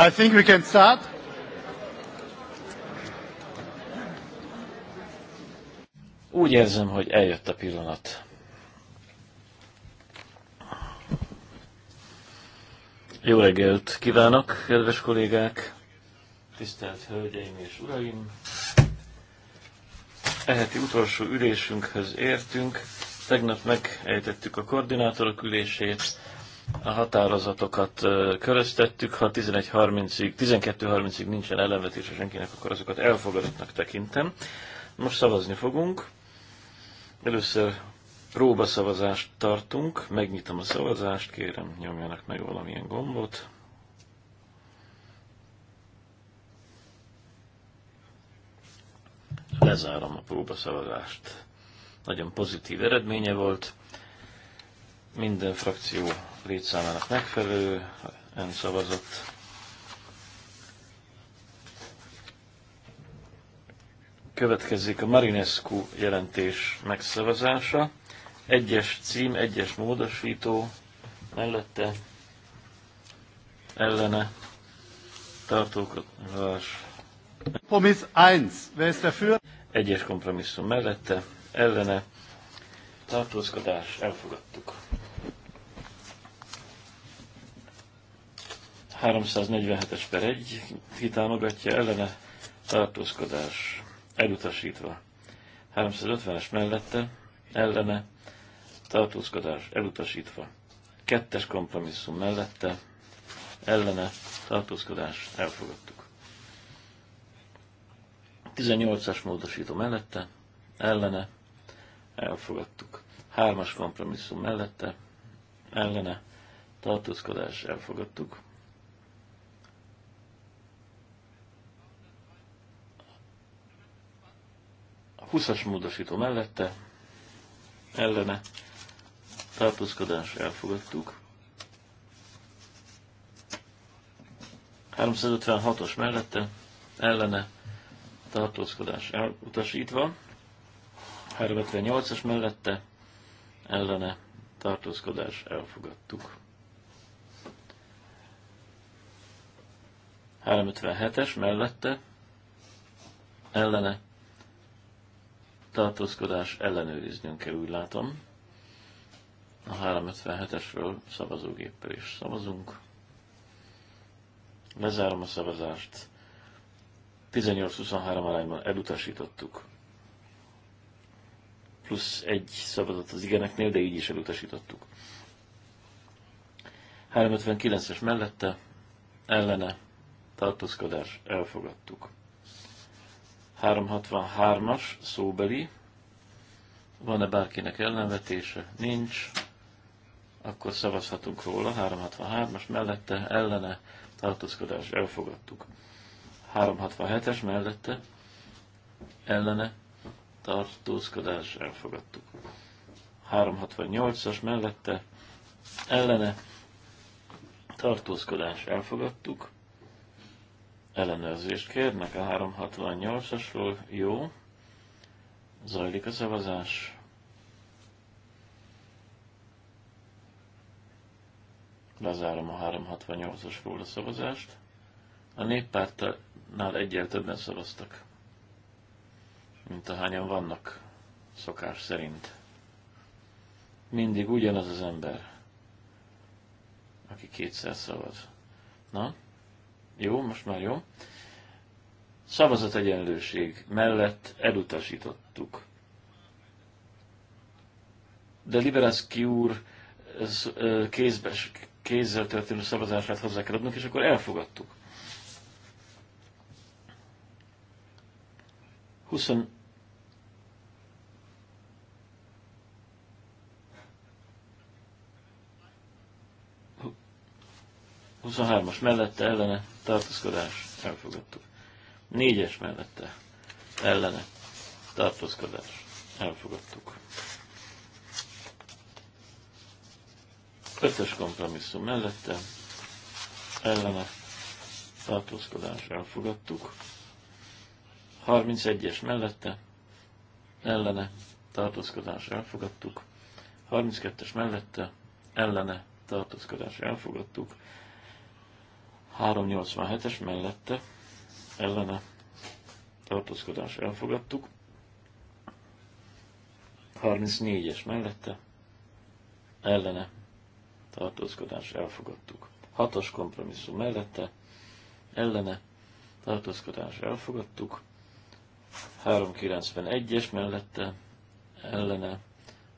I think we can start. Úgy érzem, hogy eljött a pillanat. Jó reggelt kívánok, kedves kollégák, tisztelt hölgyeim és uraim! Eheti utolsó ülésünkhöz értünk. Tegnap megejtettük a koordinátorok ülését, a határozatokat köröztettük, ha 11.30-ig, 12.30-ig nincsen ellenvetése senkinek, akkor azokat elfogadottnak tekintem. Most szavazni fogunk. Először próbaszavazást tartunk, megnyitom a szavazást, kérem nyomjanak meg valamilyen gombot. Lezárom a próbaszavazást. Nagyon pozitív eredménye volt. Minden frakció létszámának megfelelően szavazott. Következik a Marinescu jelentés megszavazása. Egyes cím, egyes módosító, mellette ellene tartókodás. Kompromiss 1. Wer ist dafür? Egyes kompromisszum mellette, ellene tartózkodás, elfogadtuk. 347-es per 1 kitámogatja ellene tartózkodás elutasítva. 350-es mellette ellene tartózkodás elutasítva. Kettes kompromisszum mellette ellene tartózkodás elfogadtuk. 18-as módosító mellette ellene elfogadtuk. Hármas kompromisszum mellette ellene tartózkodás elfogadtuk. 20-as módosító mellette, ellene, tartózkodás elfogadtuk. 356-os mellette, ellene, tartózkodás elutasítva. 358-as mellette, ellene, tartózkodás elfogadtuk. 357-es mellette, ellene, tartózkodás ellenőriznünk kell, úgy látom. A 357-esről szavazógéppel is szavazunk. Lezárom a szavazást. 18-23 arányban elutasítottuk. Plusz egy szavazat az igeneknél, de így is elutasítottuk. 359-es mellette, ellene, tartózkodás, elfogadtuk. 363-as szóbeli. Van-e bárkinek ellenvetése? Nincs. Akkor szavazhatunk róla. 363-as mellette ellene tartózkodás elfogadtuk. 367-es mellette ellene tartózkodás elfogadtuk. 368-as mellette ellene tartózkodás elfogadtuk ellenőrzést kérnek a 368-asról. Jó. Zajlik a szavazás. Lezárom a 368-asról a szavazást. A néppártnál egyel többen szavaztak, mint ahányan vannak szokás szerint. Mindig ugyanaz az ember, aki kétszer szavaz. Na? Jó, most már jó. egyenlőség mellett elutasítottuk. De Liberaszki úr ez, kézbe, kézzel történő szavazását hozzá kell adnunk, és akkor elfogadtuk. 20, 23-as mellette ellene tartózkodás, elfogadtuk. Négyes mellette, ellene, tartózkodás, elfogadtuk. Ötös kompromisszum mellette, ellene, tartózkodás, elfogadtuk. 31-es mellette, ellene, tartózkodás, elfogadtuk. 32-es mellette, ellene, tartózkodás, elfogadtuk. 387-es mellette ellene tartózkodás elfogadtuk. 34-es mellette ellene tartózkodás elfogadtuk. 6-os kompromisszum mellette ellene tartózkodás elfogadtuk. 391-es mellette ellene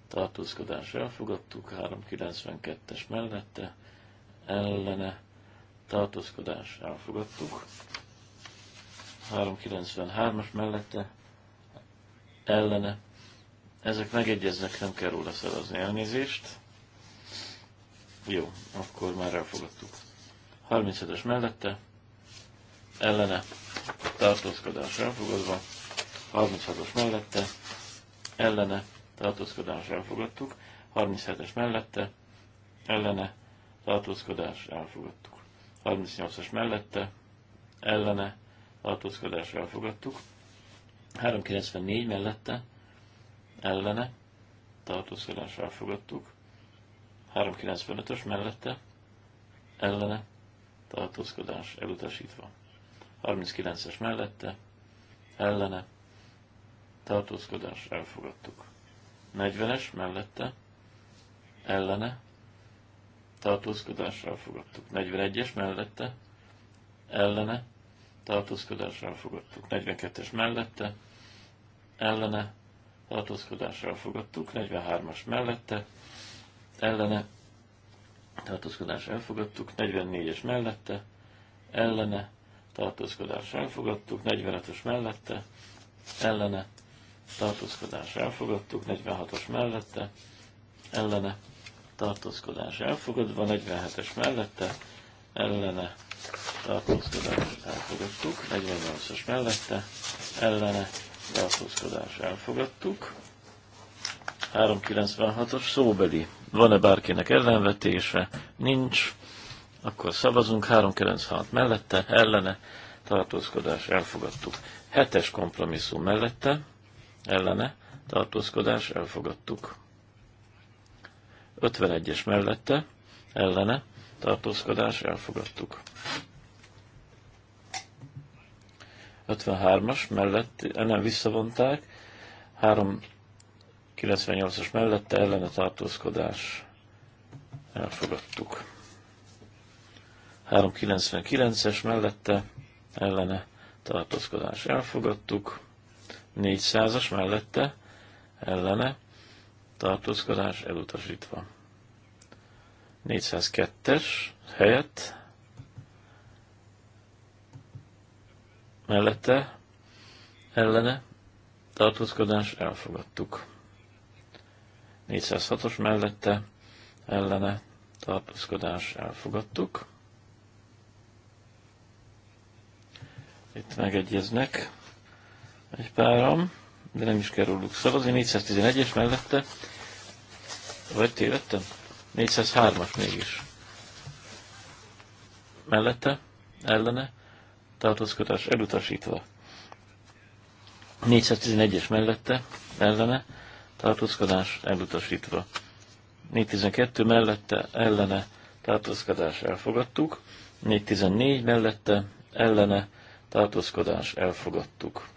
tartózkodás elfogadtuk. 392-es mellette ellene tartózkodás elfogadtuk. 393-as mellette ellene. Ezek megegyeznek, nem kell róla szavazni elnézést. Jó, akkor már elfogadtuk. 37-es mellette ellene tartózkodás elfogadva. 36-os mellette ellene tartózkodás elfogadtuk. 37-es mellette ellene tartózkodás elfogadtuk. 38-as mellette, ellene, tartózkodásra elfogadtuk. 394 mellette, ellene, tartózkodásra elfogadtuk. 395-ös mellette, ellene, tartózkodás elutasítva. 39-es mellette, ellene, tartózkodás elfogadtuk. 40-es mellette, ellene, tartózkodással fogadtuk. 41-es mellette, ellene, tartózkodással fogadtuk. 42-es mellette, ellene, tartózkodással fogadtuk. 43-as mellette, ellene, tartózkodás elfogadtuk. 44-es mellette, ellene, tartózkodás elfogadtuk. 45-ös mellette, ellene, tartózkodás elfogadtuk. 46-os mellette, ellene, tartózkodás elfogadva, 47-es mellette, ellene tartózkodás elfogadtuk, 48-as mellette, ellene tartózkodás elfogadtuk, 396-os szóbeli. Van-e bárkinek ellenvetése? Nincs. Akkor szavazunk 396 mellette, ellene tartózkodás elfogadtuk. 7-es kompromisszum mellette, ellene tartózkodás elfogadtuk. 51-es mellette, ellene, tartózkodás, elfogadtuk. 53-as mellett, eh, nem visszavonták, 398-as mellette ellene tartózkodás elfogadtuk. 399-es mellette ellene tartózkodás elfogadtuk. 400-as mellette ellene tartózkodás elutasítva. 402-es helyett mellette ellene tartózkodás elfogadtuk. 406-os mellette ellene tartózkodás elfogadtuk. Itt megegyeznek egy páram, de nem is kell róluk szavazni. 411-es mellette vagy tévedtem? 403-as mégis. Mellette, ellene, tartózkodás elutasítva. 411-es mellette, ellene, tartózkodás elutasítva. 412 mellette, ellene, tartózkodás elfogadtuk. 414 mellette, ellene, tartózkodás elfogadtuk.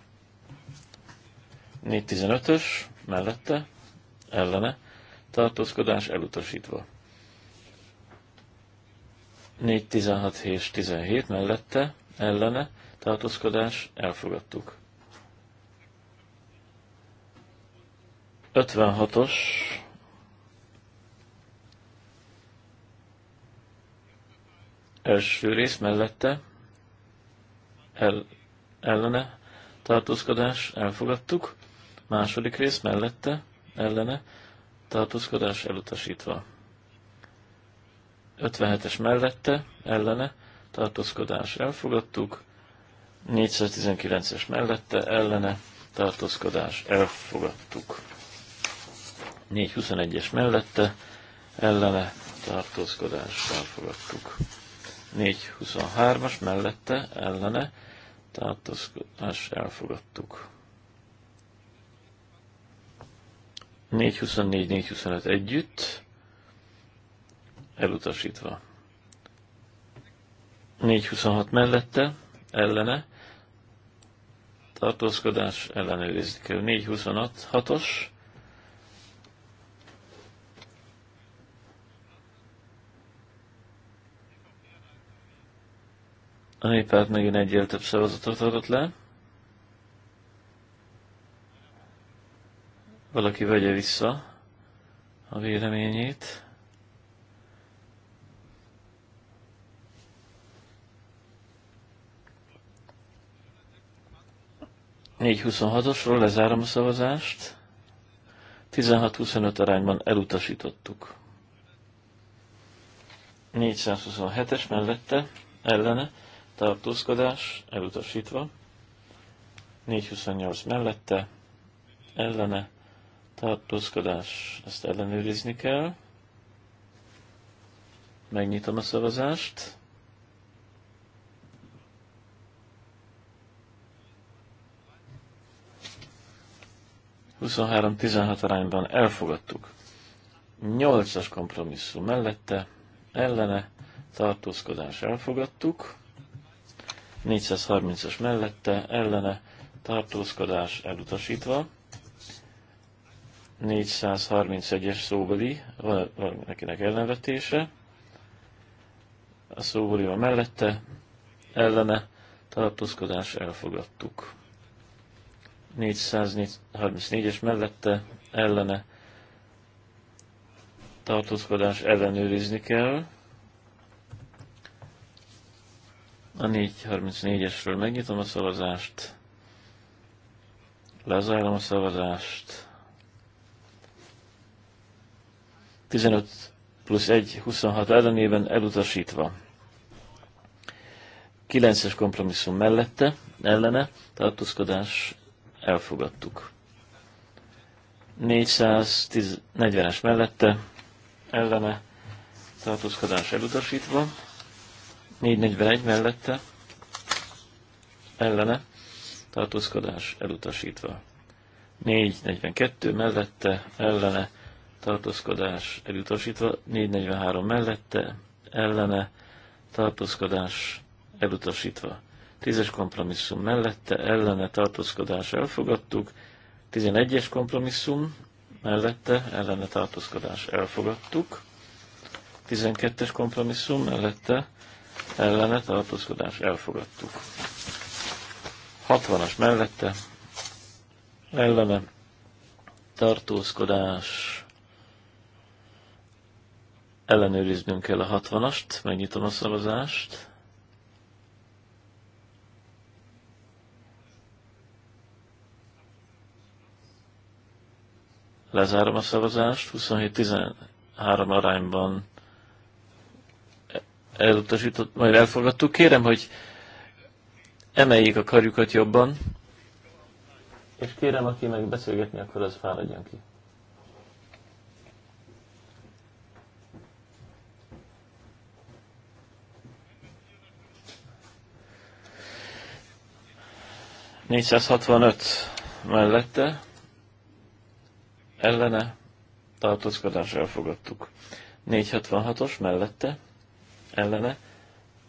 415-ös mellette, ellene, tartózkodás elutasítva. 4.16 és 17 mellette, ellene, tartózkodás, elfogadtuk. 56-os első rész mellette, el, ellene, tartózkodás, elfogadtuk. Második rész mellette, ellene, tartózkodás elutasítva. 57-es mellette, ellene, tartózkodás elfogadtuk, 419-es mellette, ellene, tartózkodás elfogadtuk. 421-es mellette, ellene, tartózkodás elfogadtuk. 423-as mellette, ellene, tartózkodás elfogadtuk. 424-425 együtt, elutasítva. 426 mellette, ellene, tartózkodás ellenőrizni kell. 426 os A néppárt megint egyel több szavazatot adott le. Valaki vegye vissza a véleményét. Négy osról lezárom a szavazást. 16-25 arányban elutasítottuk. 427-es mellette, ellene, tartózkodás, elutasítva. 428 mellette, ellene, tartózkodás, ezt ellenőrizni kell. Megnyitom a szavazást. Huszonhárom tizenhat arányban elfogadtuk. Nyolcas kompromisszum mellette, ellene, tartózkodás elfogadtuk. 430-as mellette, ellene, tartózkodás elutasítva. 431-es szóbeli, van, van nekinek ellenvetése. A szóbeli van mellette, ellene, tartózkodás elfogadtuk. 434-es mellette, ellene, tartózkodás ellenőrizni kell. A 434-esről megnyitom a szavazást, lezárom a szavazást, 15 plusz 1, 26 ellenében elutasítva. 9-es kompromisszum mellette, ellene, tartózkodás elfogadtuk. 440-es mellette, ellene, tartózkodás elutasítva. 441 mellette, ellene, tartózkodás elutasítva. 442 mellette, ellene, tartózkodás elutasítva, 443 mellette, ellene, tartózkodás elutasítva. Tízes kompromisszum mellette, ellene, tartózkodás elfogadtuk. Tizenegyes kompromisszum mellette, ellene, tartózkodás elfogadtuk. Tizenkettes kompromisszum mellette, ellene, tartózkodás elfogadtuk. 60-as mellette, ellene, tartózkodás ellenőriznünk kell a 60-ast, megnyitom a szavazást. Lezárom a szavazást, 27-13 arányban elutasított, majd elfogadtuk. Kérem, hogy emeljék a karjukat jobban, és kérem, aki meg beszélgetni akar, az fáradjon ki. 465 mellette ellene tartózkodásra elfogadtuk. 466-os mellette ellene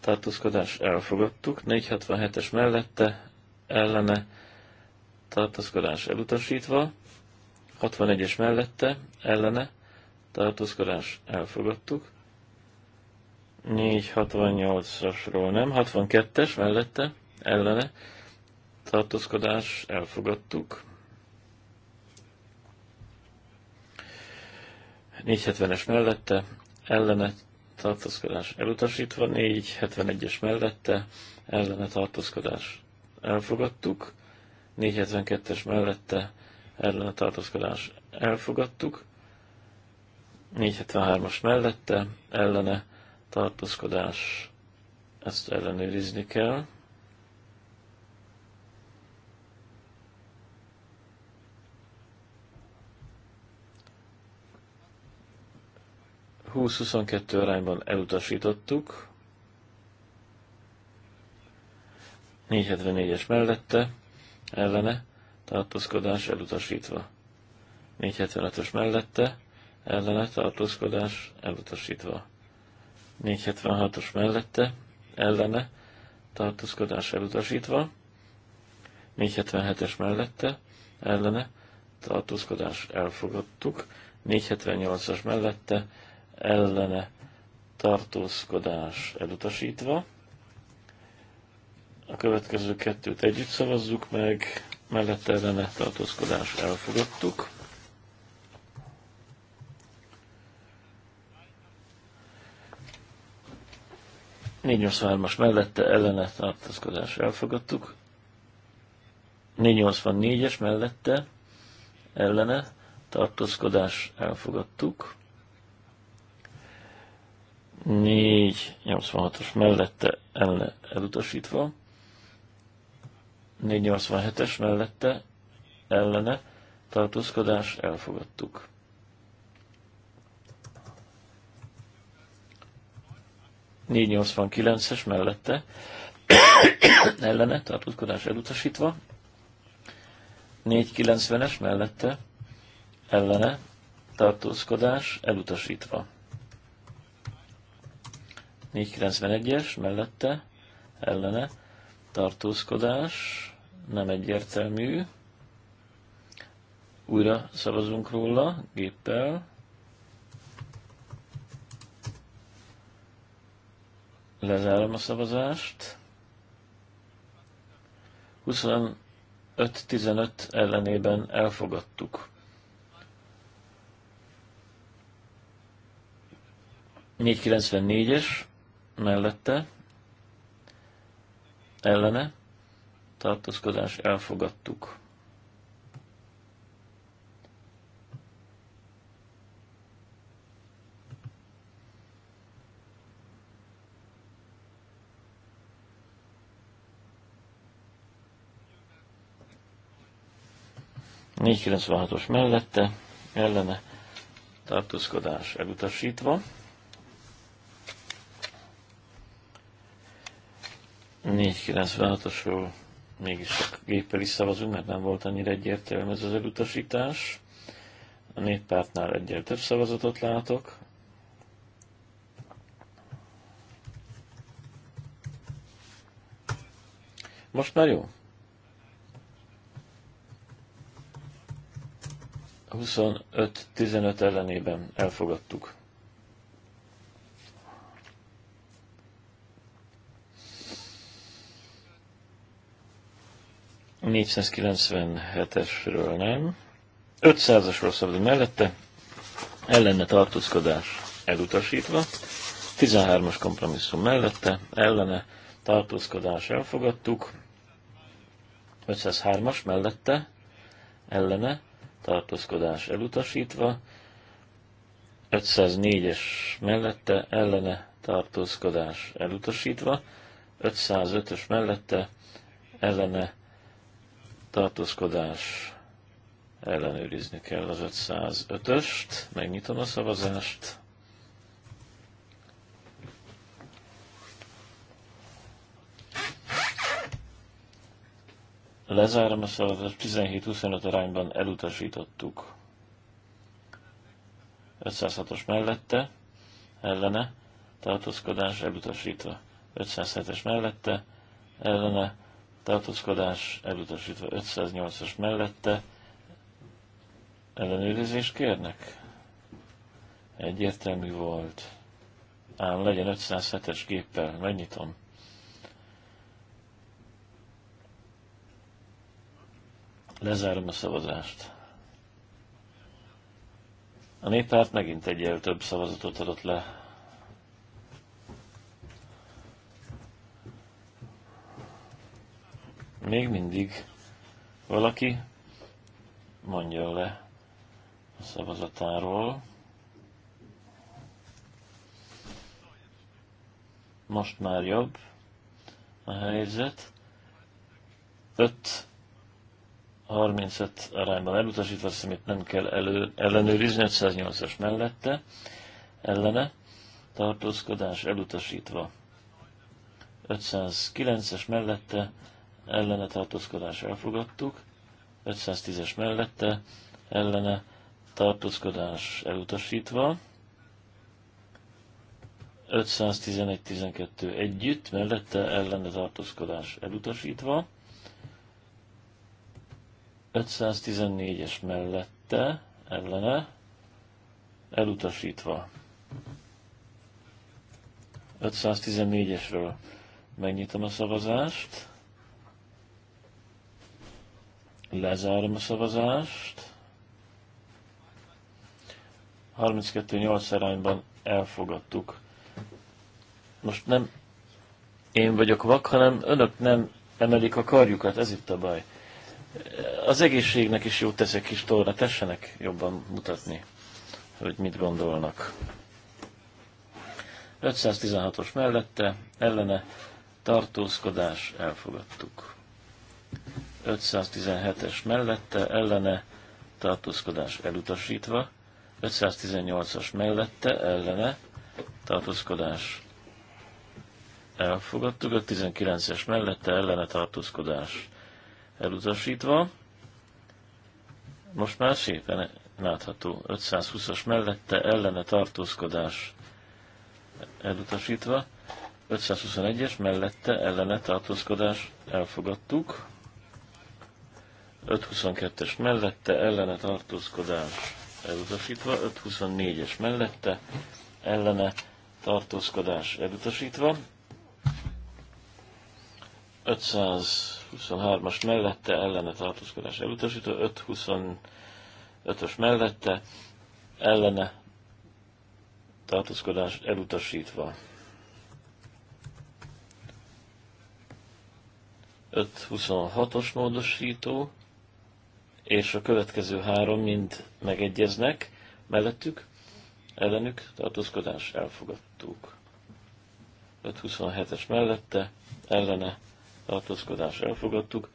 tartózkodás elfogadtuk. 467-es mellette ellene tartózkodás elutasítva. 61-es mellette ellene tartózkodás elfogadtuk. 468-asról nem, 62-es mellette ellene tartózkodás, elfogadtuk. 470-es mellette, ellene tartózkodás elutasítva, 471-es mellette, ellene tartózkodás elfogadtuk, 472-es mellette, ellene tartózkodás elfogadtuk, 473-as mellette, ellene tartózkodás, ezt ellenőrizni kell. 20-22 arányban elutasítottuk. 474-es mellette, ellene, tartózkodás elutasítva. 475-ös mellette, ellene, tartózkodás elutasítva. 476-os mellette, ellene, tartózkodás elutasítva. 477-es mellette, ellene, tartózkodás elfogadtuk. 478-as mellette, ellene tartózkodás elutasítva. A következő kettőt együtt szavazzuk meg, mellette ellene tartózkodás elfogadtuk. as mellette ellene tartózkodás elfogadtuk. 484-es mellette ellene tartózkodás elfogadtuk. 486-os mellette ellen elutasítva, 487-es mellette ellene tartózkodás elfogadtuk. 489-es mellette ellene tartózkodás elutasítva, 490-es mellette ellene tartózkodás elutasítva. 491-es mellette ellene tartózkodás nem egyértelmű. Újra szavazunk róla géppel. Lezárom a szavazást. 25-15 ellenében elfogadtuk. 494-es mellette, ellene, tartózkodás elfogadtuk. Négy os mellette, ellene tartózkodás elutasítva. 496-osról mégis a géppel is szavazunk, mert nem volt annyira egyértelmű ez az elutasítás. A néppártnál egyel több szavazatot látok. Most már jó? 25-15 ellenében elfogadtuk. 497-esről nem. 500-asról szabadunk mellette, ellenne tartózkodás elutasítva, 13-as kompromisszum mellette, ellene tartózkodás elfogadtuk, 503-as mellette, ellene tartózkodás elutasítva, 504-es mellette, ellene tartózkodás elutasítva, 505-ös mellette, ellene tartózkodás ellenőrizni kell az 505-öst, megnyitom a szavazást. Lezárom a szavazást, 17-25 arányban elutasítottuk. 506-os mellette, ellene, tartózkodás elutasítva. 507-es mellette, ellene, tartózkodás elutasítva 508-as mellette ellenőrizést kérnek? Egyértelmű volt. Ám legyen 507-es géppel, megnyitom. Lezárom a szavazást. A néppárt megint egyel több szavazatot adott le még mindig valaki mondja le a szavazatáról. Most már jobb a helyzet. 5 35 arányban elutasítva, azt nem kell elő, ellenőrizni, 508-as mellette, ellene, tartózkodás elutasítva. 509-es mellette, ellene tartózkodás elfogadtuk, 510-es mellette ellene tartózkodás elutasítva, 511-12 együtt, mellette ellene tartózkodás elutasítva, 514-es mellette ellene elutasítva. 514-esről megnyitom a szavazást. Lezárom a szavazást. 32-8 arányban elfogadtuk. Most nem én vagyok vak, hanem önök nem emelik a karjukat, ez itt a baj. Az egészségnek is jót teszek kis torna, tessenek jobban mutatni, hogy mit gondolnak. 516-os mellette, ellene, tartózkodás, elfogadtuk. 517-es mellette ellene tartózkodás elutasítva, 518-as mellette ellene tartózkodás elfogadtuk, 519-es mellette ellene tartózkodás elutasítva. Most már szépen látható 520-as mellette ellene tartózkodás elutasítva, 521-es mellette ellene tartózkodás elfogadtuk, 522-es mellette ellene tartózkodás elutasítva, 524-es mellette ellene tartózkodás elutasítva, 523-as mellette ellene tartózkodás elutasítva, 525-ös mellette ellene tartózkodás elutasítva. 526-os módosító és a következő három mind megegyeznek, mellettük, ellenük tartózkodás elfogadtuk. 527-es mellette, ellene tartózkodás elfogadtuk,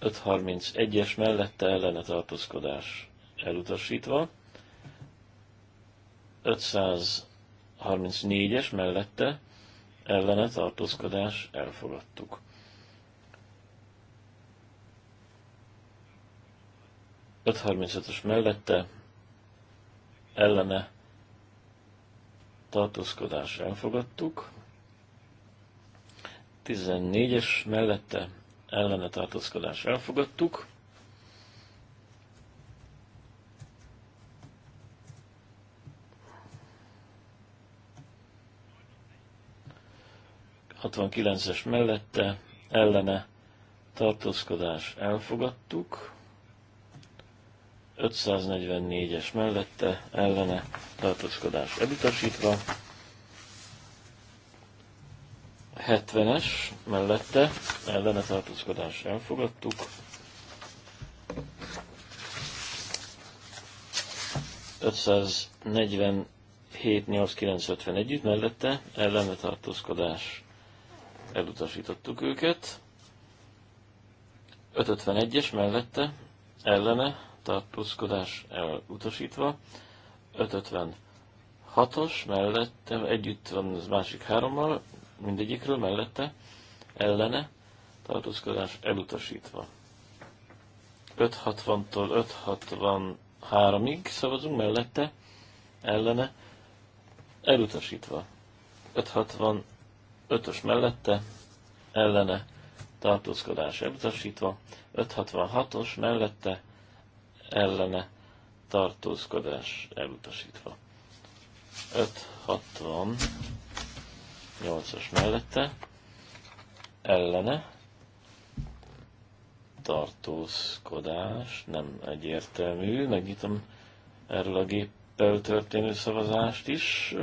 531-es mellette ellene tartózkodás elutasítva, 534-es mellette ellene tartózkodás elfogadtuk. 535-ös mellette ellene tartózkodás elfogadtuk. 14-es mellette ellene tartózkodás elfogadtuk. es mellette ellene tartózkodás elfogadtuk. 544-es mellette ellene tartózkodás elutasítva, 70-es mellette ellene tartózkodás elfogadtuk, 547 8950 együtt mellette ellene tartózkodás elutasítottuk őket, 551-es mellette ellene tartózkodás elutasítva. 556-os mellette, együtt van az másik hárommal, mindegyikről mellette, ellene, tartózkodás elutasítva. 560-tól 563-ig szavazunk mellette, ellene, elutasítva. 565-ös mellette, ellene, tartózkodás elutasítva, 566-os mellette, ellene tartózkodás elutasítva. 560 8-as mellette ellene tartózkodás nem egyértelmű. Megnyitom erről a géppel történő szavazást is.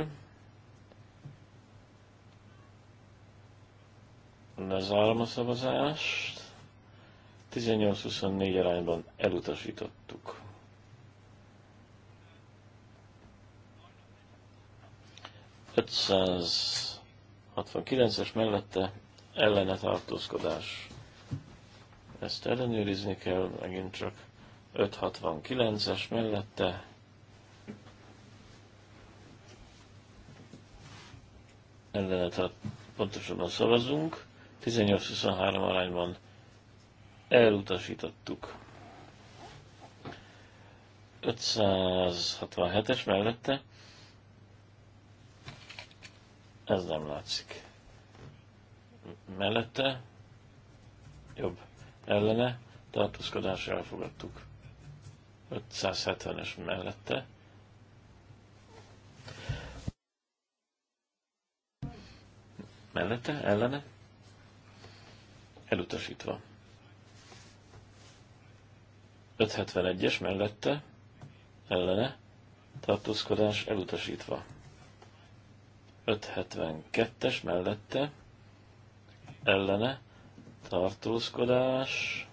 Lezárom a szavazást. 18-24 arányban elutasítottuk. Ötszáz 69-es mellette ellene tartózkodás. Ezt ellenőrizni kell, megint csak 569-es mellette. Ellene tart, pontosan szavazunk. 18-23 arányban elutasítottuk. 567-es mellette ez nem látszik. Mellette jobb ellene tartózkodásra elfogadtuk. 570-es mellette mellette, ellene elutasítva. 571-es mellette, ellene, tartózkodás elutasítva. 572-es mellette, ellene, tartózkodás,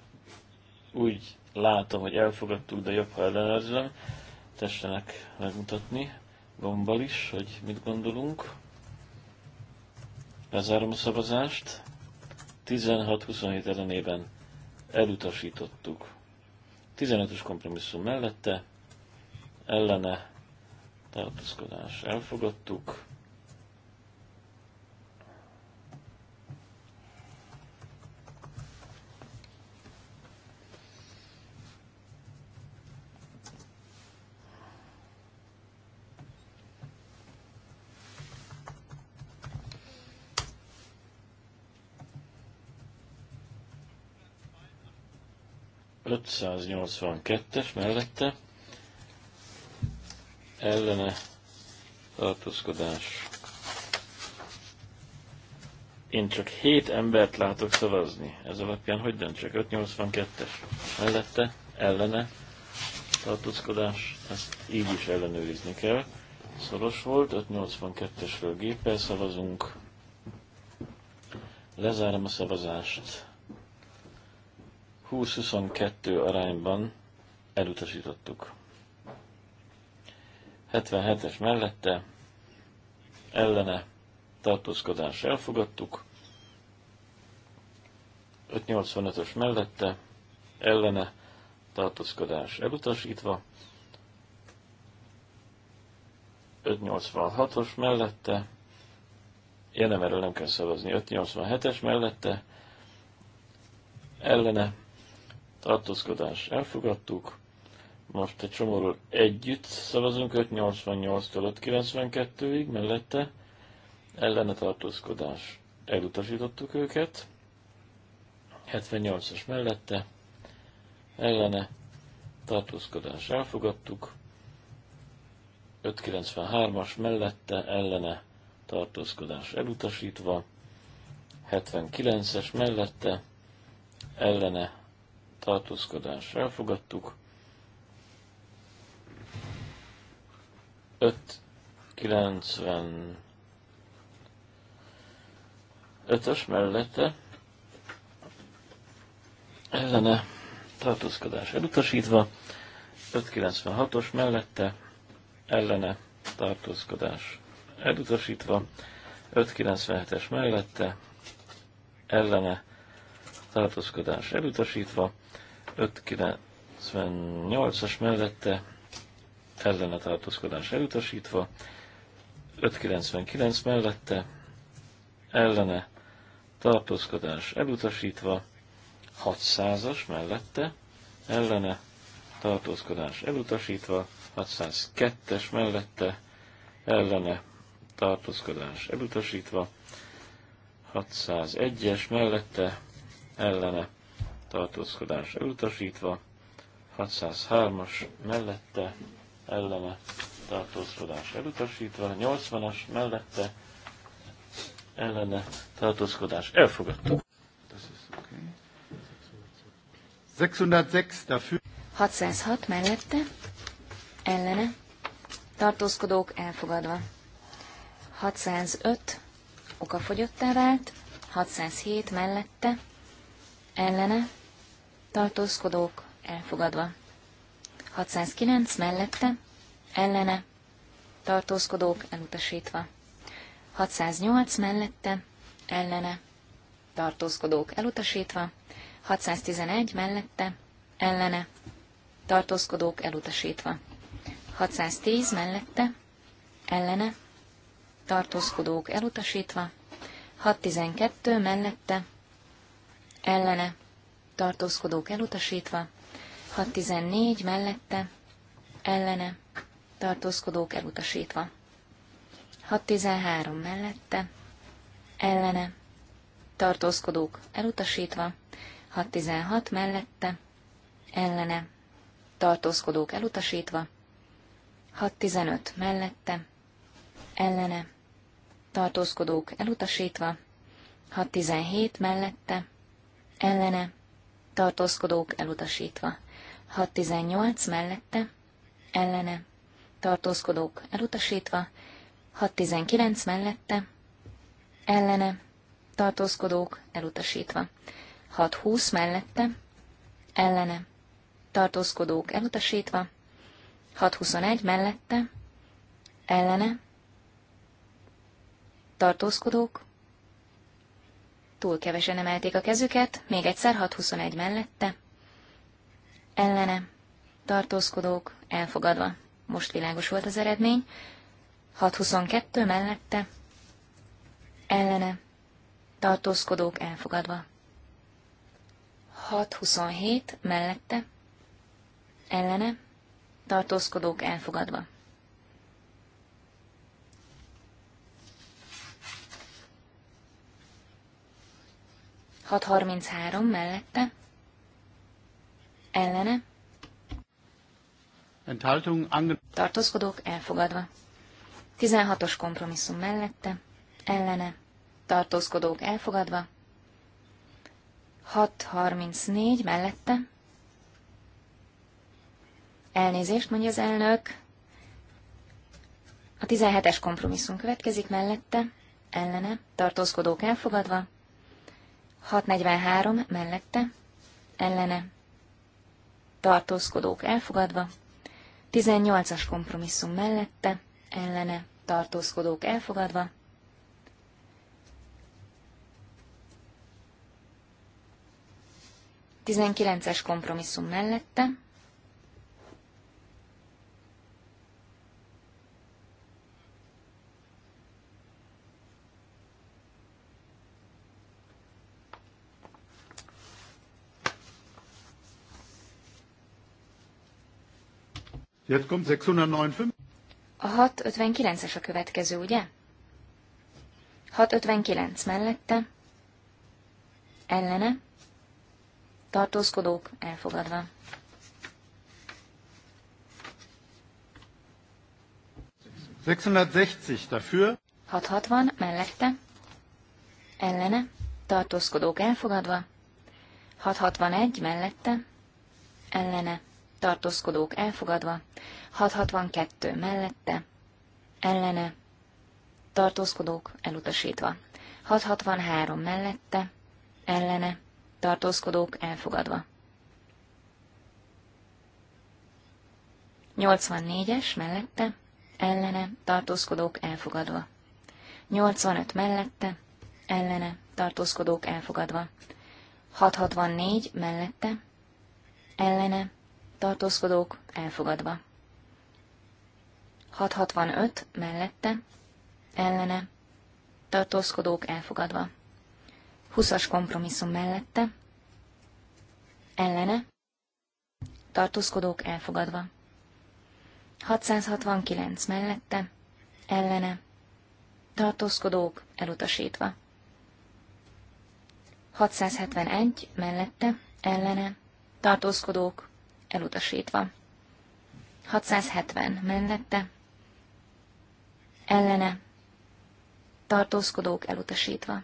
úgy látom, hogy elfogadtuk, de jobb, ha ellenőrzöm, tessenek megmutatni gombbal is, hogy mit gondolunk. Lezárom a szavazást. 16-27 ellenében elutasítottuk. 15-ös kompromisszum mellette, ellene tartózkodás elfogadtuk, 582-es mellette ellene tartózkodás. Én csak 7 embert látok szavazni. Ez alapján hogy döntsek? 582-es mellette ellene tartózkodás. Ezt így is ellenőrizni kell. Szoros volt, 582-esről géppel szavazunk. Lezárom a szavazást. 20-22 arányban elutasítottuk. 77-es mellette ellene tartózkodás elfogadtuk, 585-ös mellette ellene tartózkodás elutasítva, 586-os mellette, ja nem, erről nem kell szavazni, 587-es mellette ellene tartózkodás elfogadtuk. Most egy csomóról együtt szavazunk, 588-től 592-ig, mellette ellene tartózkodás elutasítottuk őket. 78-as mellette ellene tartózkodás elfogadtuk. 593-as mellette ellene tartózkodás elutasítva, 79-es mellette ellene tartózkodás elfogadtuk. 595 90, ös mellette ellene tartózkodás elutasítva, 596-os mellette ellene tartózkodás elutasítva, 597-es mellette ellene tartózkodás elutasítva, 598-as mellette ellene tartózkodás elutasítva, 599 mellette ellene tartózkodás elutasítva, 600-as mellette ellene tartózkodás elutasítva, 602-es mellette ellene tartózkodás elutasítva, 601-es mellette ellene tartózkodás utasítva, 603-as mellette ellene tartózkodás elutasítva, 80-as mellette ellene tartózkodás elfogadta. 606 606 mellette ellene tartózkodók elfogadva. 605 okafogyottá vált, 607 mellette ellene, tartózkodók elfogadva. 609 mellette, ellene, tartózkodók elutasítva. 608 mellette, ellene, tartózkodók elutasítva. 611 mellette, ellene, tartózkodók elutasítva. 610 mellette, ellene, tartózkodók elutasítva. 612 mellette, ellene tartózkodók elutasítva, 614 mellette ellene tartózkodók elutasítva, 613 mellette ellene tartózkodók elutasítva, 616 mellette ellene tartózkodók elutasítva, 615 mellette ellene tartózkodók elutasítva, 617 mellette ellene, tartózkodók elutasítva. 618 mellette, ellene, tartózkodók elutasítva. 619 mellette, ellene, tartózkodók elutasítva. 620 mellette, ellene, tartózkodók elutasítva. 621 mellette, ellene, tartózkodók túl kevesen emelték a kezüket, még egyszer 621 mellette. Ellene, tartózkodók, elfogadva. Most világos volt az eredmény. 622 mellette. Ellene, tartózkodók, elfogadva. 627 mellette. Ellene, tartózkodók, elfogadva. 633 mellette. Ellene. Enthaltung ange... Tartózkodók elfogadva. 16-os kompromisszum mellette. Ellene. Tartózkodók elfogadva. 634 mellette. Elnézést, mondja az elnök. A 17-es kompromisszum következik mellette, ellene, tartózkodók elfogadva, 643 mellette, ellene, tartózkodók elfogadva, 18-as kompromisszum mellette, ellene, tartózkodók elfogadva, Tizenkilences kompromisszum mellette, Jetzt kommt 659. A 659-es a következő, ugye? 659 mellette, ellene, tartózkodók elfogadva. dafür. 660 mellette, ellene, tartózkodók elfogadva. 661 mellette, ellene, tartózkodók elfogadva. 662 mellette, ellene, tartózkodók elutasítva. 663 mellette, ellene, tartózkodók elfogadva. 84-es mellette, ellene, tartózkodók elfogadva. 85 mellette, ellene, tartózkodók elfogadva. 664 mellette, ellene, tartózkodók elfogadva. 665 mellette, ellene, tartózkodók elfogadva. 20-as kompromisszum mellette, ellene, tartózkodók elfogadva. 669 mellette, ellene, tartózkodók elutasítva. 671 mellette, ellene, tartózkodók elutasítva. 670 mellette, ellene tartózkodók elutasítva.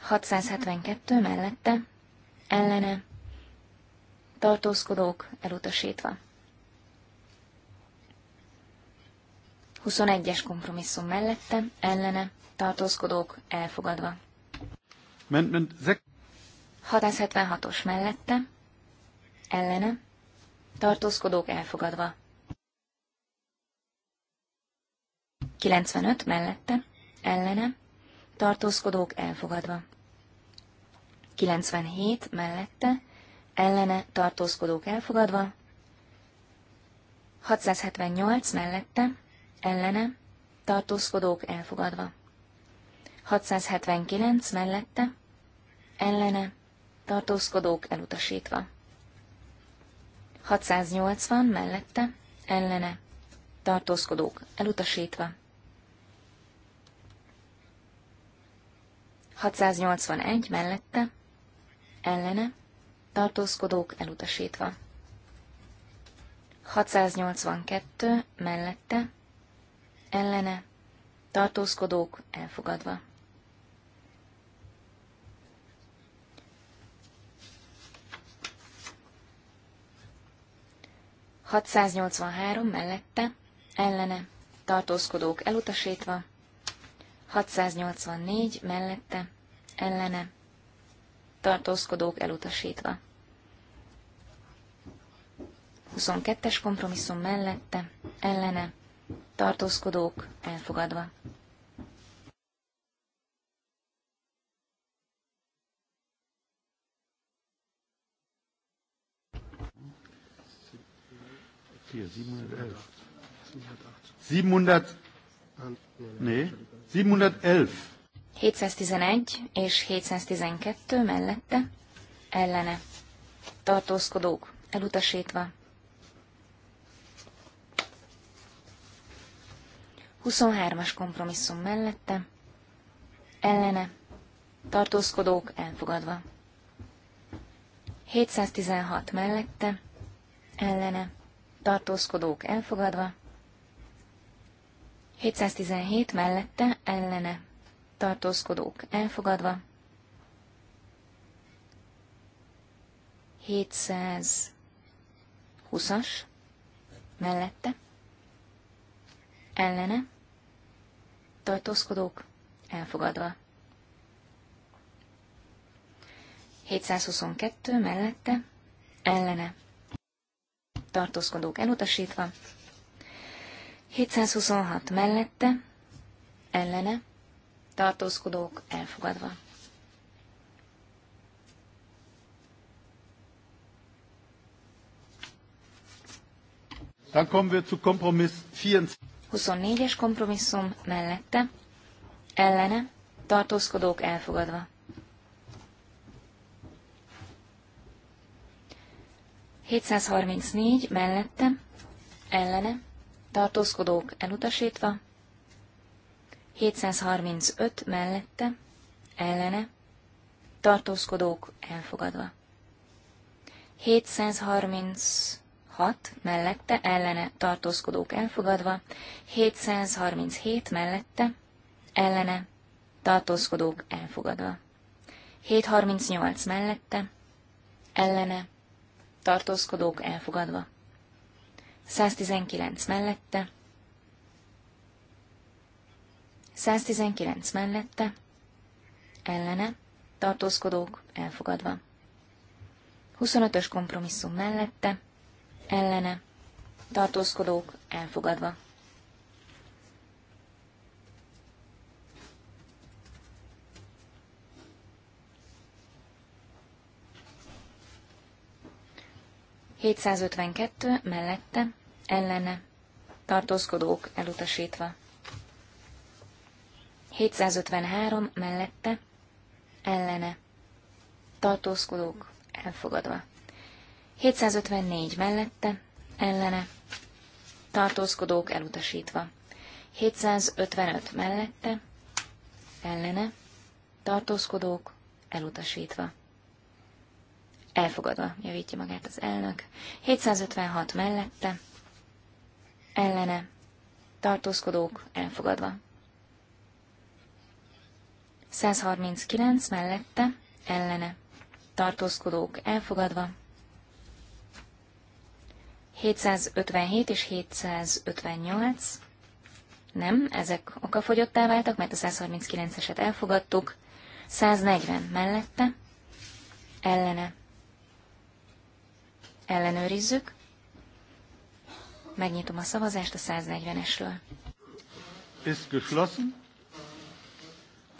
672 mellette ellene tartózkodók elutasítva. 21-es kompromisszum mellette ellene tartózkodók elfogadva. 676-os mellette ellene tartózkodók elfogadva. 95 mellette, ellene, tartózkodók elfogadva. 97 mellette, ellene, tartózkodók elfogadva. 678 mellette, ellene, tartózkodók elfogadva. 679 mellette, ellene, tartózkodók elutasítva. 680 mellette, ellene, tartózkodók elutasítva. 681 mellette, ellene, tartózkodók elutasítva. 682 mellette, ellene, tartózkodók elfogadva. Hatszáznyolcvanhárom mellette, ellene, tartózkodók elutasítva. 684 mellette, ellene, tartózkodók elutasítva. 22-es kompromisszum mellette, ellene, tartózkodók elfogadva. Hier, 711. 700. Nee. 711. 711 és 712 mellette ellene tartózkodók elutasítva. 23-as kompromisszum mellette ellene tartózkodók elfogadva. 716 mellette ellene tartózkodók elfogadva. 717 mellette ellene tartózkodók elfogadva. 720-as mellette ellene tartózkodók elfogadva. 722 mellette ellene tartózkodók elutasítva. 726 mellette, ellene, tartózkodók elfogadva. Dann kommen wir zu Kompromiss 24. 24-es kompromisszum mellette, ellene, tartózkodók elfogadva. 734 mellette, ellene, tartózkodók elutasítva, 735 mellette, ellene, tartózkodók elfogadva. 736 mellette, ellene, tartózkodók elfogadva, 737 mellette, ellene, tartózkodók elfogadva. 738 mellette, ellene, tartózkodók elfogadva. 119 mellette, 119 mellette, ellene, tartózkodók elfogadva. 25-ös kompromisszum mellette, ellene, tartózkodók elfogadva. 752 mellette, ellene, tartózkodók elutasítva. 753 mellette, ellene, tartózkodók elfogadva. 754 mellette, ellene, tartózkodók elutasítva. 755 mellette, ellene, tartózkodók elutasítva. Elfogadva, javítja magát az elnök. 756 mellette, ellene, tartózkodók, elfogadva. 139 mellette, ellene, tartózkodók, elfogadva. 757 és 758, nem, ezek okafogyottá váltak, mert a 139-eset elfogadtuk. 140 mellette, ellene, Ellenőrizzük. Megnyitom a szavazást a 140-esről. Ist geschlossen.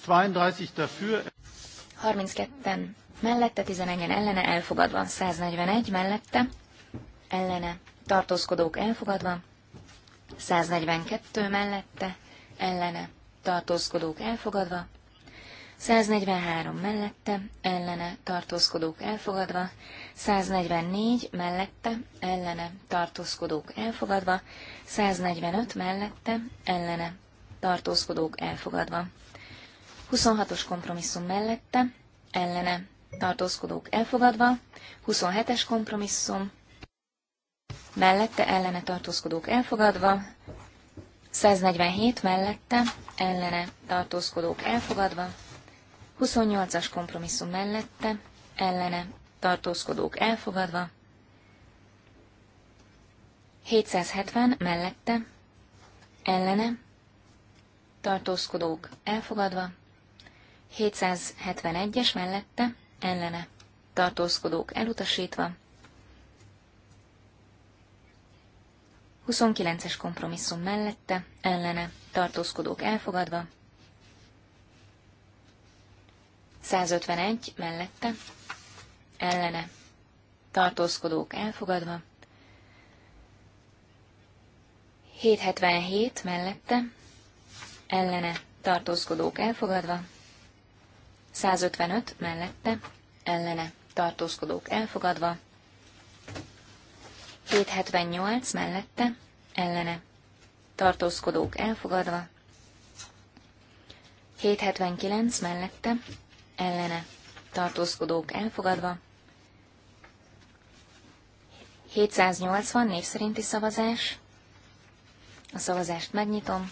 32 dafür. 32 mellette, 11 ellene, elfogadva. 141 mellette, ellene, tartózkodók elfogadva. 142 mellette, ellene, tartózkodók elfogadva. 143 mellette, ellene, tartózkodók elfogadva. 144 mellette ellene tartózkodók elfogadva, 145 mellette ellene tartózkodók elfogadva. 26-os kompromisszum mellette ellene tartózkodók elfogadva, 27-es kompromisszum mellette ellene tartózkodók elfogadva, 147 mellette ellene tartózkodók elfogadva, 28-as kompromisszum mellette ellene tartózkodók elfogadva, 770 mellette, ellene, tartózkodók elfogadva, 771-es mellette, ellene, tartózkodók elutasítva, 29-es kompromisszum mellette, ellene, tartózkodók elfogadva, 151 mellette, ellene tartózkodók elfogadva, 777 mellette ellene tartózkodók elfogadva, 155 mellette ellene tartózkodók elfogadva, 778 mellette ellene tartózkodók elfogadva, 779 mellette ellene tartózkodók elfogadva, 780 név szerinti szavazás. A szavazást megnyitom.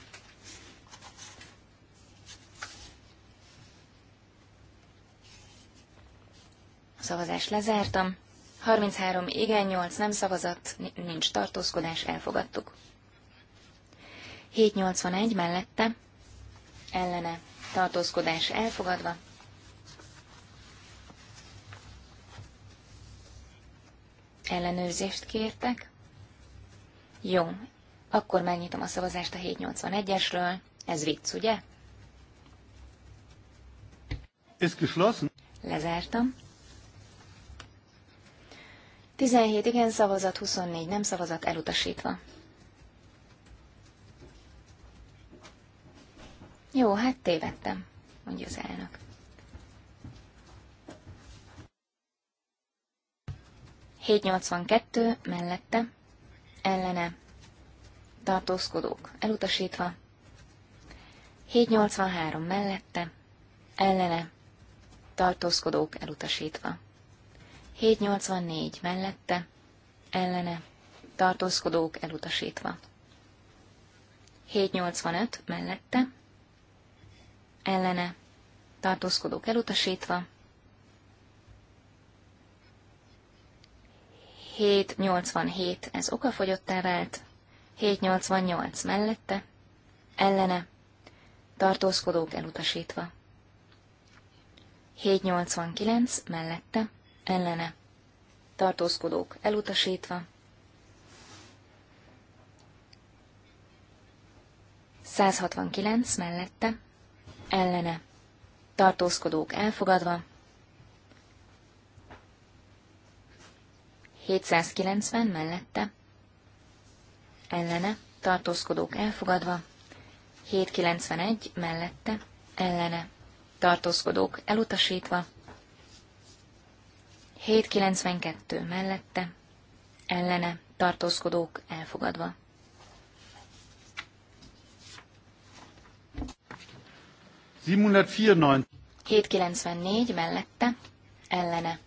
A szavazást lezártam. 33 igen, 8 nem szavazat, nincs tartózkodás, elfogadtuk. 781 mellette, ellene, tartózkodás elfogadva, Ellenőrzést kértek. Jó, akkor megnyitom a szavazást a 781-esről. Ez vicc, ugye? Ez geschlossen. Lezártam. 17 igen szavazat, 24 nem szavazat elutasítva. Jó, hát tévedtem, mondja az elnök. 782 mellette, ellene, tartózkodók elutasítva, 783 mellette, ellene, tartózkodók elutasítva, 784 mellette, ellene, tartózkodók elutasítva, 785 mellette, ellene, tartózkodók elutasítva, 787, ez okafogyottá vált, 788 mellette, ellene, tartózkodók elutasítva. 789 mellette, ellene, tartózkodók elutasítva. 169 mellette, ellene, tartózkodók elfogadva. 790 mellette, ellene, tartózkodók elfogadva, 791 mellette, ellene, tartózkodók elutasítva, 792 mellette, ellene, tartózkodók elfogadva. ...794 mellette, ellene,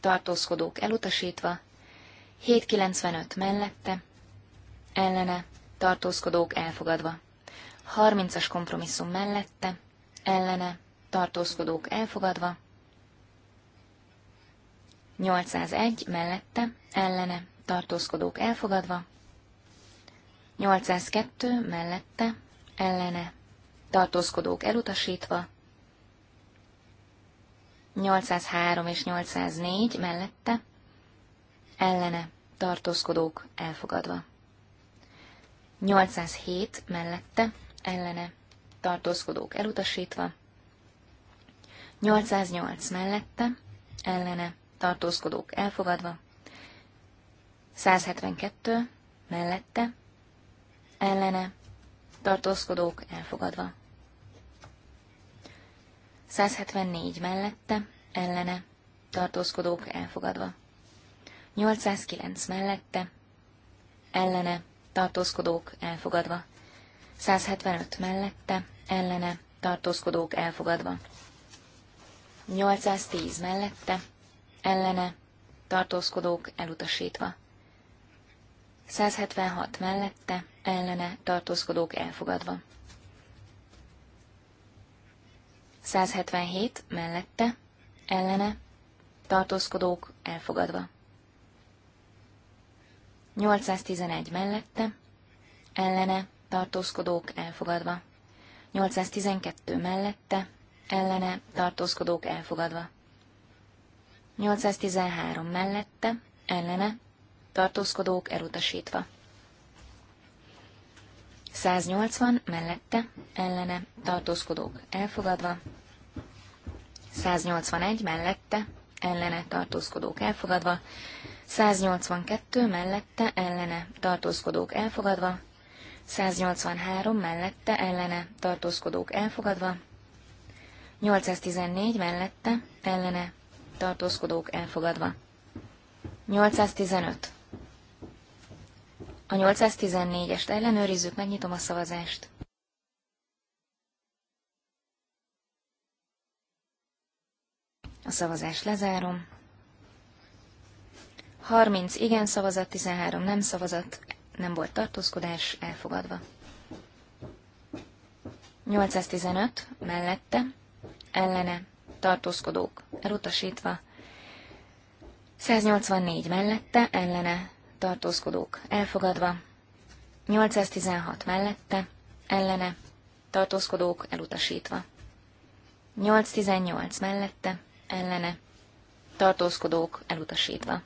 tartózkodók elutasítva, 795 mellette, ellene, tartózkodók elfogadva, 30-as kompromisszum mellette, ellene, tartózkodók elfogadva, 801 mellette, ellene, tartózkodók elfogadva, 802 mellette, ellene, tartózkodók elutasítva, 803 és 804 mellette, ellene tartózkodók elfogadva. 807 mellette, ellene tartózkodók elutasítva. 808 mellette, ellene tartózkodók elfogadva. 172 mellette, ellene tartózkodók elfogadva. 174 mellette, ellene, tartózkodók elfogadva. 809 mellette, ellene, tartózkodók elfogadva. 175 mellette, ellene, tartózkodók elfogadva. 810 mellette, ellene, tartózkodók elutasítva. 176 mellette, ellene, tartózkodók elfogadva. 177 mellette, ellene, tartózkodók elfogadva. 811 mellette, ellene, tartózkodók elfogadva. 812 mellette, ellene, tartózkodók elfogadva. 813 mellette, ellene, tartózkodók elutasítva. 180 mellette, ellene, tartózkodók elfogadva. 181 mellette, ellene tartózkodók elfogadva, 182 mellette, ellene tartózkodók elfogadva, 183 mellette, ellene tartózkodók elfogadva, 814 mellette, ellene tartózkodók elfogadva. 815. A 814-est ellenőrizzük, megnyitom a szavazást. A szavazást lezárom. 30 igen szavazat, 13 nem szavazat, nem volt tartózkodás, elfogadva. 815 mellette, ellene, tartózkodók, elutasítva. 184 mellette, ellene, tartózkodók, elfogadva. 816 mellette, ellene, tartózkodók, elutasítva. 818 mellette, ellene tartózkodók elutasítva.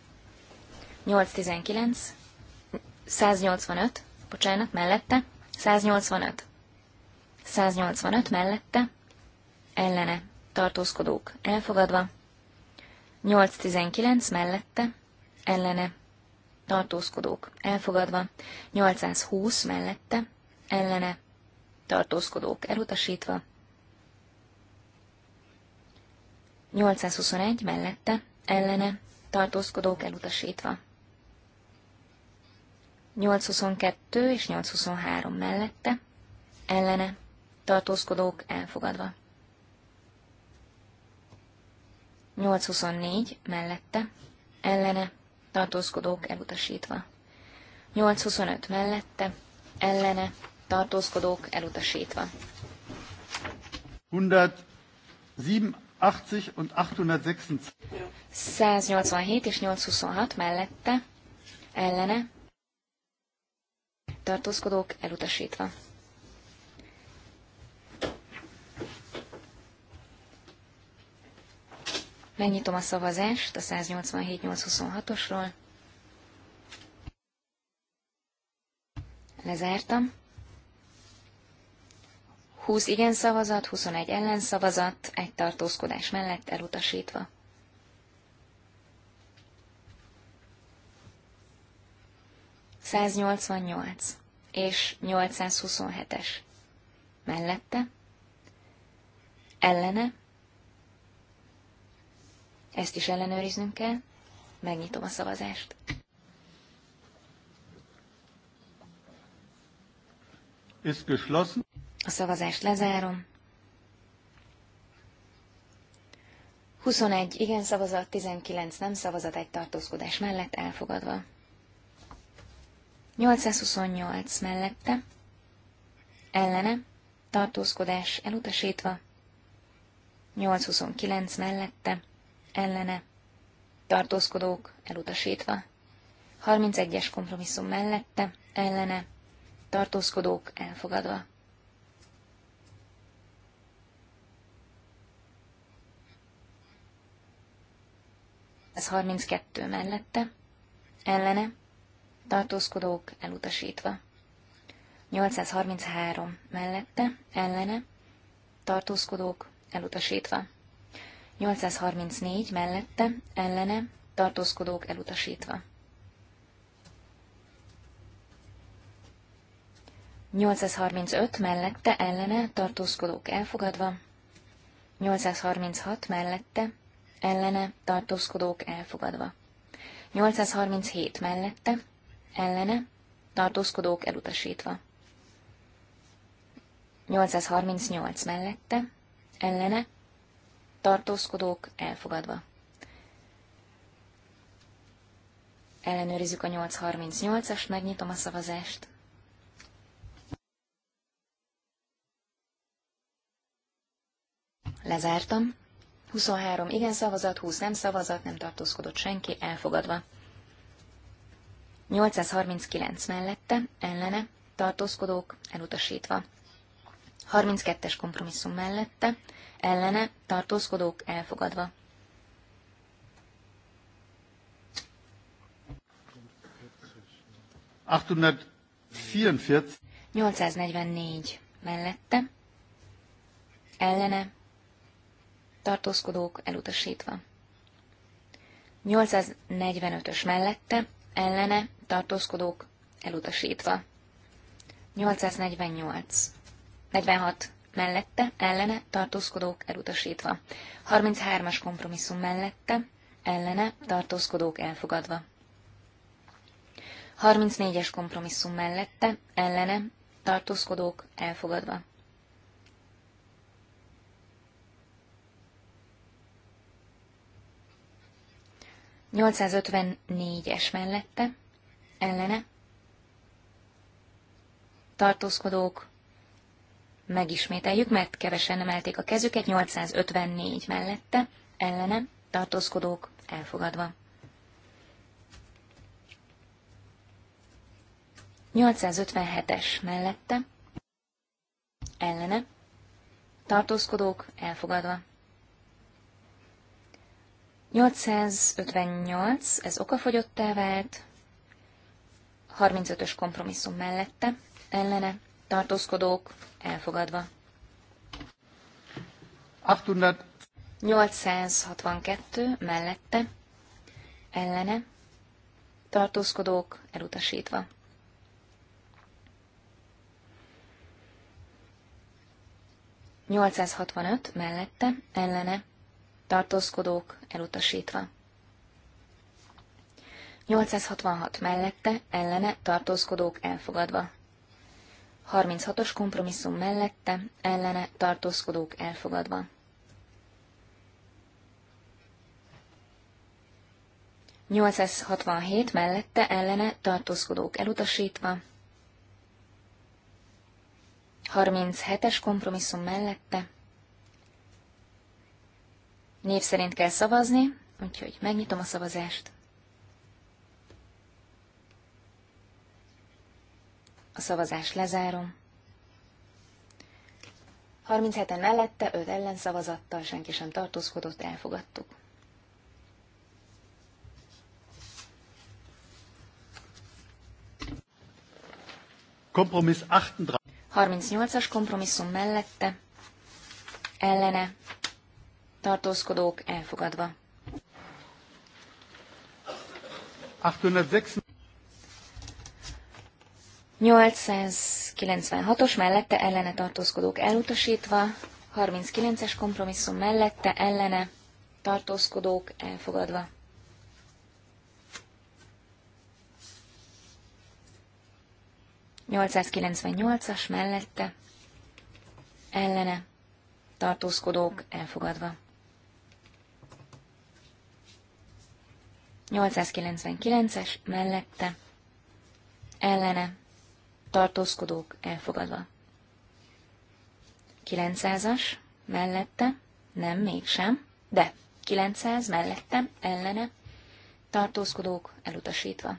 819, 185, bocsánat, mellette, 185, 185 mellette, ellene tartózkodók elfogadva, 819 mellette, ellene tartózkodók elfogadva, 820 mellette, ellene tartózkodók elutasítva, 821 mellette, ellene, tartózkodók elutasítva. 822 és 823 mellette, ellene, tartózkodók elfogadva. 824 mellette, ellene, tartózkodók elutasítva. 825 mellette, ellene, tartózkodók elutasítva. 107 80 und 826. 187 és 826 mellette, ellene, tartózkodók elutasítva. Megnyitom a szavazást a 187-826-osról. Lezártam. 20 igen szavazat, 21 ellen szavazat, egy tartózkodás mellett elutasítva. Száznyolcvannyolc és 827-es. Mellette? Ellene? Ezt is ellenőriznünk kell. Megnyitom a szavazást. Ist geschlossen. A szavazást lezárom. 21 igen szavazat, 19 nem szavazat, egy tartózkodás mellett elfogadva. 828 mellette, ellene, tartózkodás elutasítva, 829 mellette, ellene, tartózkodók elutasítva, 31-es kompromisszum mellette, ellene, tartózkodók elfogadva. ez 32 mellette, ellene, tartózkodók elutasítva. 833 mellette, ellene, tartózkodók elutasítva. 834 mellette, ellene, tartózkodók elutasítva. 835 mellette, ellene, tartózkodók elfogadva. 836 mellette, ellene tartózkodók elfogadva. 837 mellette, ellene tartózkodók elutasítva. 838 mellette, ellene tartózkodók elfogadva. Ellenőrizzük a 838 as megnyitom a szavazást. Lezártam. 23 igen szavazat, 20 nem szavazat, nem tartózkodott senki, elfogadva. 839 mellette, ellene, tartózkodók, elutasítva. 32-es kompromisszum mellette, ellene, tartózkodók, elfogadva. Achtunat 844 mellette, ellene, tartózkodók elutasítva. 845-ös mellette, ellene, tartózkodók elutasítva. 848. 46. Mellette, ellene, tartózkodók elutasítva. 33-as kompromisszum mellette, ellene, tartózkodók elfogadva. 34-es kompromisszum mellette, ellene, tartózkodók elfogadva. 854-es mellette, ellene, tartózkodók, megismételjük, mert kevesen emelték a kezüket, 854 mellette, ellene, tartózkodók, elfogadva. 857-es mellette, ellene, tartózkodók, elfogadva. 858, ez okafogyottá vált, 35-ös kompromisszum mellette, ellene, tartózkodók, elfogadva. 800. 862 mellette, ellene, tartózkodók, elutasítva. 865, mellette, ellene, tartózkodók elutasítva. 866 mellette, ellene, tartózkodók elfogadva. 36-os kompromisszum mellette, ellene, tartózkodók elfogadva. 867 mellette, ellene, tartózkodók elutasítva. 37-es kompromisszum mellette, Név szerint kell szavazni, úgyhogy megnyitom a szavazást. A szavazást lezárom. 37-en mellette, 5 ellenszavazattal, senki sem tartózkodott, elfogadtuk. Kompromiss 38-as kompromisszum mellette, ellene tartózkodók elfogadva. 896-os mellette ellene tartózkodók elutasítva, 39-es kompromisszum mellette ellene tartózkodók elfogadva. as mellette ellene tartózkodók elfogadva. 899-es mellette ellene tartózkodók elfogadva. 900-as mellette nem, mégsem, de 900 mellette ellene tartózkodók elutasítva.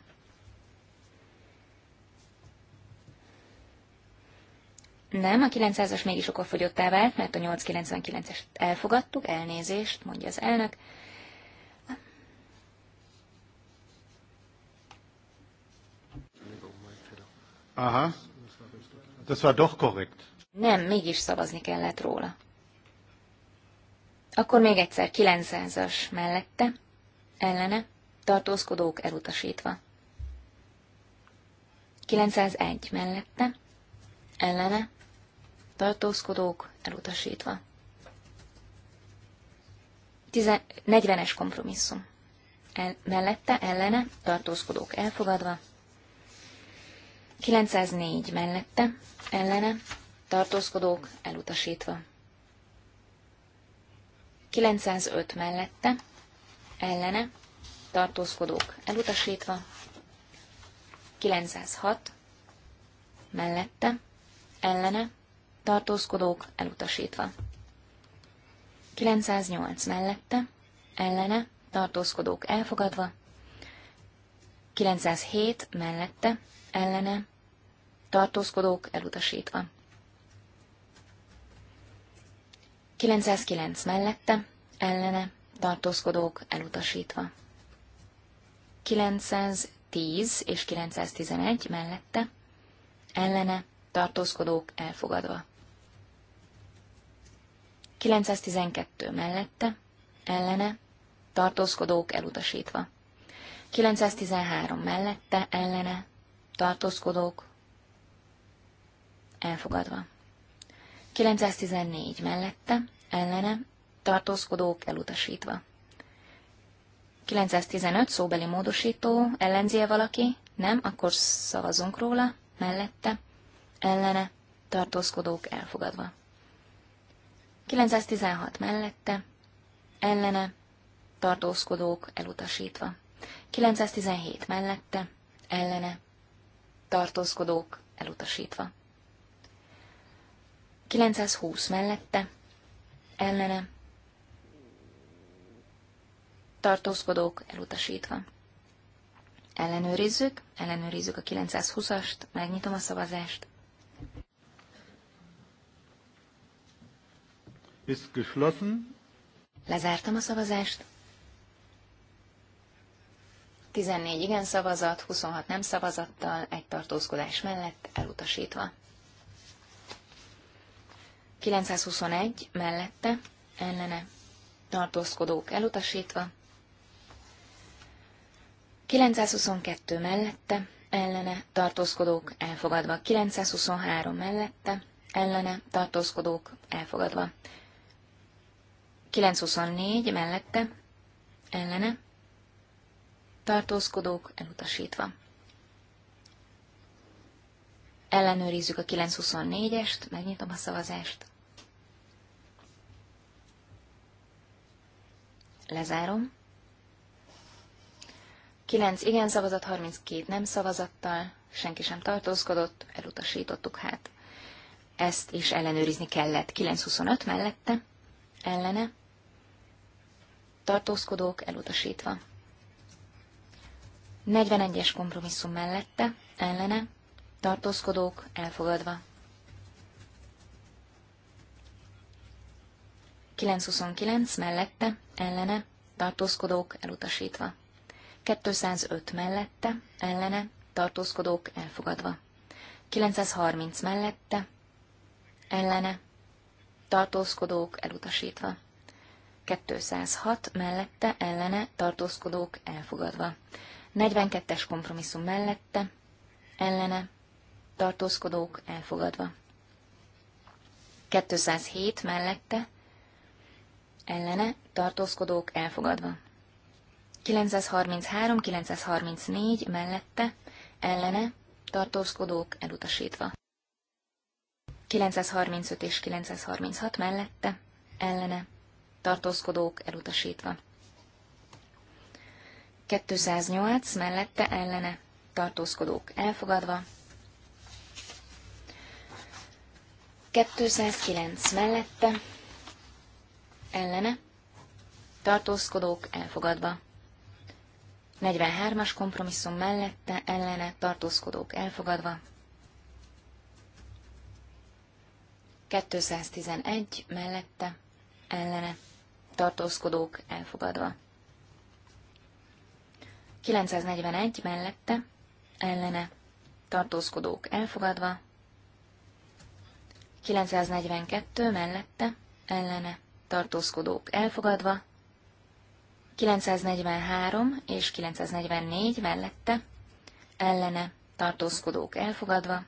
Nem, a 900-as mégis okofogyottá vált, mert a 899-est elfogadtuk, elnézést, mondja az elnök. Aha. Das war doch korrekt. Nem, mégis szavazni kellett róla. Akkor még egyszer 900-as mellette, ellene, tartózkodók elutasítva. 901 mellette, ellene, tartózkodók elutasítva. 40-es kompromisszum. El, mellette, ellene, tartózkodók elfogadva. 904 mellette, ellene, tartózkodók elutasítva. 905 mellette, ellene, tartózkodók elutasítva. 906 mellette, ellene, tartózkodók elutasítva. 908 mellette, ellene, tartózkodók elfogadva. 907 mellette, ellene, tartózkodók elutasítva. 909 mellette, ellene, tartózkodók elutasítva. 910 és 911 mellette, ellene, tartózkodók elfogadva. 912 mellette, ellene, tartózkodók elutasítva. 913 mellette, ellene, tartózkodók, elfogadva. 914 mellette, ellene, tartózkodók elutasítva. 915 szóbeli módosító, ellenzie valaki, nem, akkor szavazunk róla, mellette, ellene, tartózkodók elfogadva. 916 mellette, ellene, tartózkodók elutasítva. 917 mellette, ellene, tartózkodók elutasítva. 920 mellette, ellene, tartózkodók elutasítva. Ellenőrizzük, ellenőrizzük a 920-ast, megnyitom a szavazást. Ist geschlossen. Lezártam a szavazást. 14 igen szavazat, 26 nem szavazattal, egy tartózkodás mellett elutasítva. 921 mellette, ellene, tartózkodók elutasítva. 922 mellette, ellene, tartózkodók elfogadva. 923 mellette, ellene, tartózkodók elfogadva. 924 mellette, ellene, tartózkodók elutasítva. Ellenőrizzük a 924-est, megnyitom a szavazást. Lezárom. 9 igen szavazat, 32 nem szavazattal, senki sem tartózkodott, elutasítottuk hát. Ezt is ellenőrizni kellett. 925 mellette, ellene, tartózkodók elutasítva. 41-es kompromisszum mellette, ellene, tartózkodók elfogadva. 929 mellette, ellene, tartózkodók elutasítva. 205 mellette, ellene, tartózkodók elfogadva. 930 mellette, ellene, tartózkodók elutasítva. 206 mellette, ellene, tartózkodók elfogadva. 42-es kompromisszum mellette, ellene, tartózkodók elfogadva. 207 mellette, ellene, tartózkodók elfogadva. 933-934 mellette, ellene, tartózkodók elutasítva. 935 és 936 mellette, ellene, tartózkodók elutasítva. 208 mellette ellene tartózkodók elfogadva. 209 mellette ellene tartózkodók elfogadva. 43-as kompromisszum mellette ellene tartózkodók elfogadva. 211 mellette ellene tartózkodók elfogadva. 941 mellette, ellene, tartózkodók elfogadva, 942 mellette, ellene, tartózkodók elfogadva, 943 és 944 mellette, ellene, tartózkodók elfogadva,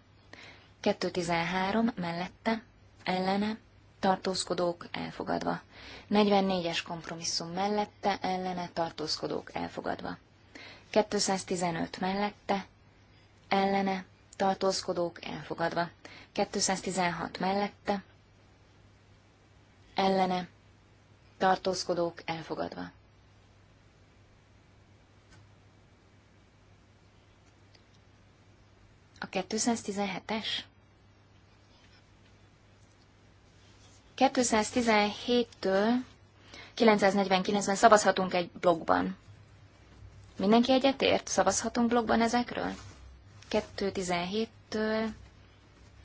213 mellette, ellene, tartózkodók elfogadva, 44-es kompromisszum mellette, ellene, tartózkodók elfogadva. 215 mellette, ellene, tartózkodók elfogadva. 216 mellette, ellene, tartózkodók elfogadva. A 217-es? 217-től 949-ben szavazhatunk egy blogban. Mindenki egyetért? Szavazhatunk blogban ezekről? 2.17-től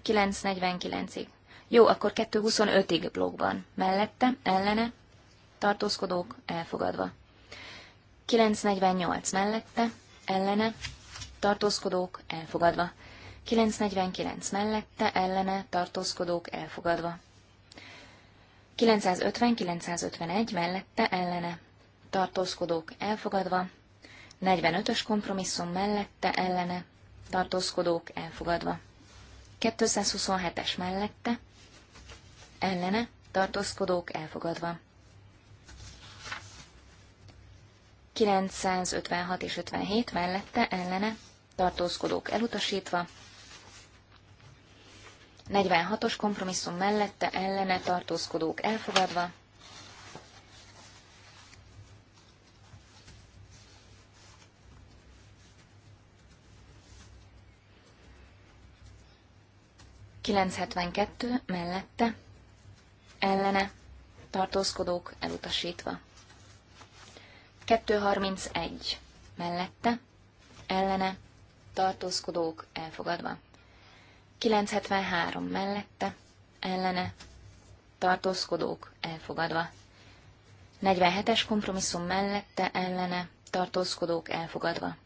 9.49-ig. Jó, akkor 2.25-ig blogban. Mellette, ellene, tartózkodók elfogadva. 9.48 mellette, ellene, tartózkodók elfogadva. 949 mellette, ellene, tartózkodók elfogadva. 950-951 mellette, ellene, tartózkodók elfogadva. 45-ös kompromisszum mellette ellene tartózkodók elfogadva. 227-es mellette ellene tartózkodók elfogadva. 956 és 57 mellette ellene tartózkodók elutasítva. 46-os kompromisszum mellette ellene tartózkodók elfogadva. 972 mellette, ellene, tartózkodók elutasítva. 231 mellette, ellene, tartózkodók elfogadva. 973 mellette, ellene, tartózkodók elfogadva. 47-es kompromisszum mellette, ellene, tartózkodók elfogadva.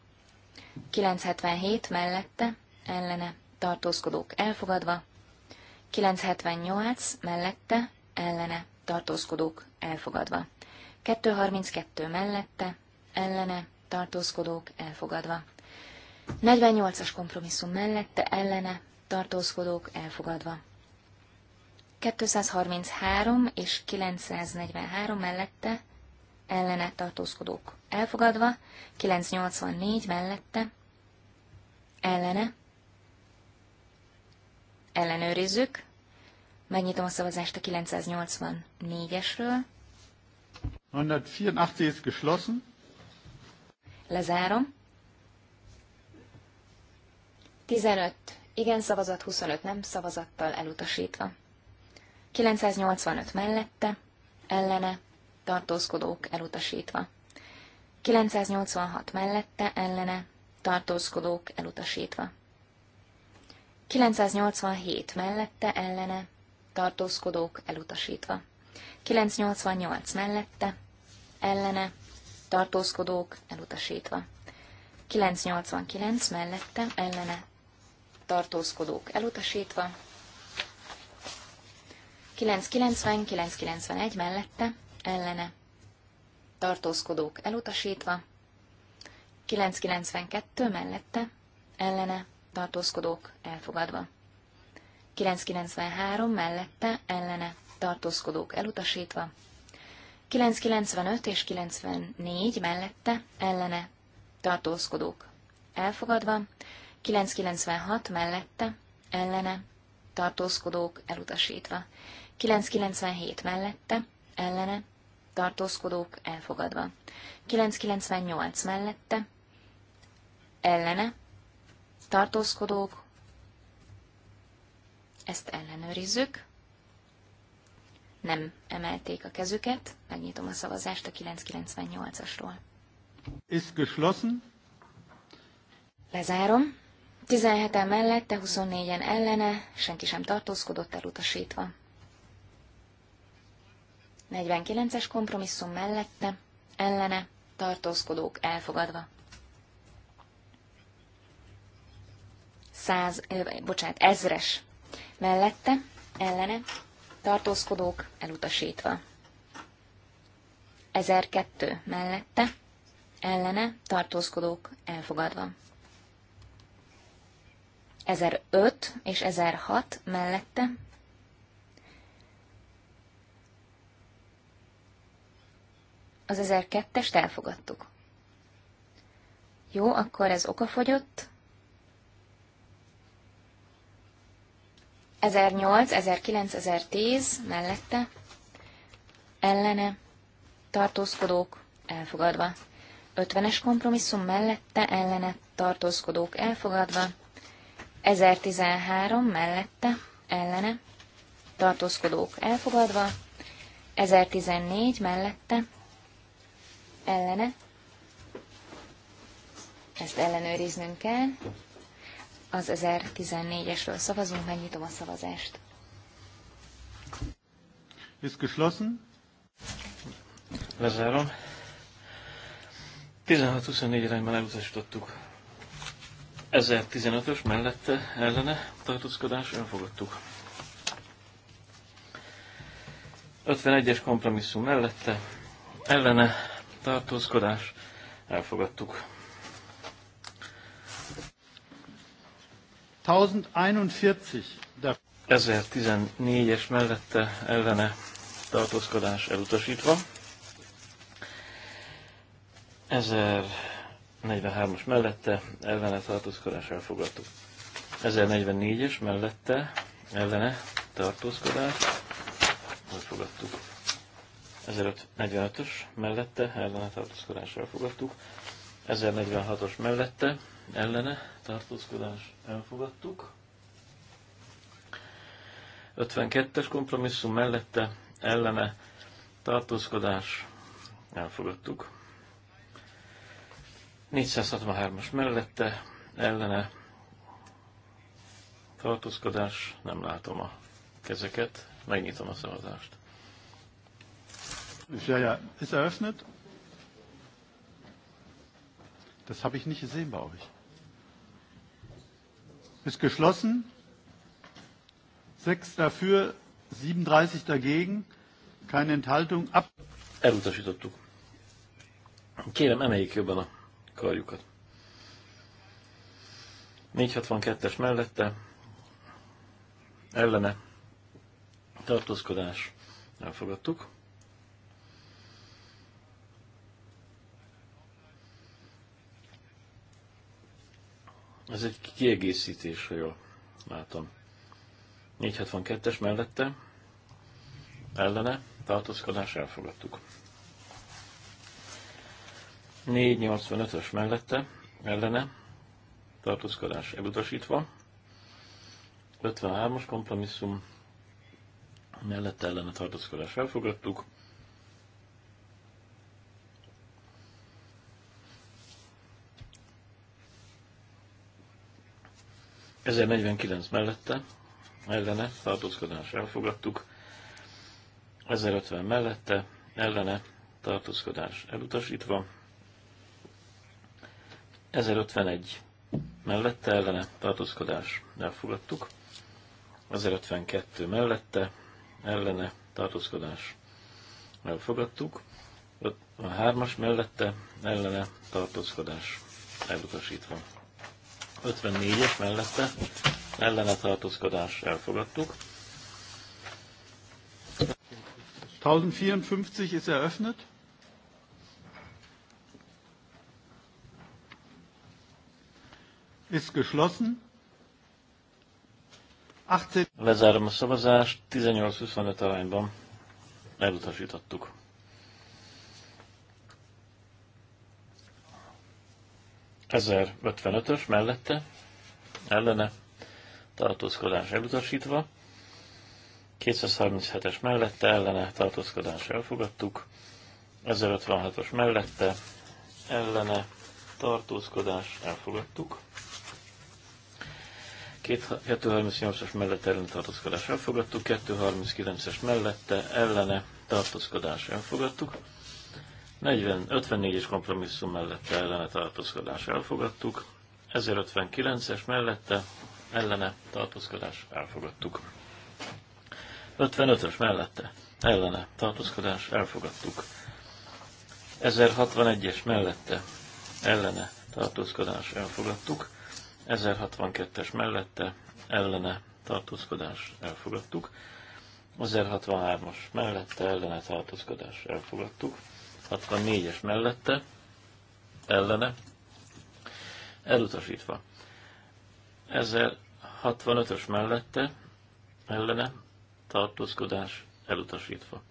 977 mellette, ellene, tartózkodók elfogadva, 978 mellette, ellene, tartózkodók elfogadva, 232 mellette, ellene, tartózkodók elfogadva, 48-as kompromisszum mellette, ellene, tartózkodók elfogadva, 233 és 943 mellette, ellene tartózkodók elfogadva, 984 mellette, ellene ellenőrizzük. Megnyitom a szavazást a 984-esről. 184 ist geschlossen. Lezárom. 15. Igen szavazat, 25 nem szavazattal elutasítva. 985 mellette, ellene, tartózkodók elutasítva. 986 mellette, ellene, tartózkodók elutasítva. 987 mellette ellene tartózkodók elutasítva. 988 mellette ellene tartózkodók elutasítva. 989 mellette ellene tartózkodók elutasítva. 990, 991 mellette ellene tartózkodók elutasítva. 992 mellette ellene tartózkodók elfogadva. 993 mellette ellene tartózkodók elutasítva. 995 és 94 mellette ellene tartózkodók elfogadva. 996 mellette ellene tartózkodók elutasítva. 997 mellette ellene tartózkodók elfogadva. 998 mellette ellene tartózkodók, ezt ellenőrizzük. Nem emelték a kezüket, megnyitom a szavazást a 998-asról. Ist geschlossen. Lezárom. 17-en mellette, 24-en ellene, senki sem tartózkodott elutasítva. 49-es kompromisszum mellette, ellene, tartózkodók elfogadva. száz, bocsánat, ezres mellette, ellene, tartózkodók elutasítva. 1002 mellette, ellene, tartózkodók elfogadva. 1005 és 1006 mellette, az 1002-est elfogadtuk. Jó, akkor ez okafogyott, 1008, 1009, 1010 mellette, ellene, tartózkodók elfogadva. 50-es kompromisszum mellette, ellene, tartózkodók elfogadva. 1013 mellette, ellene, tartózkodók elfogadva. 1014 mellette, ellene, ezt ellenőriznünk kell az 1014-esről szavazunk, megnyitom a szavazást. Ist geschlossen. Lezárom. 16-24 irányban elutasítottuk. 1015-ös mellette ellene tartózkodás önfogadtuk. 51-es kompromisszum mellette ellene tartózkodás elfogadtuk. 1041 1014-es mellette ellene tartózkodás elutasítva. 1043-as mellette ellene tartózkodás elfogadtuk. 1044-es mellette ellene tartózkodás elfogadtuk. 1045-ös mellette ellene tartózkodás elfogadtuk. 1046-os mellette ellene tartózkodás elfogadtuk. 52-es kompromisszum mellette ellene tartózkodás elfogadtuk. 463-as mellette ellene tartózkodás, nem látom a kezeket, megnyitom a szavazást. Ja, ja, ist eröffnet? Das habe ich nicht gesehen bei euch ist geschlossen. Sechs dafür, 37 dagegen, keine Enthaltung. Ab Elutasítottuk. Kérem, emeljék jobban a karjukat. 462-es mellette, ellene, tartózkodás, elfogadtuk. Ez egy kiegészítés, ha jól látom. 472-es mellette, ellene, tartózkodás elfogadtuk. 485-ös mellette, ellene, tartózkodás elutasítva. 53-as kompromisszum mellette ellene tartózkodás elfogadtuk. 1049 mellette, ellene, tartózkodás elfogadtuk. 1050 mellette, ellene, tartózkodás elutasítva. 1051 mellette, ellene, tartózkodás elfogadtuk. 1052 mellette, ellene, tartózkodás elfogadtuk. A hármas mellette, ellene, tartózkodás elutasítva. 54-es mellette ellene tartózkodás elfogadtuk. 1054 ist eröffnet. Ist geschlossen. 18... Lezárom a szavazást, 18-25 arányban elutasítottuk. 1055-ös mellette ellene tartózkodás elutasítva, 237-es mellette ellene tartózkodás elfogadtuk, 1056-os mellette ellene tartózkodás elfogadtuk, 238-as mellette ellene tartózkodás elfogadtuk, 239-es mellette ellene tartózkodás elfogadtuk, 54 es kompromisszum mellette ellene tartózkodás elfogadtuk, 1059-es mellette ellene tartózkodás elfogadtuk. 55-ös mellette ellene tartózkodás elfogadtuk. 1061-es mellette ellene tartózkodás elfogadtuk. 1062-es mellette ellene tartózkodás elfogadtuk. 1063-as mellette ellene tartózkodás elfogadtuk. 64-es mellette, ellene, elutasítva. 1065-ös mellette, ellene, tartózkodás, elutasítva.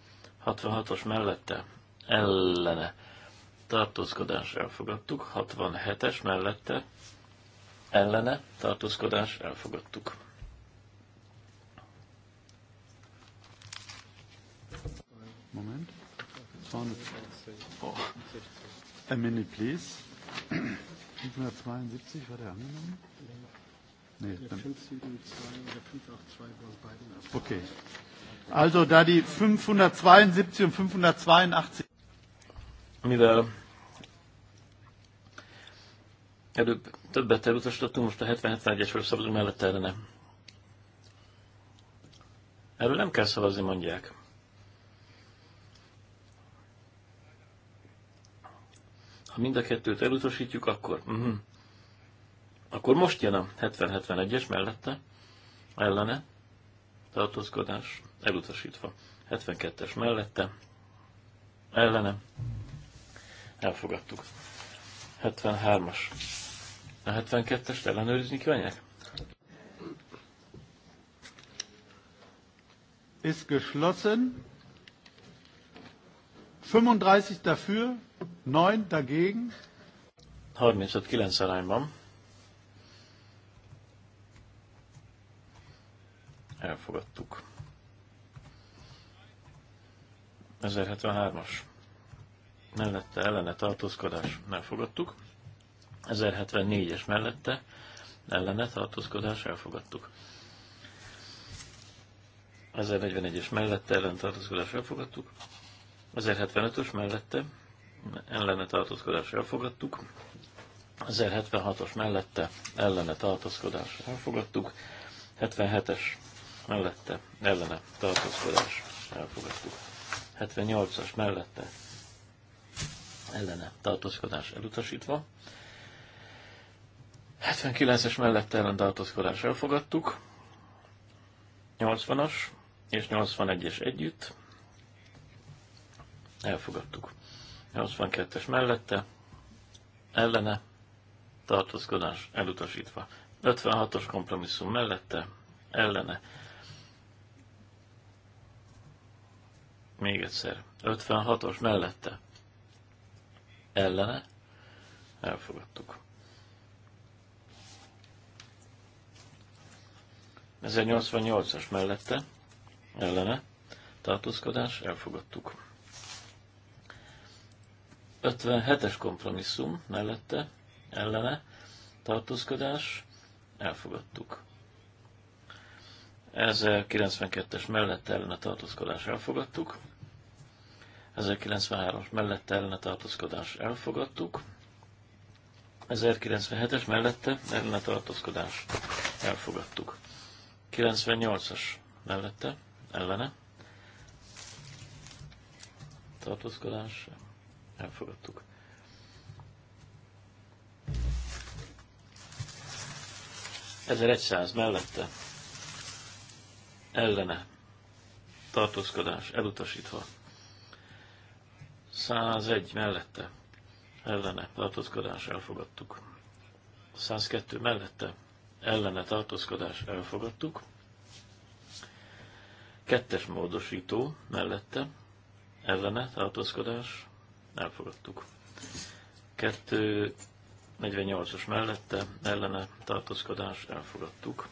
66-os mellette, ellene, tartózkodás, elfogadtuk. 67-es mellette, ellene, tartózkodás, elfogadtuk. Moment. 200. So, a minute, please. 572 war der angenommen? Nee, dann. Okay. Also da die 572 und 582. Mivel előbb többet elutasítottunk, most a 70-71-esről szavazunk mellett erre nem. Erről nem kell szavazni, mondják. Ha mind a kettőt elutasítjuk, akkor... Uh-huh. Akkor most jön a 70-71-es mellette, ellene, tartózkodás, elutasítva. 72-es mellette, ellene, elfogadtuk. 73-as. A 72-est ellenőrizni kívánják? Ist geschlossen. 35 dafür, 9 dagegen. 35-9 arányban. Elfogadtuk. 1073-as. Mellette ellene tartózkodás. Elfogadtuk. 1074-es mellette ellene tartózkodás. Elfogadtuk. 1041-es mellette ellen tartózkodás. Elfogadtuk. 1075-ös mellette ellene tartózkodás elfogadtuk. 1076-os mellette ellene tartózkodás elfogadtuk. 77-es mellette ellene tartózkodás elfogadtuk. 78-as mellette ellene tartózkodás elutasítva. 79-es mellette ellen tartózkodás elfogadtuk. 80-as és 81-es együtt elfogadtuk. 82-es mellette, ellene, tartózkodás elutasítva. 56-os kompromisszum mellette, ellene. Még egyszer. 56-os mellette, ellene. Elfogadtuk. 1088-as mellette, ellene, tartózkodás, elfogadtuk. 57-es kompromisszum mellette, ellene, tartózkodás, elfogadtuk. 1092-es mellette ellene tartózkodás elfogadtuk. 1093-as mellette ellene tartózkodás elfogadtuk. 1097-es mellette ellene tartózkodás elfogadtuk. 98-as mellette ellene tartózkodás elfogadtuk. Ezer száz mellette ellene tartózkodás elutasítva. 101 mellette ellene tartózkodás elfogadtuk. 102 mellette ellene tartózkodás elfogadtuk. Kettes módosító mellette ellene tartózkodás elfogadtuk. 248-os mellette ellene tartózkodás elfogadtuk.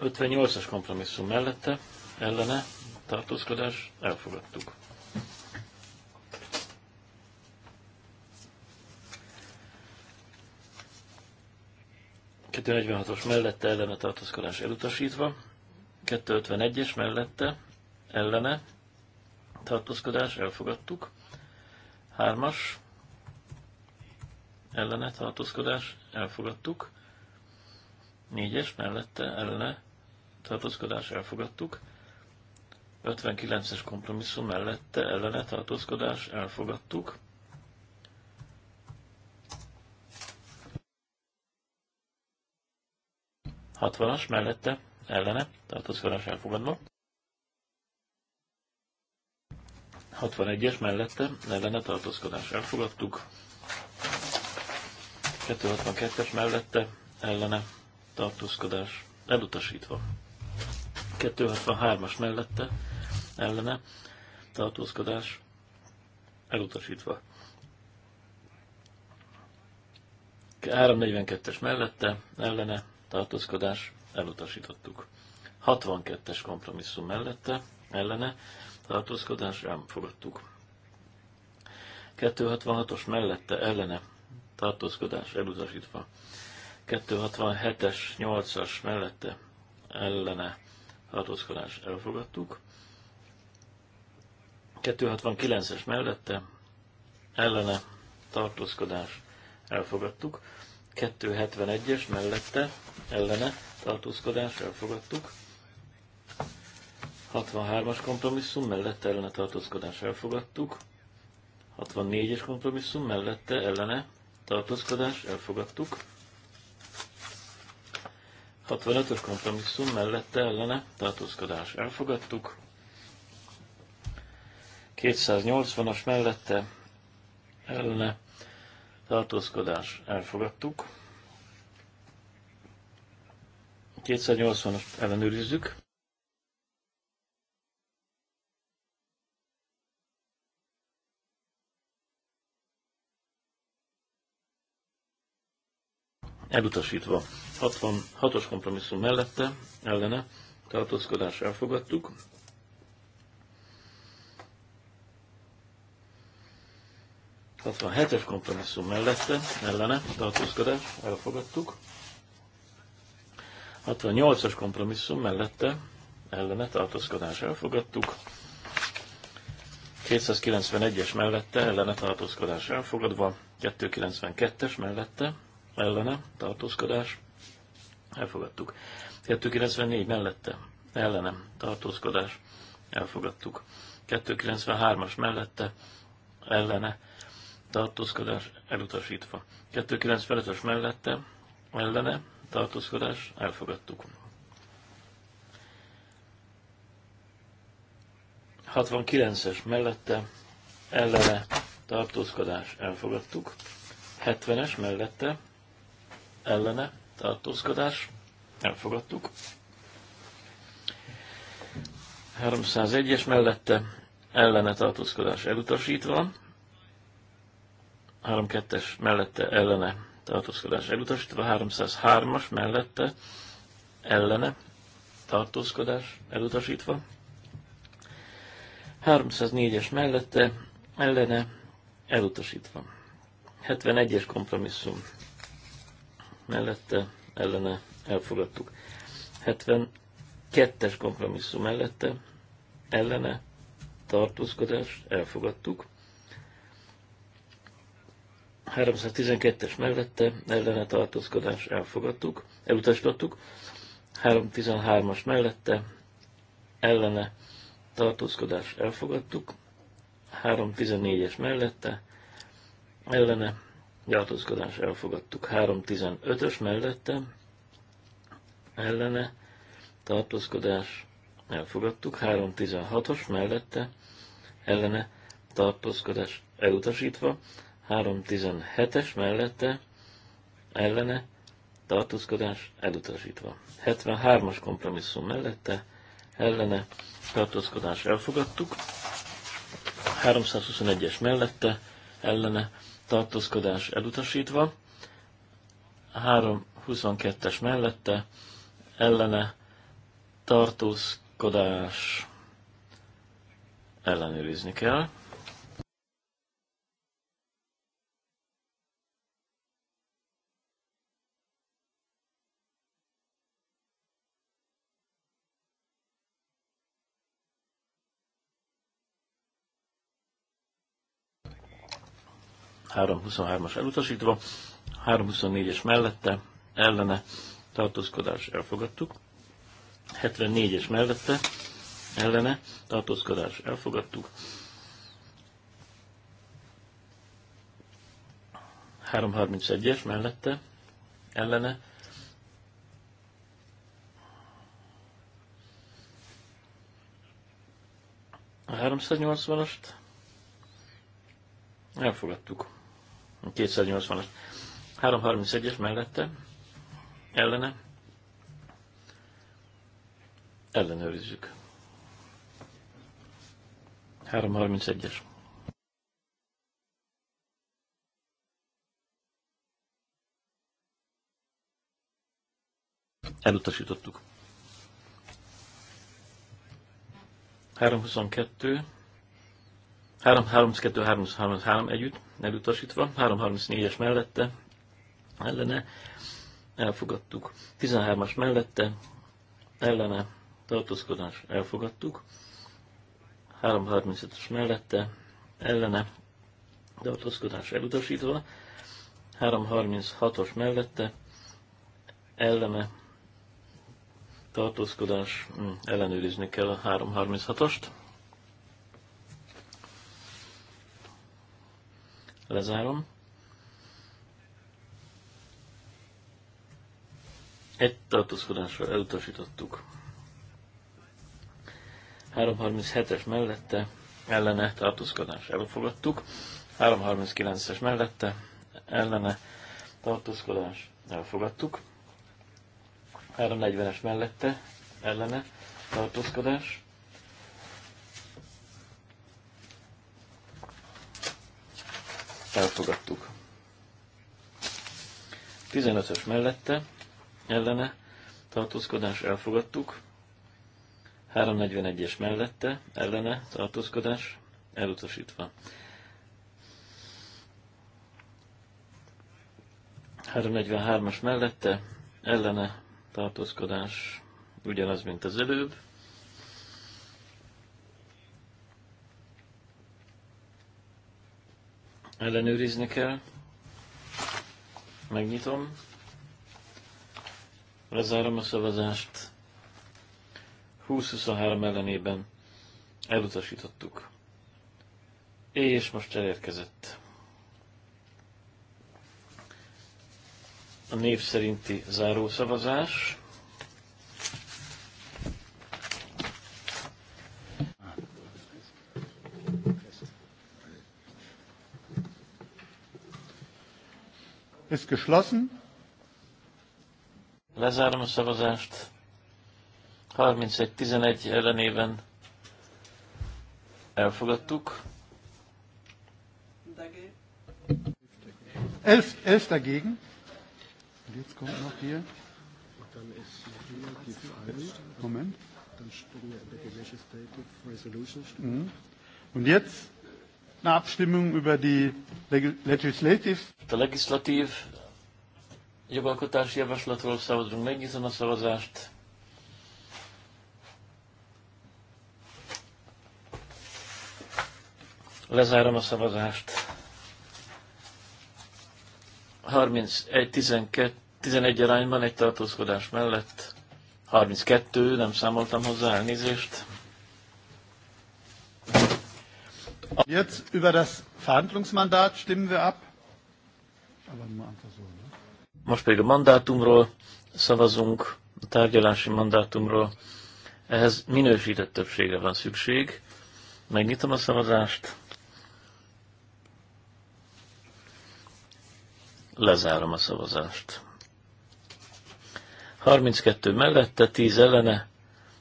58-as kompromisszum mellette ellene tartózkodás elfogadtuk. os mellette ellene tartózkodás elutasítva, 251-es mellette ellene tartózkodás, elfogadtuk. Hármas, ellene tartózkodás, elfogadtuk. Négyes, mellette, ellene tartózkodás, elfogadtuk. 59-es kompromisszum mellette, ellene tartózkodás, elfogadtuk. Hatvanas mellette, ellene, tartózkodás elfogadva. 61-es mellette ellene tartózkodás elfogadtuk. 262-es mellette ellene tartózkodás elutasítva. 263-as mellette ellene tartózkodás elutasítva. 342-es mellette ellene tartózkodás elutasítottuk. 62-es kompromisszum mellette ellene tartózkodás, rám fogadtuk. 266-os mellette ellene tartózkodás elutasítva. 267-es, 8-as mellette ellene tartózkodás elfogadtuk. 269-es mellette ellene tartózkodás elfogadtuk. 271-es mellette ellene tartózkodás elfogadtuk. 63-as kompromisszum mellette ellene tartózkodás elfogadtuk. 64-es kompromisszum mellette ellene tartózkodás elfogadtuk. 65-ös kompromisszum mellette ellene tartózkodás elfogadtuk. 280-as mellette ellene tartózkodás elfogadtuk. 280-as ellenőrizzük. elutasítva. 66-os kompromisszum mellette, ellene, tartózkodás elfogadtuk. 7-es kompromisszum mellette, ellene, tartózkodás, elfogadtuk. 68-as kompromisszum mellette, ellene, tartózkodás, elfogadtuk. 291-es mellette, ellene, tartózkodás, elfogadva. 292-es mellette, ellene, tartózkodás, elfogadtuk. 294 mellette, ellene, tartózkodás, elfogadtuk. 293-as mellette, ellene, tartózkodás, elutasítva. 295-ös mellette, ellene, tartózkodás, elfogadtuk. 69-es mellette, ellene, tartózkodás, elfogadtuk. 70-es mellette, ellene tartózkodás, elfogadtuk. 301-es mellette ellene tartózkodás elutasítva, 32 es mellette ellene tartózkodás elutasítva, 303-as mellette ellene tartózkodás elutasítva, 304-es mellette ellene elutasítva. 71-es kompromisszum mellette ellene elfogadtuk. 72-es kompromisszum mellette ellene tartózkodás elfogadtuk. 312-es mellette ellene tartózkodás elfogadtuk, elutasítottuk. 313-as mellette ellene tartózkodás elfogadtuk. 314-es mellette ellene tartózkodás elfogadtuk. 3.15-ös mellette ellene tartózkodás elfogadtuk. 3.16-os mellette ellene tartózkodás elutasítva. 3.17-es mellette ellene tartózkodás elutasítva. 73-as kompromisszum mellette ellene tartózkodás elfogadtuk. 321-es mellette ellene tartózkodás elutasítva, 3.22-es mellette ellene tartózkodás ellenőrizni kell. 323-as elutasítva, 324-es mellette, ellene, tartózkodás elfogadtuk, 74-es mellette, ellene, tartózkodás elfogadtuk, 331-es mellette, ellene, a 380-ast elfogadtuk. 280-as. 331-es mellette, ellene, ellenőrizzük. 331-es. Elutasítottuk. 322 3-3-2-3-3-3 együtt, elutasítva, 3-34-es mellette, ellene, elfogadtuk. 13-as mellette, ellene, tartózkodás, elfogadtuk. 3 35 ös mellette, ellene, tartózkodás elutasítva, 3 36 os mellette, ellene, tartózkodás, hmm, ellenőrizni kell a 3 36 ost Lezárom. Egy tartózkodásra elutasítottuk. 337-es mellette ellene tartózkodás elfogadtuk. 339-es mellette ellene tartózkodás elfogadtuk. 340-es mellette ellene tartózkodás elfogadtuk. 15-ös mellette, ellene, tartózkodás, elfogadtuk. 341-es mellette, ellene, tartózkodás, elutasítva. 343-as mellette, ellene, tartózkodás, ugyanaz, mint az előbb. ellenőrizni kell. Megnyitom. Lezárom a szavazást. 20-23 ellenében elutasítottuk. És most elérkezett. A név szerinti zárószavazás. ist geschlossen. Lezárom a szavazást. 31-11 ellenében elfogadtuk. Elf, elf dagegen. Und jetzt kommt noch hier. Moment. Dann wir in der Legislative Resolution. Mhm. Und jetzt eine Abstimmung über die Leg legislative. A legislatív jogalkotási javaslatról szavazunk. Megnyitom a szavazást. Lezárom a szavazást. 31-11 12, arányban egy tartózkodás mellett. 32, nem számoltam hozzá, elnézést. Jetzt über das Verhandlungsmandat stimmen wir ab. Most pedig a mandátumról szavazunk, a tárgyalási mandátumról. Ehhez minősített többsége van szükség. Megnyitom a szavazást. Lezárom a szavazást. 32 mellette, 10 ellene,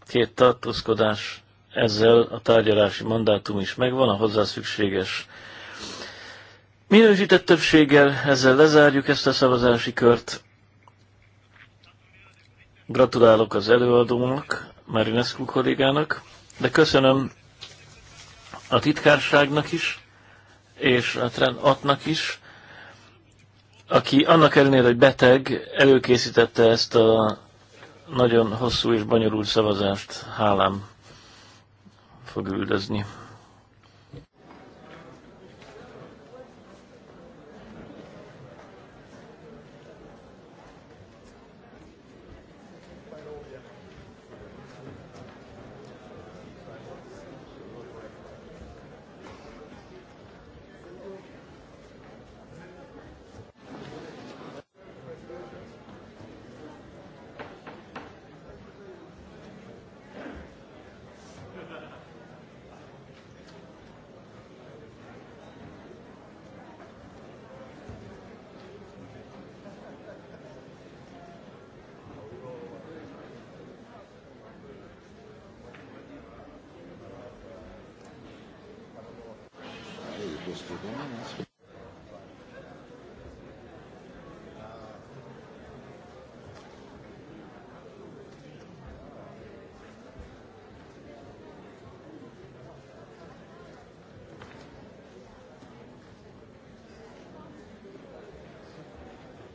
két tartózkodás, ezzel a tárgyalási mandátum is megvan, a hozzá szükséges minősített többséggel, ezzel lezárjuk ezt a szavazási kört. Gratulálok az előadónak, Marinescu kollégának, de köszönöm a titkárságnak is, és a Trenatnak is, aki annak ellenére, hogy beteg, előkészítette ezt a nagyon hosszú és bonyolult szavazást. Hálám fog üldözni.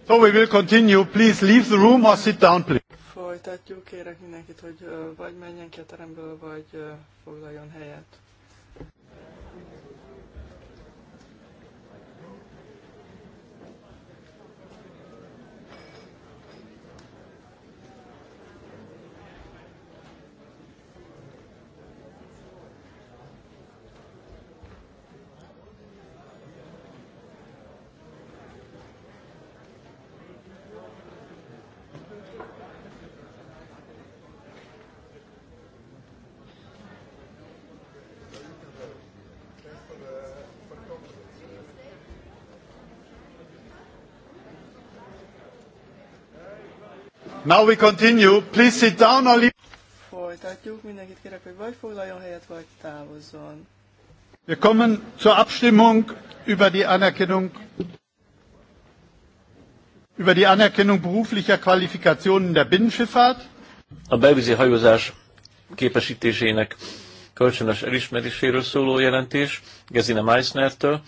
So we will continue. Please leave the room or sit down, please. Folytatjuk, kérek mindenkit, hogy vagy menjen ki a teremből, vagy foglaljon helyet. Now we continue. Please sit down or leave. Folytatjuk. Mindenkit kérek, hogy vagy foglaljon helyet, vagy távozzon. Wir kommen zur Abstimmung über die Anerkennung über die Anerkennung beruflicher Qualifikationen der Binnenschifffahrt. A belvízi hajózás képesítésének kölcsönös elismeréséről szóló jelentés Gezine től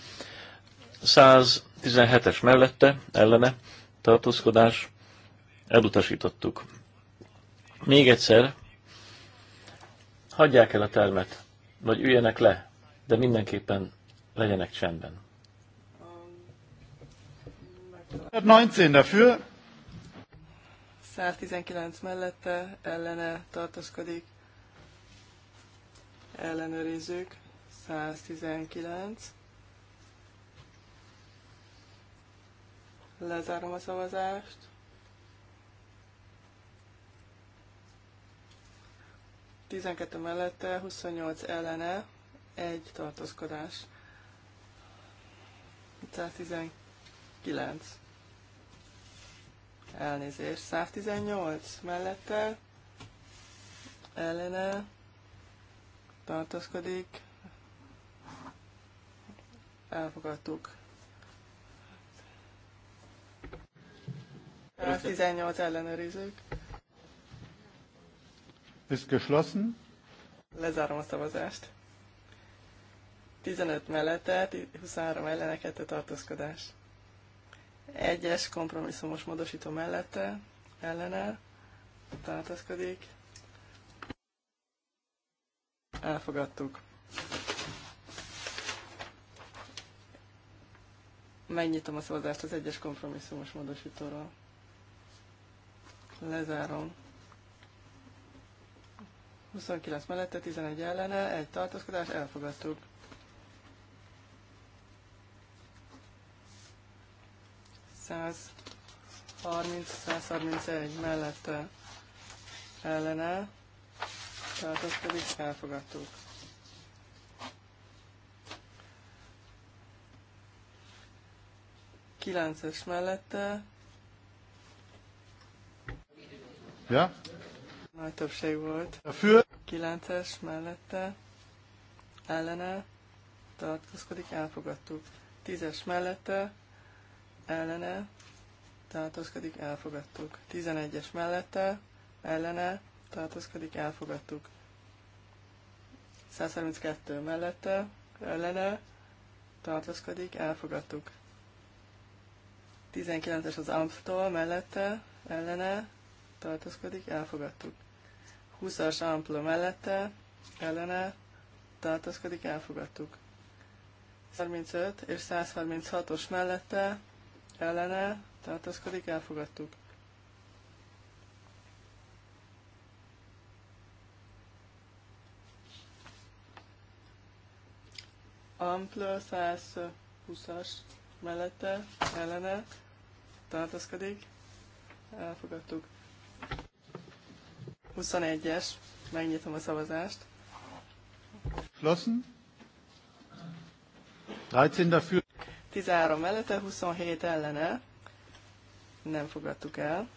117-es mellette, ellene, tartózkodás, Elutasítottuk. Még egyszer, hagyják el a termet, vagy üljenek le, de mindenképpen legyenek csendben. 119 dafür. 119 mellette ellene tartozkodik Ellenőrizzük. 119. Lezárom a szavazást. 12 mellette, 28 ellene, egy tartózkodás. 119. Elnézést. 118 mellette, ellene, tartózkodik. Elfogadtuk. 118 ellenőrizők ist geschlossen. Lezárom a szavazást. 15 mellette, 23 elleneket a tartózkodás. Egyes kompromisszumos módosító mellette, ellene, tartózkodik. Elfogadtuk. Megnyitom a szavazást az egyes kompromisszumos módosítóról. Lezárom. 29 mellette, 11 ellene, egy tartózkodás, elfogadtuk. Száz 30-131 mellette ellene tehát azt pedig elfogadtuk. Kilences mellette. Ja? Nagy többség volt. A fő? 9-es mellette ellene tartózkodik, elfogadtuk. 10-es mellette ellene tartózkodik, elfogadtuk. 11-es mellette ellene tartózkodik, elfogadtuk. 132 mellette ellene tartózkodik, elfogadtuk. 19-es az amp mellette ellene tartózkodik, elfogadtuk. 20-as ampla mellette ellene tartózkodik, elfogadtuk. 35 és 136-os mellette ellene tartózkodik, elfogadtuk. Ampla 120-as mellette ellene tartózkodik, elfogadtuk. 21-es. Megnyitom a szavazást. Flossen. 13 dafür. 13 mellette, 27 ellene. Nem fogadtuk el.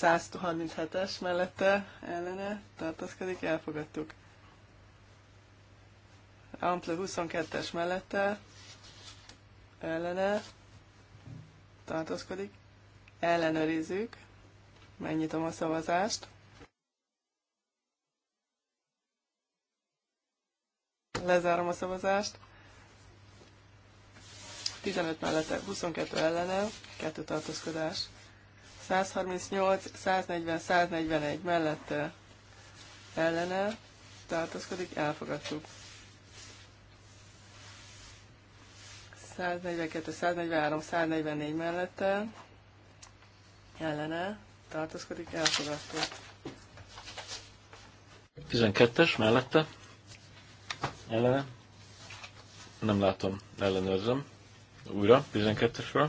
137-es mellette ellene tartózkodik, elfogadtuk. Ample 22-es mellette ellene tartózkodik, ellenőrizzük. Megnyitom a szavazást. Lezárom a szavazást. 15 mellette, 22 ellene, 2 tartózkodás. 138, 140, 141 mellette ellene tartózkodik, elfogadtuk. 142, 143, 144 mellette ellene tartózkodik, elfogadható. 12-es mellette. Ellene. Nem látom, ellenőrzöm. Újra, 12-esről.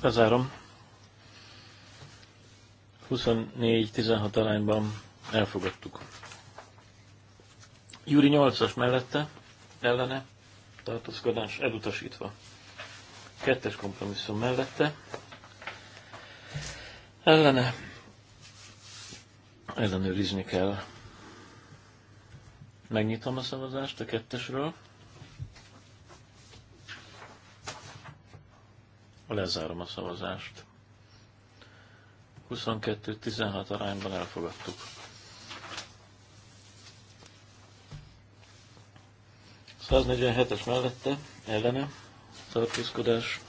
Bezárom. 24-16 arányban elfogadtuk. Júri 8-as mellette, ellene tartózkodás elutasítva. Kettes kompromisszum mellette. Ellene ellenőrizni kell. Megnyitom a szavazást a kettesről. Lezárom a szavazást. 22-16 arányban elfogadtuk. 147-es mellette, ellene, tartózkodás.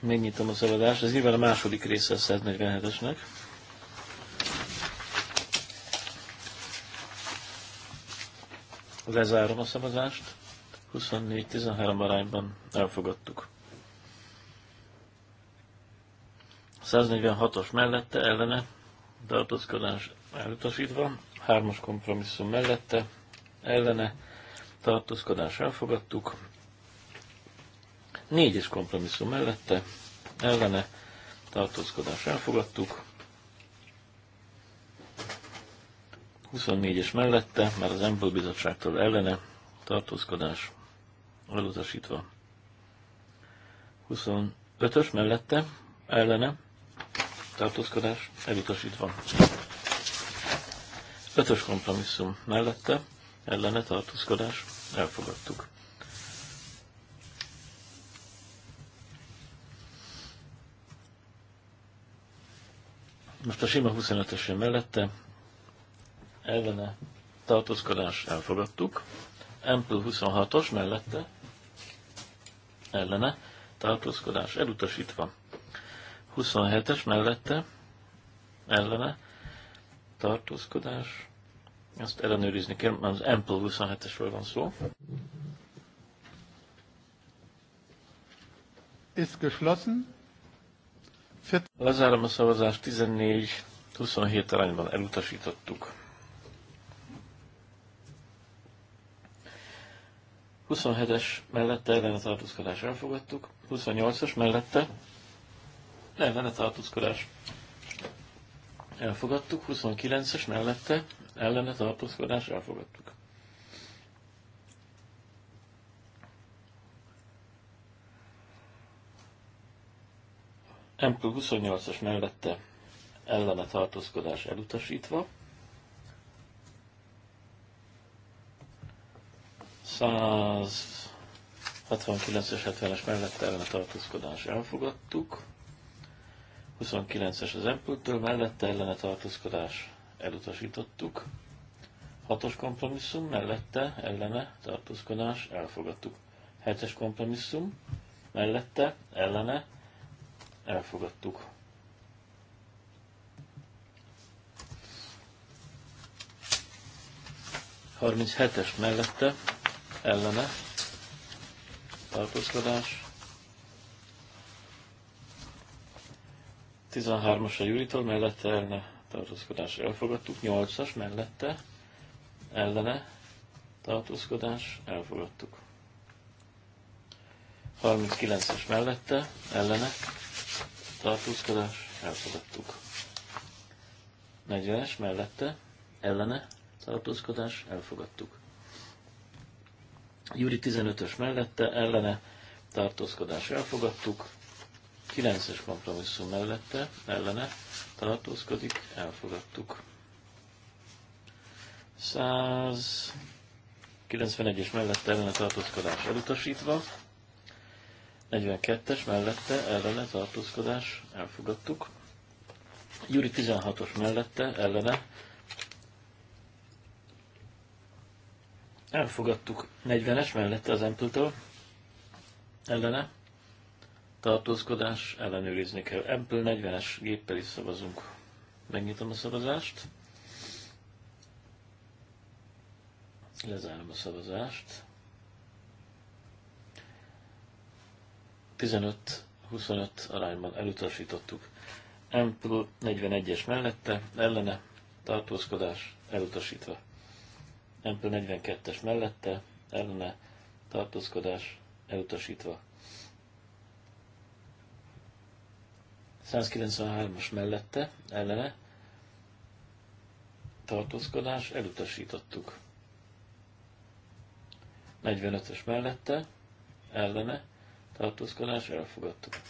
Megnyitom a szabadást, ez nyilván a második része a 147-esnek. Lezárom a szavazást. 24-13 arányban elfogadtuk. 146-os mellette ellene tartózkodás elutasítva, hármas kompromisszum mellette, ellene, tartózkodás elfogadtuk, négyes kompromisszum mellette, ellene, tartózkodás elfogadtuk, 24-es mellette, már az Emből Bizottságtól ellene, tartózkodás elutasítva. 25-ös mellette, ellene, tartózkodás elutasítva. Ötös kompromisszum mellette ellene tartózkodás elfogadtuk. Most a sima 25-esén mellette ellene tartózkodás elfogadtuk. Ample 26-os mellette ellene tartózkodás elutasítva. 27-es mellette ellene tartózkodás. Ezt ellenőrizni kell, mert az Ample 27-esről van szó. Ist geschlossen. Lezárom a szavazást, 14-27 arányban elutasítottuk. 27-es mellette ellene tartózkodás elfogadtuk, 28-as mellette ellene tartózkodás elfogadtuk, 29-es mellette ellene tartózkodás elfogadtuk. MK 28-as mellette ellene tartózkodás elutasítva. 169-es, 70-es mellette ellene tartózkodás elfogadtuk. 29-es az Empültől, mellette ellene tartózkodás elutasítottuk. 6-os kompromisszum, mellette ellene tartózkodás elfogadtuk. 7-es kompromisszum, mellette ellene elfogadtuk. hetes mellette ellene tartózkodás 13-as a Juritól, mellette elne tartózkodás elfogadtuk, 8-as mellette ellene tartózkodás elfogadtuk. 39-es mellette ellene tartózkodás elfogadtuk. 40-es mellette ellene tartózkodás elfogadtuk. Júri 15-ös mellette ellene tartózkodás elfogadtuk. 9-es kompromisszum mellette, ellene tartózkodik, elfogadtuk. 191-es mellette ellene tartózkodás elutasítva, 42-es mellette ellene tartózkodás elfogadtuk, Júri 16-os mellette ellene elfogadtuk 40-es mellette az Ample-től ellene tartózkodás, ellenőrizni kell. Ebből 40-es géppel is szavazunk. Megnyitom a szavazást. Lezárom a szavazást. 15-25 arányban elutasítottuk. Ample 41-es mellette, ellene, tartózkodás, elutasítva. Ample 42-es mellette, ellene, tartózkodás, elutasítva. 193-as mellette ellene tartózkodás elutasítottuk. 45-ös mellette ellene tartózkodás elfogadtuk.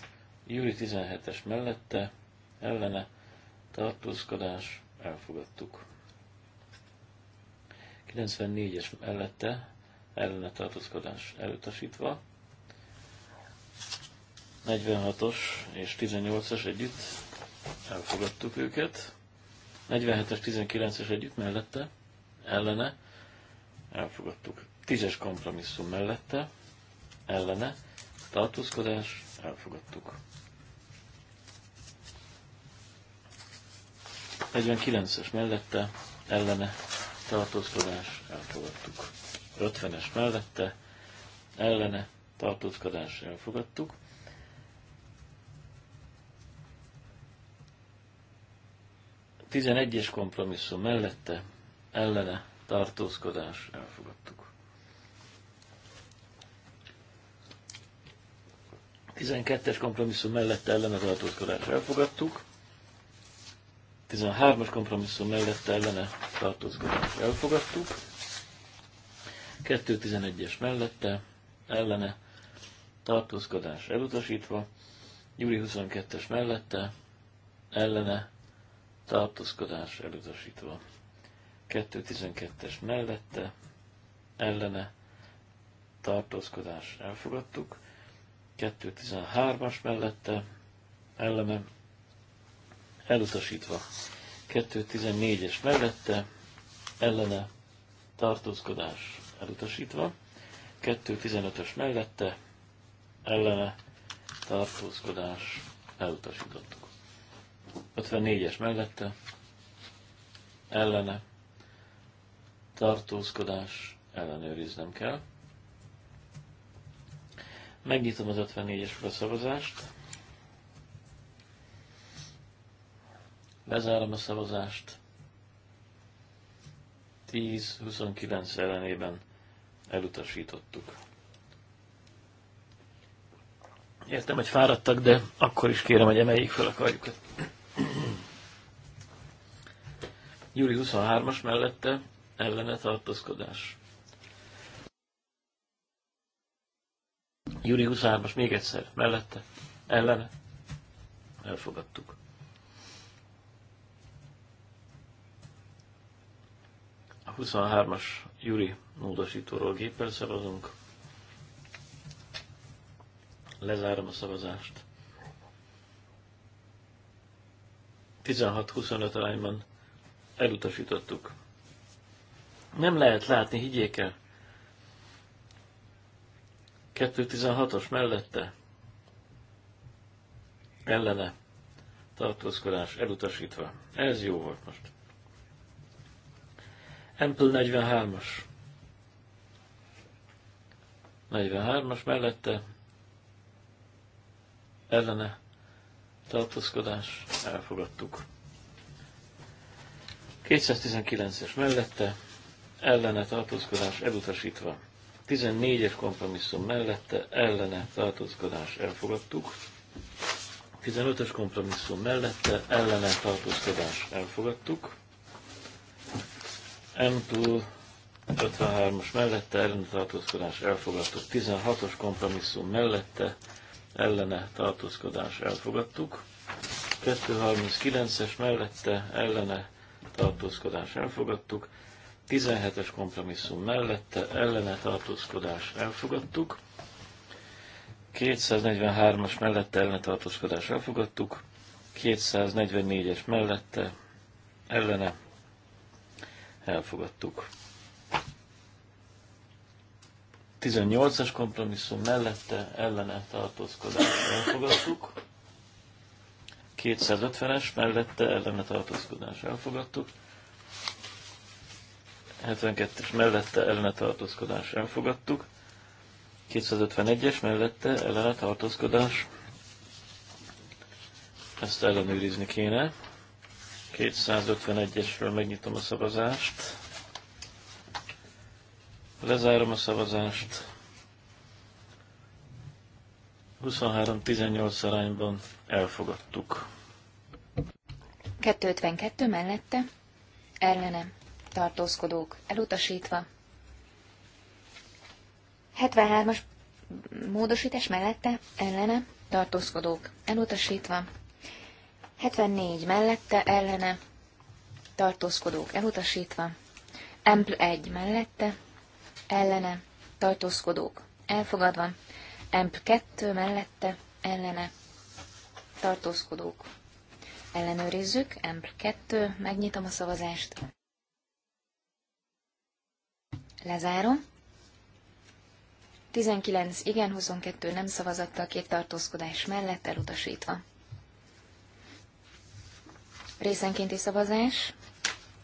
Júli 17-es mellette ellene tartózkodás elfogadtuk. 94-es mellette ellene tartózkodás elutasítva. 46-os és 18-as együtt, elfogadtuk őket. 47-es, 19-es együtt mellette, ellene, elfogadtuk. 10-es kompromisszum mellette, ellene, tartózkodás, elfogadtuk. 49-es mellette, ellene, tartózkodás, elfogadtuk. 50-es mellette, ellene, tartózkodás, elfogadtuk. 11-es kompromisszum mellette ellene tartózkodás elfogadtuk. 12-es kompromisszum mellette ellene tartózkodás elfogadtuk. 13-as kompromisszum mellette ellene tartózkodás elfogadtuk. 2.11-es mellette ellene tartózkodás elutasítva. Júli 22-es mellette ellene tartózkodás elutasítva. 2.12-es mellette, ellene, tartózkodás elfogadtuk. 2.13-as mellette, ellene, elutasítva. 2.14-es mellette, ellene, tartózkodás elutasítva. 2.15-ös mellette, ellene, tartózkodás elutasítottuk. 54-es mellette, ellene, tartózkodás, ellenőriznem kell. Megnyitom az 54-es szavazást. Lezárom a szavazást. 10-29 ellenében elutasítottuk. Értem, hogy fáradtak, de akkor is kérem, hogy emeljék fel a karjukat. Júli 23-as mellette ellene tartózkodás. Júli 23-as még egyszer mellette ellene elfogadtuk. A 23-as Júri módosítóról géppel szavazunk. Lezárom a szavazást. 16-25 arányban elutasítottuk. Nem lehet látni, higgyék el. 2.16-os mellette ellene tartózkodás elutasítva. Ez jó volt most. Ample 43-as. 43-as mellette ellene tartózkodás elfogadtuk. 219-es mellette, ellene tartózkodás elutasítva. 14-es kompromisszum mellette, ellene tartózkodás elfogadtuk. 15 es kompromisszum mellette, ellene tartózkodás elfogadtuk. m túl 53-as mellette, ellene tartózkodás elfogadtuk. 16-os kompromisszum mellette, ellene tartózkodás elfogadtuk. 239-es mellette, ellene tartózkodás elfogadtuk, 17-es kompromisszum mellette ellene tartózkodás elfogadtuk, 243-as mellette ellene tartózkodás elfogadtuk, 244-es mellette ellene elfogadtuk. 18-as kompromisszum mellette ellene tartózkodást elfogadtuk. 250-es mellette ellene tartózkodás elfogadtuk. 72-es mellette ellene tartózkodás elfogadtuk. 251-es mellette ellene tartózkodás. Ezt ellenőrizni kéne. 251-esről megnyitom a szavazást. Lezárom a szavazást. 23-18 arányban elfogadtuk. 252 mellette, ellene, tartózkodók elutasítva. 73-as módosítás mellette, ellene, tartózkodók elutasítva. 74 mellette, ellene, tartózkodók elutasítva. Empl 1 mellette, ellene, tartózkodók elfogadva emp 2 mellette ellene tartózkodók. Ellenőrizzük, emp 2 megnyitom a szavazást. Lezárom. 19 igen, 22 nem a két tartózkodás mellett elutasítva. Részenkénti szavazás.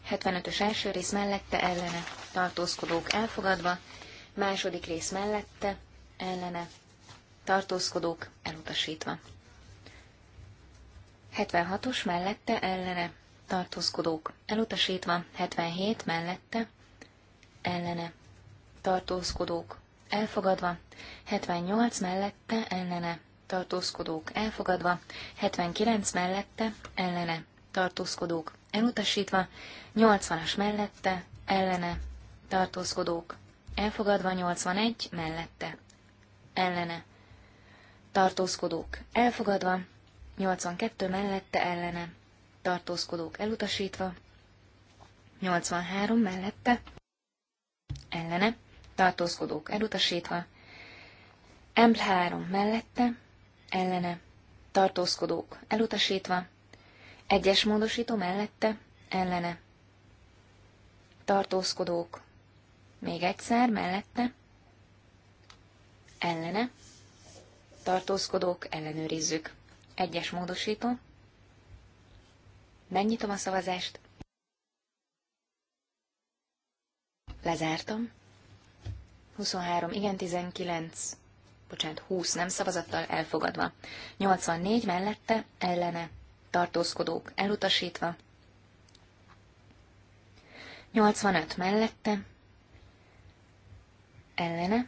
75-ös első rész mellette ellene tartózkodók elfogadva, második rész mellette ellene tartózkodók elutasítva. 76-os mellette ellene tartózkodók elutasítva, 77 mellette ellene tartózkodók elfogadva, 78 mellette ellene tartózkodók elfogadva, 79 mellette ellene tartózkodók elutasítva, 80-as mellette ellene tartózkodók elfogadva, 81 mellette ellene tartózkodók elfogadva, 82 mellette ellene, tartózkodók elutasítva, 83 mellette ellene, tartózkodók elutasítva, Embl 3 mellette ellene, tartózkodók elutasítva, egyes módosító mellette ellene, tartózkodók még egyszer mellette ellene, tartózkodók, ellenőrizzük. Egyes módosító. Megnyitom a szavazást. Lezártam. 23, igen, 19, bocsánat, 20 nem szavazattal elfogadva. 84 mellette, ellene, tartózkodók elutasítva. 85 mellette, ellene,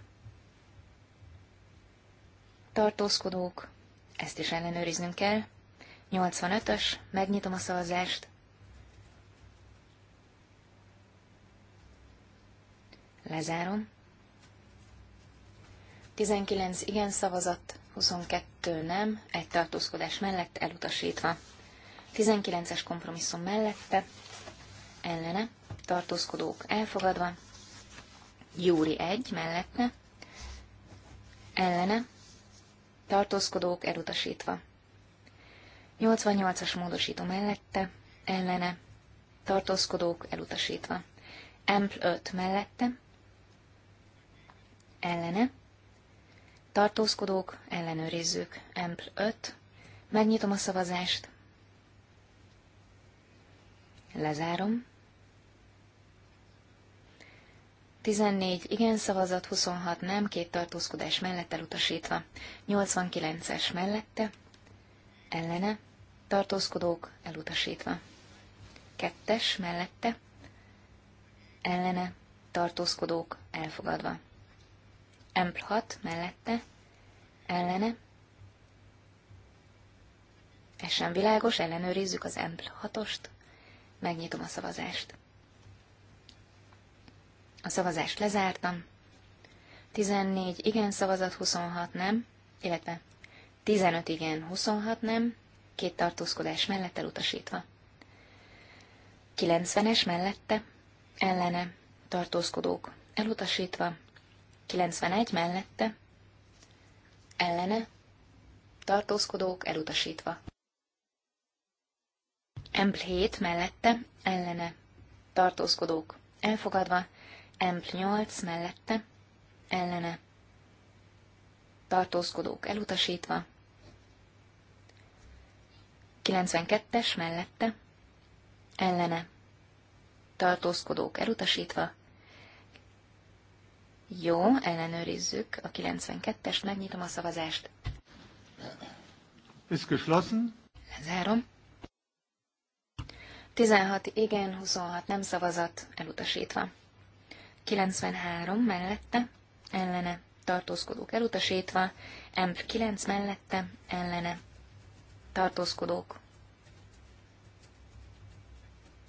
tartózkodók, ezt is ellenőriznünk kell. 85-ös, megnyitom a szavazást. Lezárom. 19 igen szavazat, 22 nem, egy tartózkodás mellett elutasítva. 19-es kompromisszum mellette, ellene, tartózkodók elfogadva, Júri 1 mellette, ellene, tartózkodók elutasítva. 88-as módosító mellette, ellene, tartózkodók elutasítva. Ampl 5 mellette, ellene, tartózkodók ellenőrizzük. Ampl 5, megnyitom a szavazást, lezárom, 14 igen szavazat, 26 nem, két tartózkodás mellett elutasítva. 89-es mellette, ellene, tartózkodók elutasítva. Kettes mellette, ellene, tartózkodók elfogadva. Empl 6 mellette, ellene, ez sem világos, ellenőrizzük az Empl 6-ost, megnyitom a szavazást. A szavazást lezártam. 14 igen szavazat, 26 nem, illetve 15 igen, 26 nem, két tartózkodás mellett elutasítva. 90-es mellette, ellene, tartózkodók, elutasítva. 91 mellette, ellene, tartózkodók, elutasítva. Empl 7 mellette, ellene, tartózkodók, elfogadva. M8 mellette, ellene, tartózkodók elutasítva, 92-es mellette, ellene, tartózkodók elutasítva, jó, ellenőrizzük a 92-est, megnyitom a szavazást. Ez geschlossen. Lezárom. 16 igen, 26 nem szavazat, elutasítva. 93 mellette, ellene, tartózkodók elutasítva, EMP 9 mellette, ellene, tartózkodók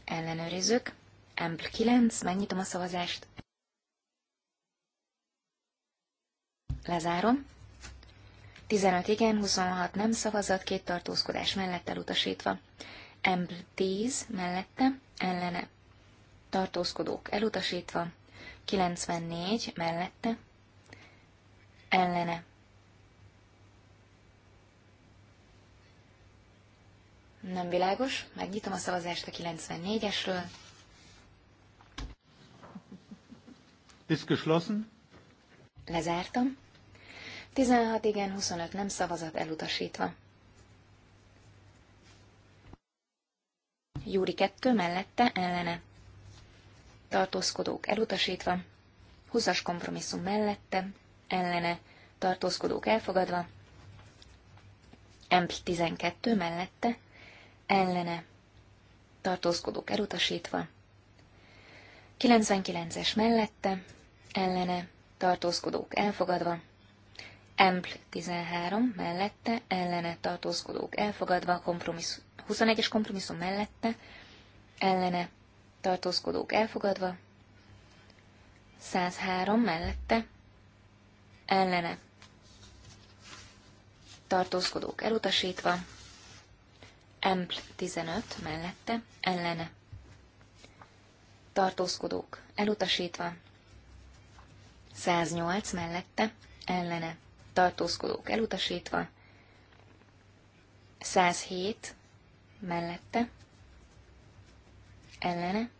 ellenőrizzük, EMP 9, megnyitom a szavazást, lezárom, 15 igen, 26 nem szavazat, két tartózkodás mellett elutasítva, EMP 10 mellette, ellene, tartózkodók elutasítva, 94 mellette, ellene. Nem világos, megnyitom a szavazást a 94-esről. Ist geschlossen. Lezártam. 16 igen, 25 nem szavazat elutasítva. Júri 2 mellette ellene tartózkodók elutasítva, 20 kompromisszum mellette, ellene, tartózkodók elfogadva, MP12 mellette, ellene, tartózkodók elutasítva, 99-es mellette, ellene, tartózkodók elfogadva, MP13 mellette, ellene, tartózkodók elfogadva, kompromissz, 21-es kompromisszum mellette, ellene, tartózkodók elfogadva, 103 mellette, ellene, tartózkodók elutasítva, Empl 15 mellette, ellene, tartózkodók elutasítva, 108 mellette, ellene, tartózkodók elutasítva, 107 mellette, ellene,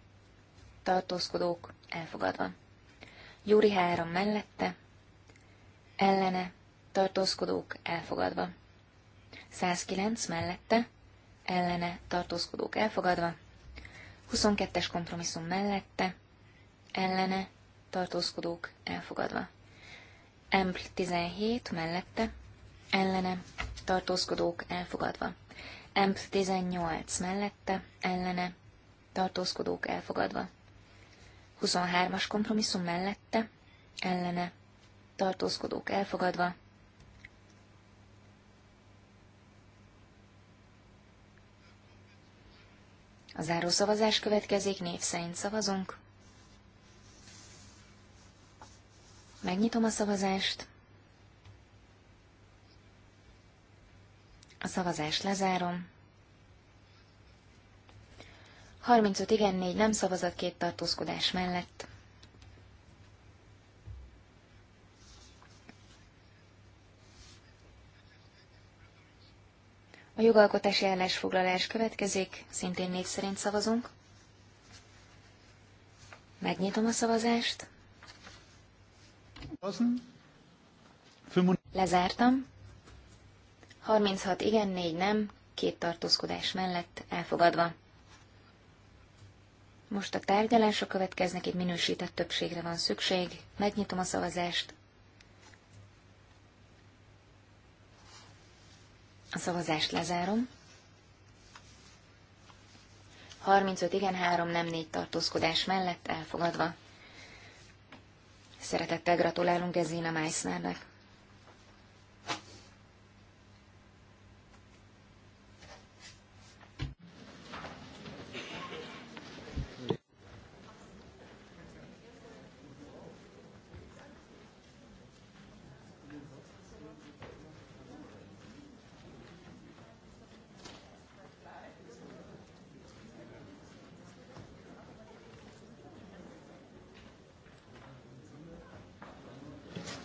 tartózkodók elfogadva. Júri három mellette, ellene, tartózkodók elfogadva. 109 mellette, ellene, tartózkodók elfogadva. 22-es kompromisszum mellette, ellene, tartózkodók elfogadva. Empl 17 mellette, ellene, tartózkodók elfogadva. Empl 18 mellette, ellene, tartózkodók elfogadva. 23-as kompromisszum mellette, ellene, tartózkodók elfogadva. A zárószavazás következik, név szerint szavazunk. Megnyitom a szavazást. A szavazást lezárom. 35 igen, 4 nem szavazat, két tartózkodás mellett. A jogalkotási állásfoglalás következik, szintén név szerint szavazunk. Megnyitom a szavazást. Lezártam. 36 igen, 4 nem, két tartózkodás mellett elfogadva. Most a tárgyalások következnek, itt minősített többségre van szükség. Megnyitom a szavazást. A szavazást lezárom. 35 igen, 3 nem, 4 tartózkodás mellett elfogadva. Szeretettel gratulálunk Gezina Meissnernek.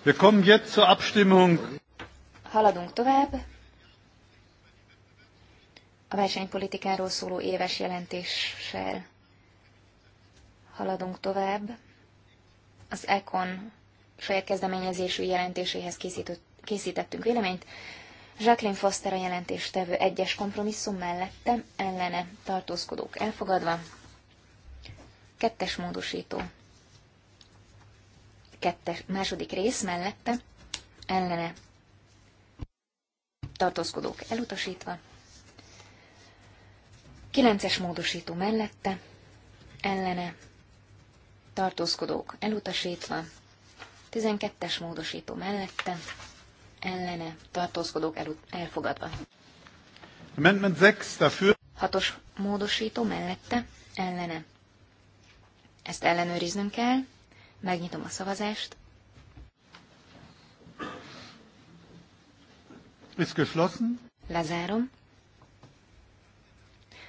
Wir kommen jetzt zur Abstimmung. Haladunk tovább. A versenypolitikáról szóló éves jelentéssel haladunk tovább. Az ECON saját kezdeményezésű jelentéséhez készített, készítettünk véleményt. Jacqueline Foster a tevő egyes kompromisszum mellette, ellene tartózkodók elfogadva. Kettes módosító kettes, második rész mellette ellene tartózkodók elutasítva, kilences módosító mellette ellene tartózkodók elutasítva, tizenkettes módosító mellette ellene tartózkodók elut- elfogadva. Amendment 6 dafür. Hatos módosító mellette ellene. Ezt ellenőriznünk kell. Megnyitom a szavazást. Ist geschlossen. Lezárom.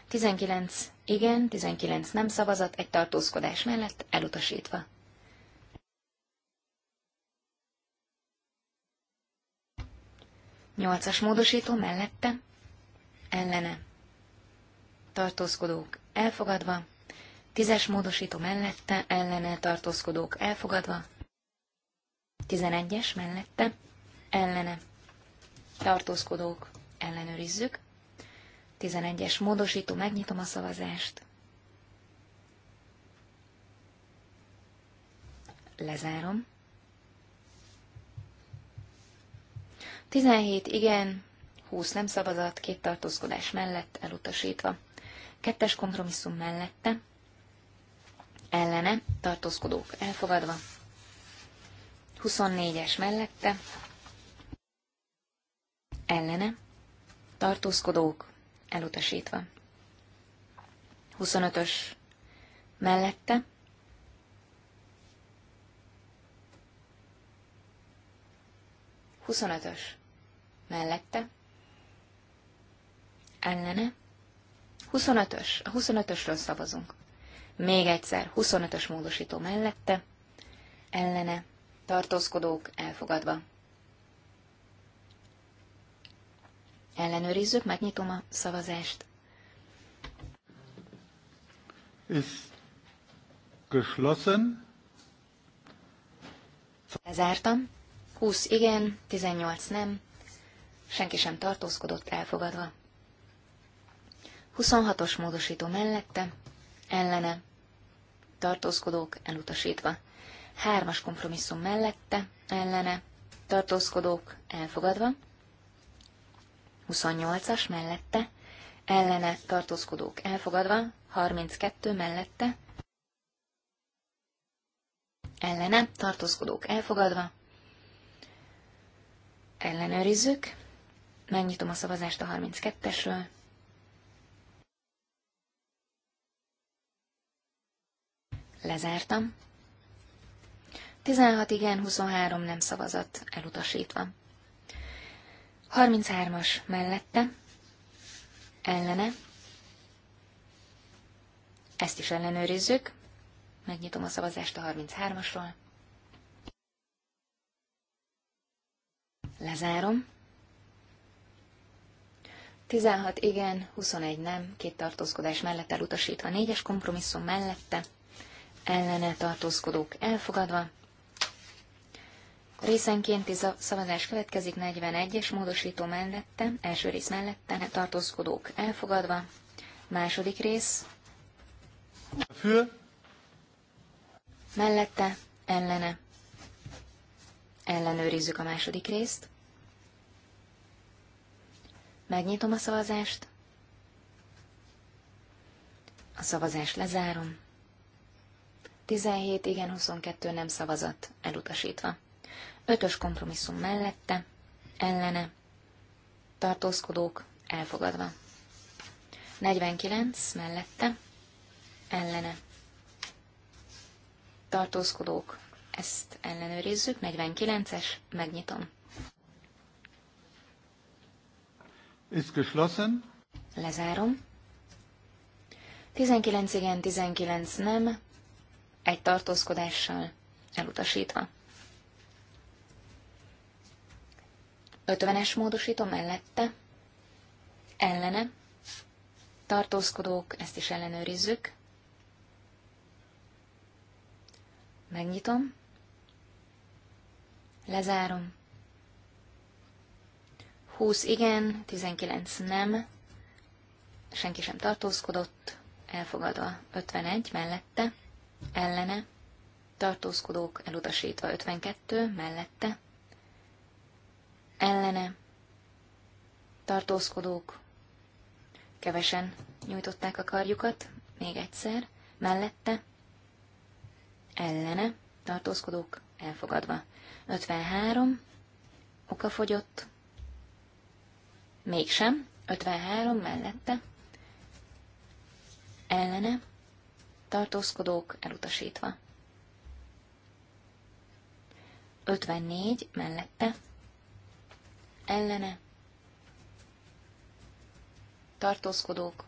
19 igen, 19 nem szavazat, egy tartózkodás mellett elutasítva. Nyolcas módosító mellette, ellene. Tartózkodók elfogadva. Tízes módosító mellette, ellene tartózkodók elfogadva. Tizenegyes mellette, ellene tartózkodók ellenőrizzük. Tizenegyes módosító, megnyitom a szavazást. Lezárom. 17 igen, 20 nem szavazat, két tartózkodás mellett elutasítva. Kettes kompromisszum mellette, ellene tartózkodók elfogadva, 24-es mellette ellene tartózkodók elutasítva, 25-ös mellette Huszonötös. Mellette. Ellene. Huszonötös. A huszonötösről szavazunk még egyszer 25-ös módosító mellette, ellene, tartózkodók elfogadva. Ellenőrizzük, megnyitom a szavazást. Is geschlossen. Lezártam. 20 igen, 18 nem. Senki sem tartózkodott elfogadva. 26-os módosító mellette, ellene, tartózkodók elutasítva. Hármas kompromisszum mellette, ellene, tartózkodók elfogadva. 28-as mellette, ellene tartózkodók elfogadva, 32 mellette, ellene tartózkodók elfogadva, ellenőrizzük, megnyitom a szavazást a 32-esről, Lezártam. 16 igen, 23 nem szavazat, elutasítva. 33-as mellette, ellene. Ezt is ellenőrizzük. Megnyitom a szavazást a 33-asról. Lezárom. 16 igen, 21 nem, két tartózkodás mellett elutasítva, négyes kompromisszum mellette, ellene tartózkodók elfogadva. Részenkénti szavazás következik 41-es módosító mellette, első rész mellette tartózkodók elfogadva. Második rész. Fül. Mellette, ellene. Ellenőrizzük a második részt. Megnyitom a szavazást. A szavazást lezárom. 17 igen, 22 nem szavazat elutasítva. Ötös kompromisszum mellette, ellene, tartózkodók elfogadva. 49 mellette, ellene, tartózkodók, ezt ellenőrizzük, 49-es, megnyitom. Ist Lezárom. 19 igen, 19 nem, egy tartózkodással elutasítva. 50-es módosító mellette, ellene, tartózkodók, ezt is ellenőrizzük. Megnyitom, lezárom. 20 igen, 19 nem, senki sem tartózkodott, elfogadva 51 mellette, ellene, tartózkodók elutasítva 52, mellette, ellene, tartózkodók, kevesen nyújtották a karjukat, még egyszer, mellette, ellene, tartózkodók elfogadva. 53, okafogyott, mégsem, 53 mellette, ellene, tartózkodók elutasítva. 54 mellette, ellene, tartózkodók,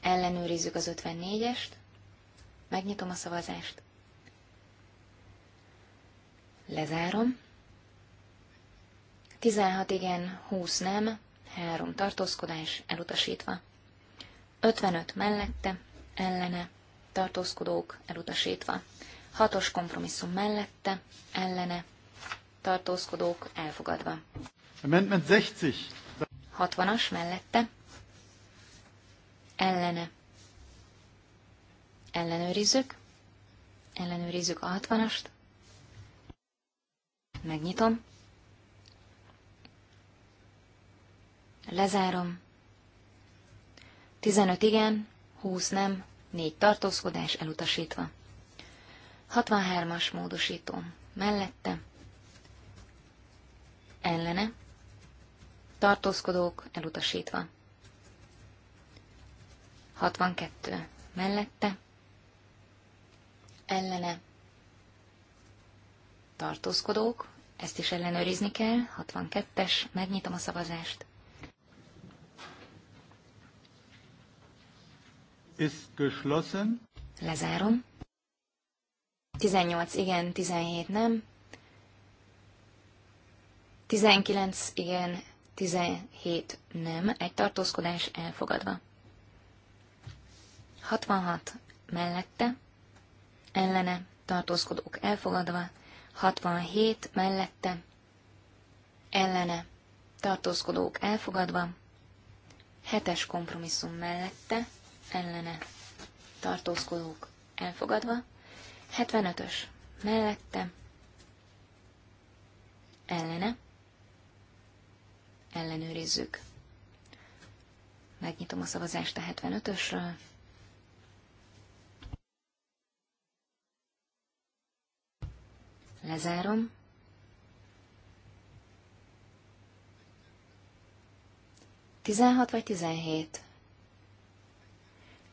ellenőrizzük az 54-est, megnyitom a szavazást, lezárom, 16 igen, 20 nem, 3 tartózkodás elutasítva. 55 mellette, ellene, tartózkodók elutasítva. 6-os kompromisszum mellette, ellene, tartózkodók elfogadva. Amendment 60. 60-as mellette, ellene. Ellenőrizzük. Ellenőrizzük a 60-ast. Megnyitom. Lezárom. 15 igen, 20 nem, 4 tartózkodás elutasítva. 63-as módosító. Mellette. Ellene. Tartózkodók elutasítva. 62. Mellette. Ellene. Tartózkodók. Ezt is ellenőrizni kell. 62-es. Megnyitom a szavazást. ist geschlossen. Lezárom. 18 igen, 17 nem. 19 igen, 17 nem. Egy tartózkodás elfogadva. 66 mellette, ellene tartózkodók elfogadva, 67 mellette, ellene tartózkodók elfogadva, 7-es kompromisszum mellette, ellene tartózkodók elfogadva, 75-ös mellette ellene ellenőrizzük. Megnyitom a szavazást a 75-ösről. Lezárom. Tizenhat vagy tizenhét?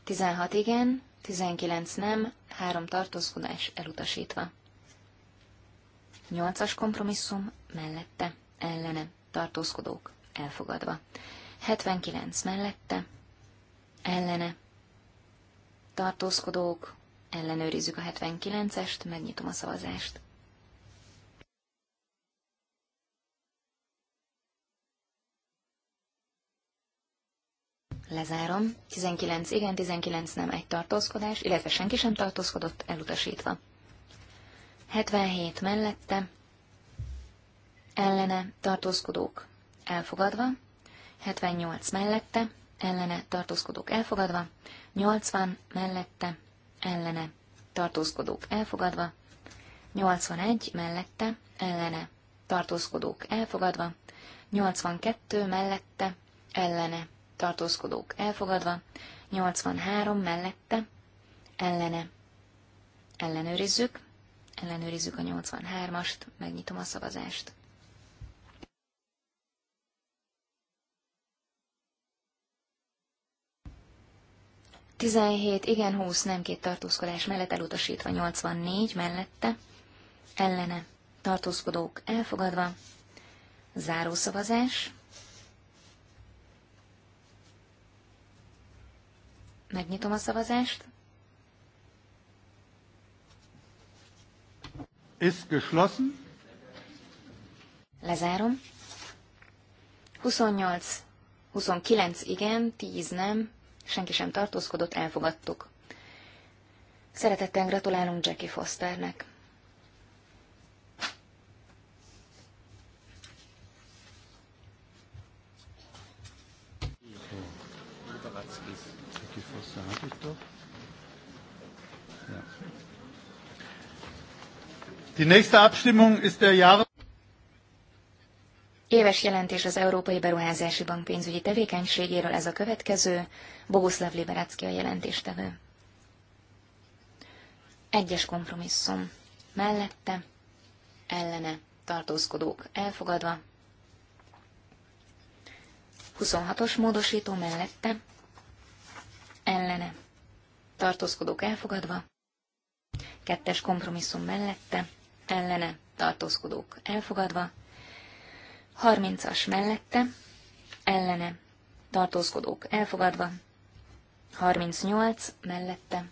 16 igen, 19 nem, 3 tartózkodás elutasítva. 8-as kompromisszum mellette, ellene, tartózkodók elfogadva. 79 mellette, ellene, tartózkodók, ellenőrizzük a 79-est, megnyitom a szavazást. Lezárom. 19 igen, 19 nem egy tartózkodás, illetve senki sem tartózkodott, elutasítva. 77 mellette, ellene tartózkodók elfogadva, 78 mellette, ellene tartózkodók elfogadva, 80 mellette, ellene tartózkodók elfogadva, 81 mellette, ellene tartózkodók elfogadva, 82 mellette, ellene tartózkodók elfogadva, 83 mellette, ellene. Ellenőrizzük, ellenőrizzük a 83-ast, megnyitom a szavazást. Tizenhét, igen, húsz, nem két tartózkodás mellett elutasítva, 84 mellette, ellene, tartózkodók elfogadva, zárószavazás, Megnyitom a szavazást. Ist geschlossen. Lezárom. 28, 29 igen, 10 nem, senki sem tartózkodott, elfogadtuk. Szeretettel gratulálunk Jackie Fosternek. Die nächste Abstimmung ist der Jahre... Éves jelentés az Európai Beruházási Bank pénzügyi tevékenységéről ez a következő, Boguszlav Liberácki a jelentéstevő. Egyes kompromisszum. Mellette, ellene, tartózkodók elfogadva. 26-os módosító mellette, ellene, tartózkodók elfogadva. Kettes kompromisszum mellette, ellene tartózkodók elfogadva, 30-as mellette, ellene tartózkodók elfogadva, 38 mellette,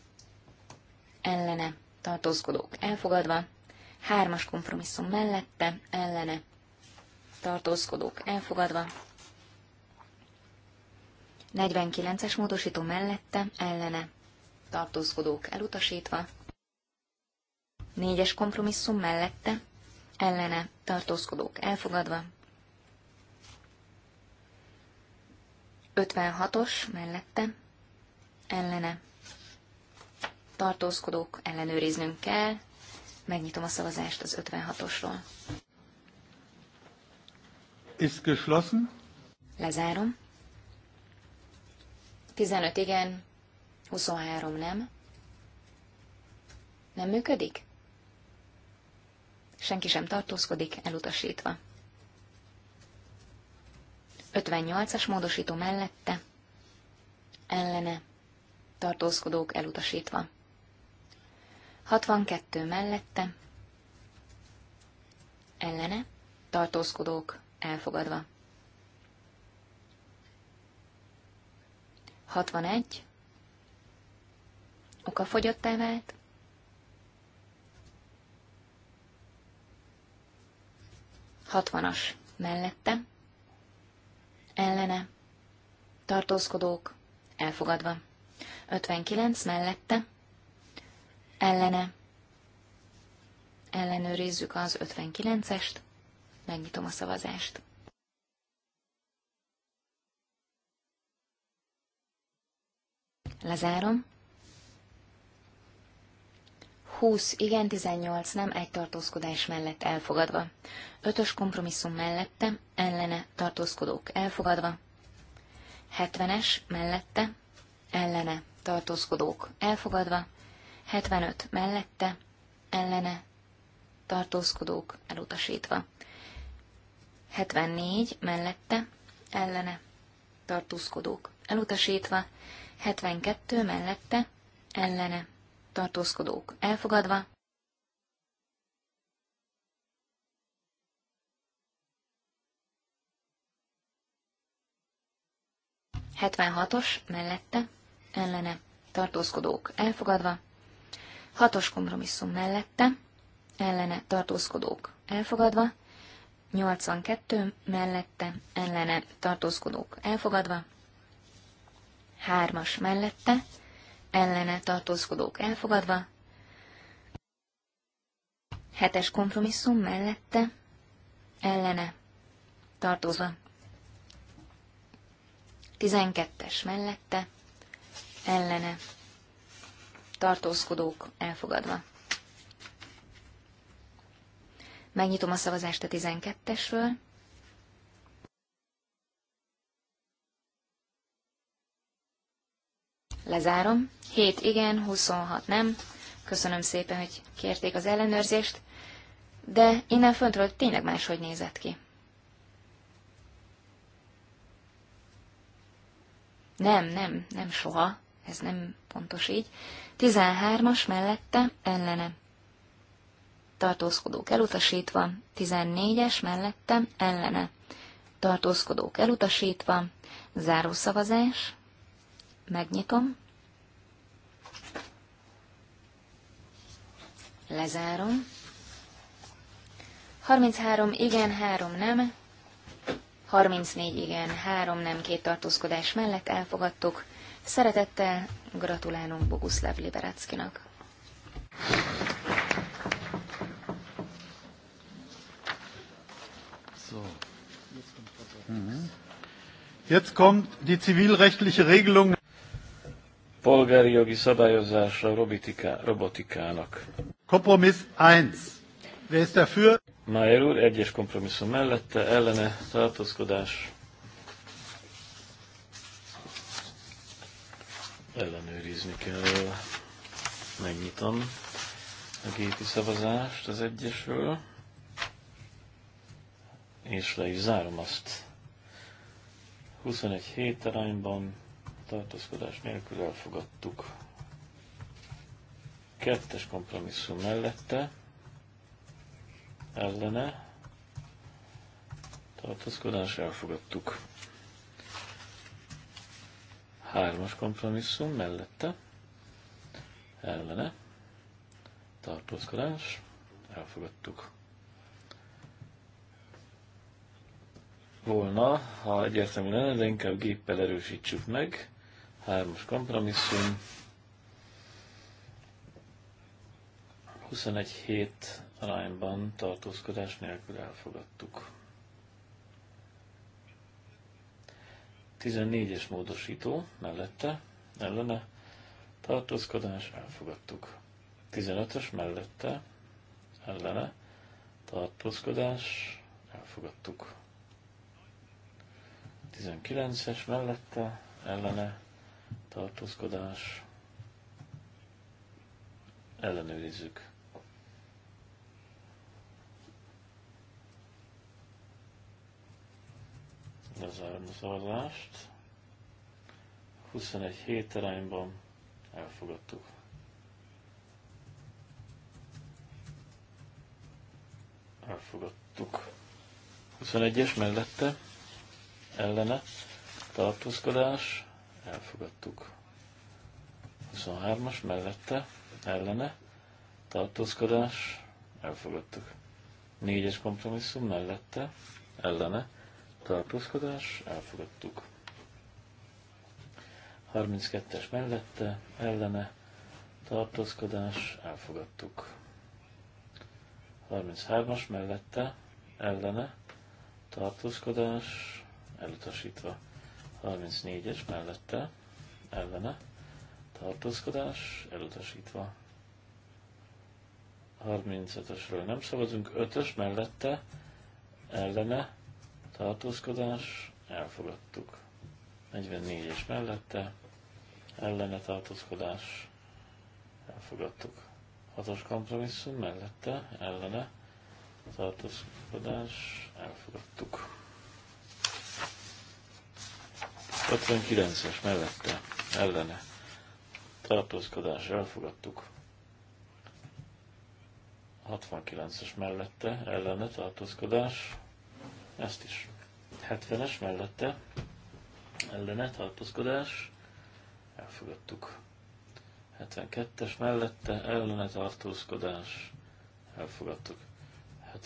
ellene tartózkodók elfogadva, 3-as kompromisszum mellette, ellene tartózkodók elfogadva, 49-es módosító mellette, ellene tartózkodók elutasítva, Négyes kompromisszum mellette, ellene tartózkodók elfogadva. 56-os mellette, ellene tartózkodók ellenőriznünk kell. Megnyitom a szavazást az 56-osról. Ist geschlossen. Lezárom. 15 igen, 23 nem. Nem működik? senki sem tartózkodik, elutasítva. 58-as módosító mellette, ellene, tartózkodók elutasítva. 62 mellette, ellene, tartózkodók elfogadva. 61. Oka fogyott vált. 60-as mellette, ellene, tartózkodók, elfogadva. 59 mellette, ellene, ellenőrizzük az 59-est, megnyitom a szavazást. Lezárom. 20 igen, 18 nem, egy tartózkodás mellett elfogadva. Ötös kompromisszum mellette, ellene tartózkodók elfogadva. 70-es mellette, ellene tartózkodók elfogadva. 75 mellette, ellene tartózkodók elutasítva. 74 mellette, ellene tartózkodók elutasítva. 72 mellette, ellene tartózkodók elfogadva. Hetvenhatos mellette, ellene, tartózkodók elfogadva. Hatos kompromisszum mellette, ellene, tartózkodók elfogadva. 82 mellette, ellene, tartózkodók elfogadva. 3-as mellette, ellene tartózkodók elfogadva, hetes kompromisszum mellette, ellene tartozva, tizenkettes mellette, ellene tartózkodók elfogadva. Megnyitom a szavazást a 12-esről. Lezárom. 7 igen, 26 nem. Köszönöm szépen, hogy kérték az ellenőrzést, de innen föntről tényleg máshogy nézett ki. Nem, nem, nem soha. Ez nem pontos így. 13-as mellette ellene. Tartózkodók elutasítva. 14-es mellette ellene. Tartózkodók elutasítva. Zárószavazás. Megnyitom. Lezárom. 33 igen, 3 nem. 34 igen, 3 nem, két tartózkodás mellett elfogadtuk. Szeretettel gratulálunk Boguszlev Liberackinak. So. Mhm. Jetzt kommt die zivilrechtliche Regelung polgári jogi szabályozása robotiká, robotikának. Kompromiss 1. Wer ist dafür? Mayer úr, egyes kompromisszum mellette, ellene tartózkodás. Ellenőrizni kell. Megnyitom a gépi szavazást az egyesről, és le is zárom azt. 21 hét arányban tartózkodás nélkül elfogadtuk. Kettes kompromisszum mellette, ellene, tartózkodás elfogadtuk. Hármas kompromisszum mellette, ellene, tartózkodás elfogadtuk. volna, ha egyértelmű lenne, de inkább géppel erősítsük meg hármas kompromisszum, 21 hét arányban tartózkodás nélkül elfogadtuk. 14-es módosító mellette, ellene tartózkodás elfogadtuk. 15-ös mellette, ellene tartózkodás elfogadtuk. 19-es mellette, ellene tartózkodás, ellenőrizzük. Lezárom az szavazást. 21 hét arányban elfogadtuk. Elfogadtuk. 21-es mellette ellene tartózkodás elfogadtuk. 23-as mellette, ellene, tartózkodás, elfogadtuk. 4-es kompromisszum mellette, ellene, tartózkodás, elfogadtuk. 32-es mellette, ellene, tartózkodás, elfogadtuk. 33-as mellette, ellene, tartózkodás, elutasítva. 34-es mellette, ellene, tartózkodás, elutasítva. 35-ösről nem szavazunk, 5-ös mellette, ellene, tartózkodás, elfogadtuk. 44-es mellette, ellene tartózkodás, elfogadtuk. 6-os kompromisszum mellette, ellene, tartózkodás, elfogadtuk. 59-es mellette ellene tartózkodás elfogadtuk. 69-es mellette ellene tartózkodás, ezt is. 70-es mellette ellene tartózkodás, elfogadtuk. 72-es mellette ellene tartózkodás, elfogadtuk.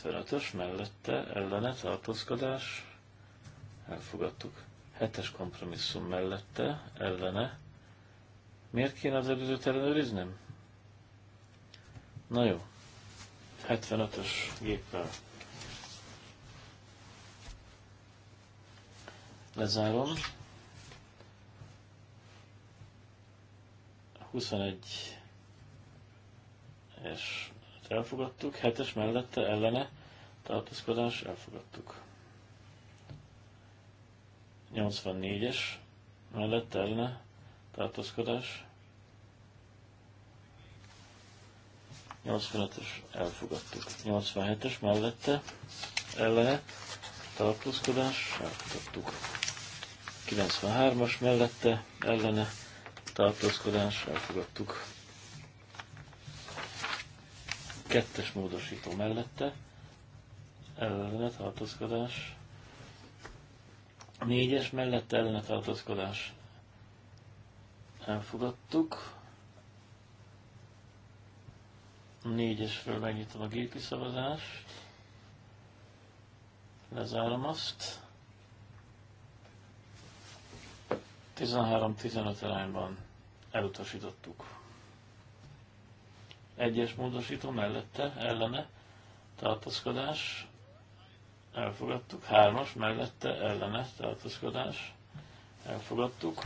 75-ös mellette ellene tartózkodás, elfogadtuk hetes kompromisszum mellette, ellene. Miért kéne az előzőt ellenőriznem? Na jó, 75-ös géppel. Lezárom. 21 és elfogadtuk, 7-es mellette ellene tartózkodás elfogadtuk. 84-es mellett elne tartózkodás. 85 es elfogadtuk. 87-es mellette el lehet tartózkodás elfogadtuk. 93-as mellette ellene tartózkodás elfogadtuk. Kettes módosító mellette ellene tartózkodás a négyes mellett ellene tartózkodás. Elfogadtuk. A négyesről megnyitom a gépi szavazást. Lezárom azt. 13-15 arányban elutasítottuk. Egyes módosító mellette, ellene tartózkodás elfogadtuk, hármas mellette ellene tartózkodás, elfogadtuk,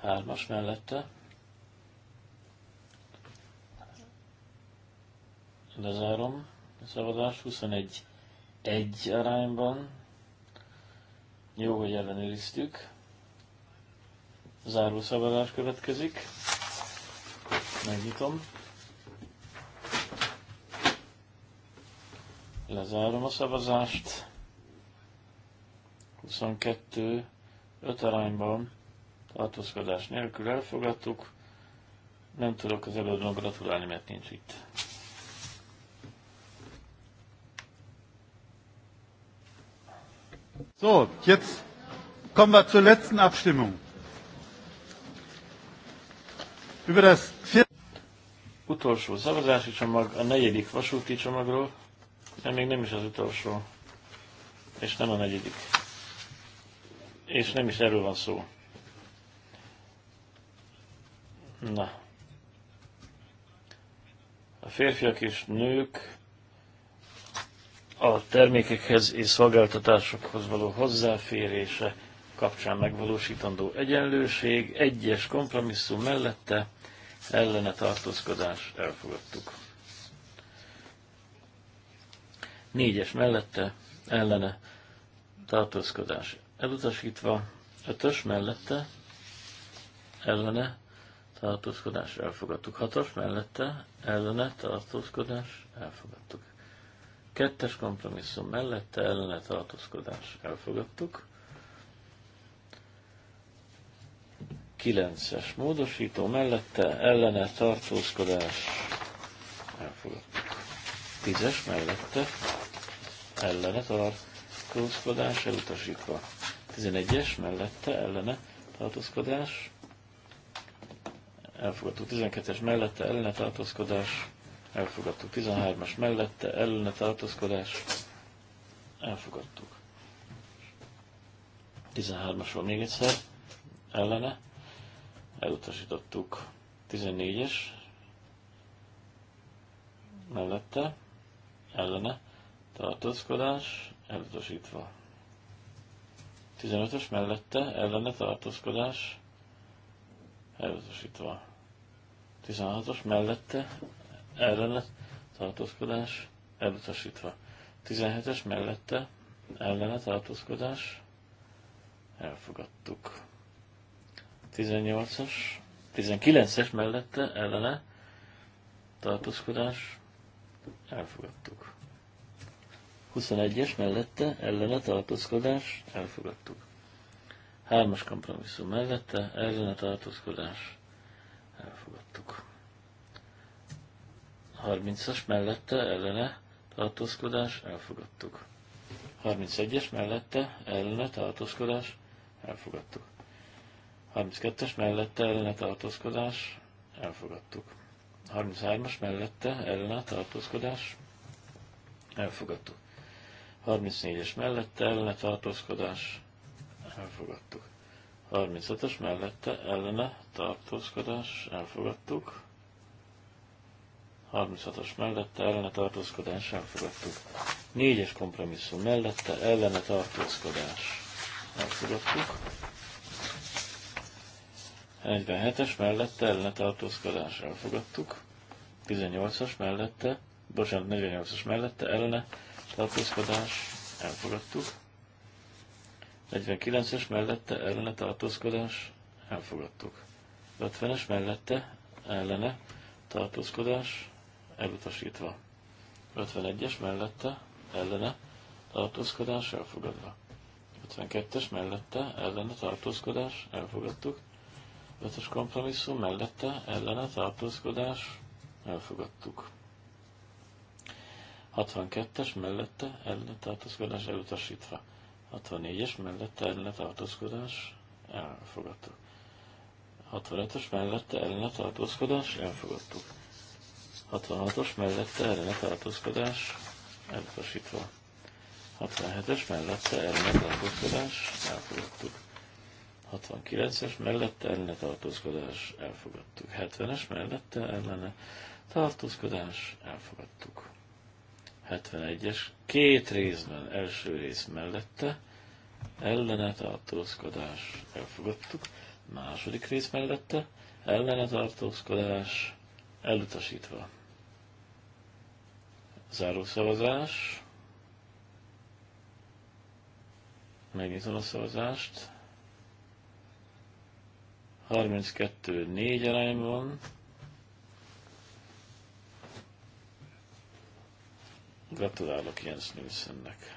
hármas mellette, lezárom a szavazást, 21 egy arányban, jó, hogy ellenőriztük, záró szavazás következik, megnyitom, Lezárom a szavazást. 22 5 arányban tartózkodás nélkül elfogadtuk. Nem tudok az előadónak gratulálni, mert nincs itt. So, jetzt kommen wir zur letzten Abstimmung. Über das vier... Utolsó szavazási csomag, a negyedik vasúti csomagról de még nem is az utolsó, és nem a negyedik. És nem is erről van szó. Na. A férfiak és nők a termékekhez és szolgáltatásokhoz való hozzáférése kapcsán megvalósítandó egyenlőség, egyes kompromisszum mellette ellene tartózkodás elfogadtuk. négyes mellette ellene tartózkodás elutasítva, ötös mellette ellene tartózkodás elfogadtuk, hatos mellette ellene tartózkodás elfogadtuk. Kettes kompromisszum mellette ellene tartózkodás elfogadtuk. Kilences módosító mellette ellene tartózkodás elfogadtuk. Tízes mellette ellene tartózkodás elutasítva. 11-es mellette ellene tartózkodás elfogadó 12-es mellette ellene tartózkodás, elfogadtuk 13-as mellette ellene tartózkodás, elfogadtuk. 13 még egyszer ellene, elutasítottuk 14-es mellette, ellene tartózkodás elutasítva. 15-ös mellette ellene tartózkodás elutasítva. 16-os mellette ellene tartózkodás elutasítva. 17-es mellette ellene tartózkodás elfogadtuk. 18-as, 19-es mellette ellene tartózkodás elfogadtuk. 21-es mellette ellene tartózkodás, elfogadtuk. 3-as kompromisszum mellette ellene tartózkodás, elfogadtuk. 30-as mellette ellene tartózkodás, elfogadtuk. 31-es mellette ellene tartózkodás, elfogadtuk. 32-es mellette ellene tartózkodás, elfogadtuk. 33-as mellette ellene tartózkodás. Elfogadtuk. 34-es mellette ellene tartózkodás. Elfogadtuk. 35 es mellette ellene tartózkodás. Elfogadtuk. 36-os mellette ellene tartózkodás. Elfogadtuk. 4-es kompromisszum mellette ellene tartózkodás. Elfogadtuk. 47-es mellette ellene elfogadtuk. 18-as mellette, bocsánat, 48-as mellette ellene tartózkodás elfogadtuk. 49-es mellette ellene tartózkodás elfogadtuk. 50-es mellette ellene tartózkodás elutasítva. 51-es mellette ellene tartózkodás elfogadva. 52-es mellette ellene tartózkodás elfogadtuk. Ötös kompromisszum mellette ellene tartózkodás elfogadtuk. 62-es mellette ellene tartózkodás elutasítva. 64-es mellette ellene tartózkodás elfogadtuk. 65-ös mellette ellene tartózkodás elfogadtuk. 66-os mellette ellene tartózkodás elutasítva. 67-es mellette ellene tartózkodás elfogadtuk. 69-es mellette ellene tartózkodás elfogadtuk. 70-es mellette ellene tartózkodás elfogadtuk. 71-es két részben első rész mellette ellene tartózkodás elfogadtuk. Második rész mellette ellene tartózkodás elutasítva. Zárószavazás. Megnyitom a szavazást. 32-4 arányban. Gratulálok Jens Nielsennek.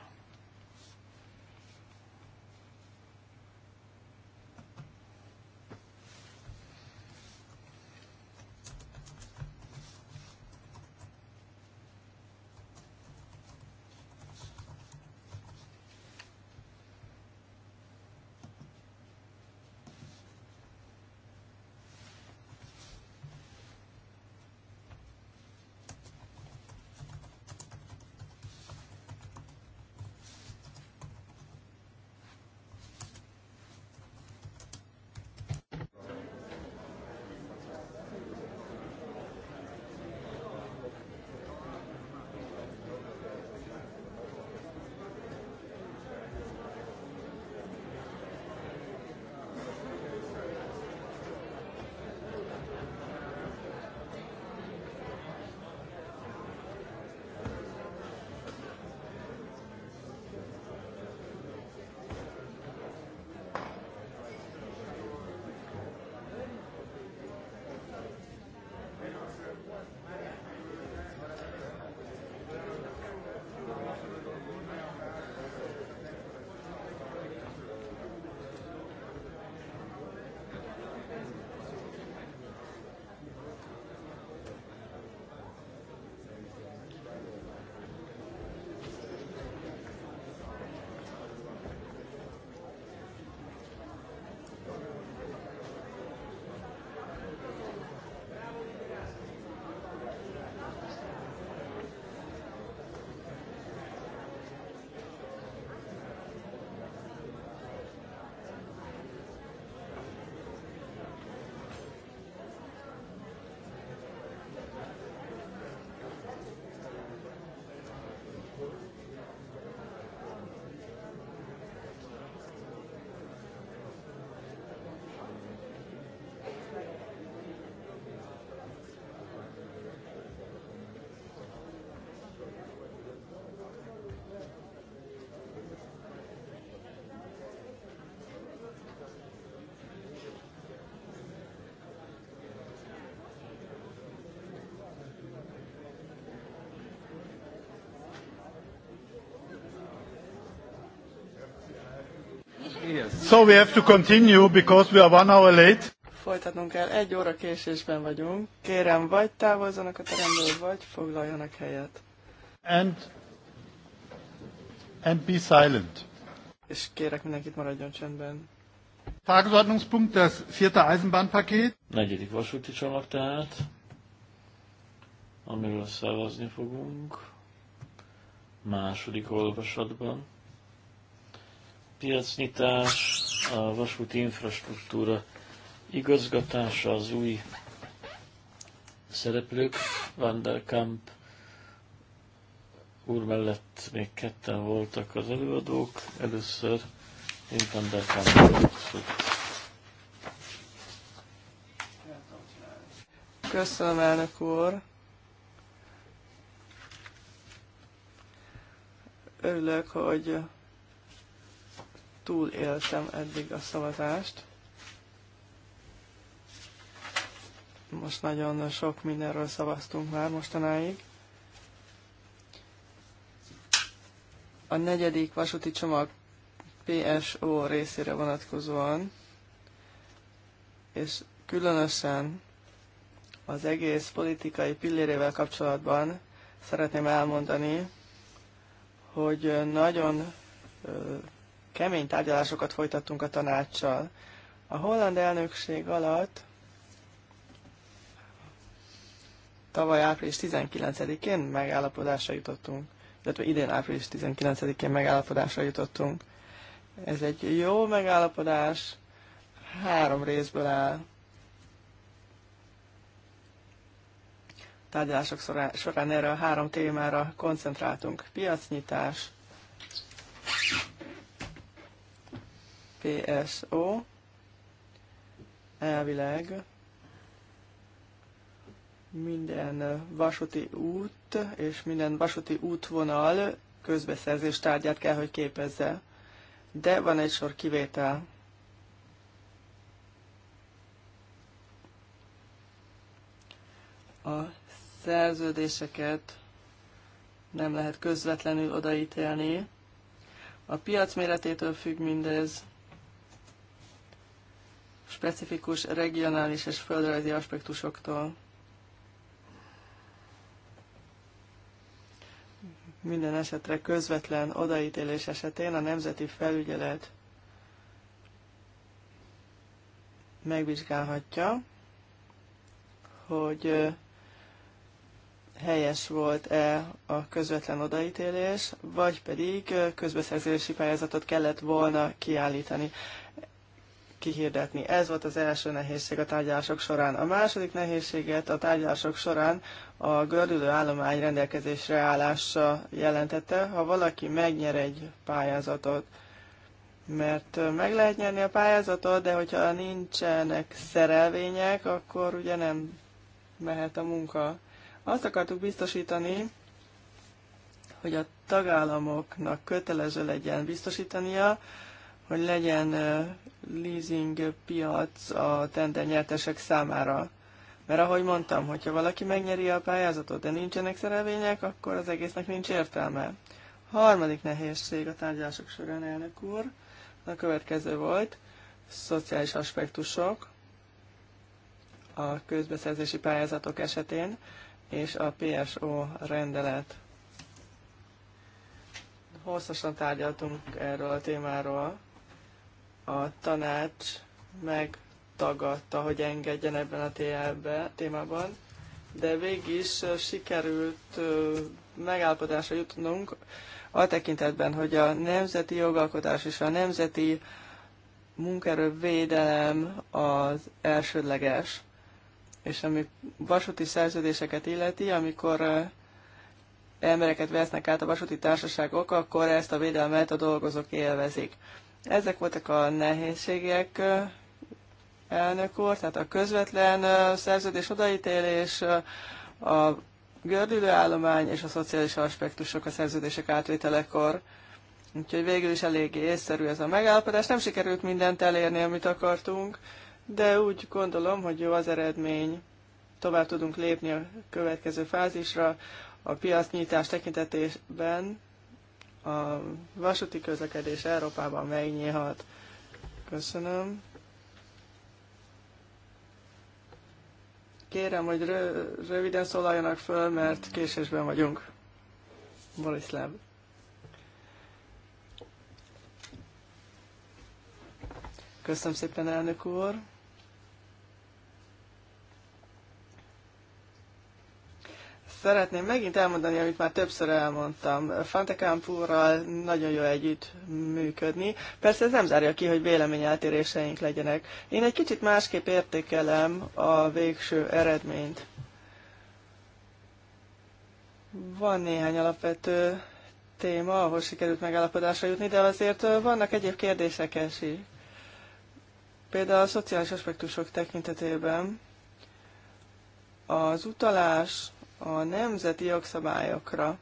So we have to continue because we are one hour late. Folytatnunk kell, egy óra késésben vagyunk. Kérem, vagy távozzanak a teremből, vagy foglaljanak helyet. And, and be silent. És kérek mindenkit maradjon csendben. Tagesordnungspunkt, das vierte Eisenbahnpaket. Negyedik vasúti csomag tehát, amiről szavazni fogunk. Második olvasatban piacnyitás, a vasúti infrastruktúra igazgatása, az új szereplők, Van der Kamp úr mellett még ketten voltak az előadók, először én Van der Kamp Köszönöm, elnök úr! Örülök, hogy túléltem eddig a szavazást. Most nagyon sok mindenről szavaztunk már mostanáig. A negyedik vasúti csomag PSO részére vonatkozóan, és különösen az egész politikai pillérével kapcsolatban szeretném elmondani, hogy nagyon kemény tárgyalásokat folytattunk a tanácssal. A holland elnökség alatt tavaly április 19-én megállapodásra jutottunk, illetve idén április 19-én megállapodásra jutottunk. Ez egy jó megállapodás, három részből áll. Tárgyalások során erre a három témára koncentráltunk. Piacnyitás, PSO elvileg minden vasúti út és minden vasúti útvonal közbeszerzés tárgyát kell, hogy képezze. De van egy sor kivétel. A szerződéseket nem lehet közvetlenül odaítélni. A piac méretétől függ mindez specifikus regionális és földrajzi aspektusoktól. Minden esetre közvetlen odaítélés esetén a nemzeti felügyelet megvizsgálhatja, hogy helyes volt-e a közvetlen odaítélés, vagy pedig közbeszerzési pályázatot kellett volna kiállítani kihirdetni. Ez volt az első nehézség a tárgyalások során. A második nehézséget a tárgyalások során a gördülő állomány rendelkezésre állása jelentette, ha valaki megnyer egy pályázatot. Mert meg lehet nyerni a pályázatot, de hogyha nincsenek szerelvények, akkor ugye nem mehet a munka. Azt akartuk biztosítani, hogy a tagállamoknak kötelező legyen biztosítania, hogy legyen leasing piac a tender nyertesek számára. Mert ahogy mondtam, hogyha valaki megnyeri a pályázatot, de nincsenek szerelvények, akkor az egésznek nincs értelme. A harmadik nehézség a tárgyalások során, elnök úr, a következő volt, szociális aspektusok a közbeszerzési pályázatok esetén, és a PSO rendelet. Hosszasan tárgyaltunk erről a témáról a tanács megtagadta, hogy engedjen ebben a témában, de is sikerült megállapodásra jutnunk a tekintetben, hogy a nemzeti jogalkotás és a nemzeti munkaerővédelem az elsődleges. És ami vasúti szerződéseket illeti, amikor embereket vesznek át a vasúti társaságok, akkor ezt a védelmet a dolgozók élvezik. Ezek voltak a nehézségek, elnök úr, tehát a közvetlen szerződés odaítélés, a gördülő állomány és a szociális aspektusok a szerződések átvételekor. Úgyhogy végül is eléggé észszerű ez a megállapodás. Nem sikerült mindent elérni, amit akartunk, de úgy gondolom, hogy jó az eredmény. Tovább tudunk lépni a következő fázisra a piacnyitás tekintetében a vasúti közlekedés Európában megnyílhat. Köszönöm. Kérem, hogy rö- röviden szólaljanak föl, mert késésben vagyunk. Boliszláv. Köszönöm szépen, elnök úr. szeretném megint elmondani, amit már többször elmondtam. Fantekámpúrral nagyon jó együtt működni. Persze ez nem zárja ki, hogy véleményeltéréseink legyenek. Én egy kicsit másképp értékelem a végső eredményt. Van néhány alapvető téma, ahol sikerült megállapodásra jutni, de azért vannak egyéb kérdések is. Például a szociális aspektusok tekintetében az utalás a nemzeti jogszabályokra.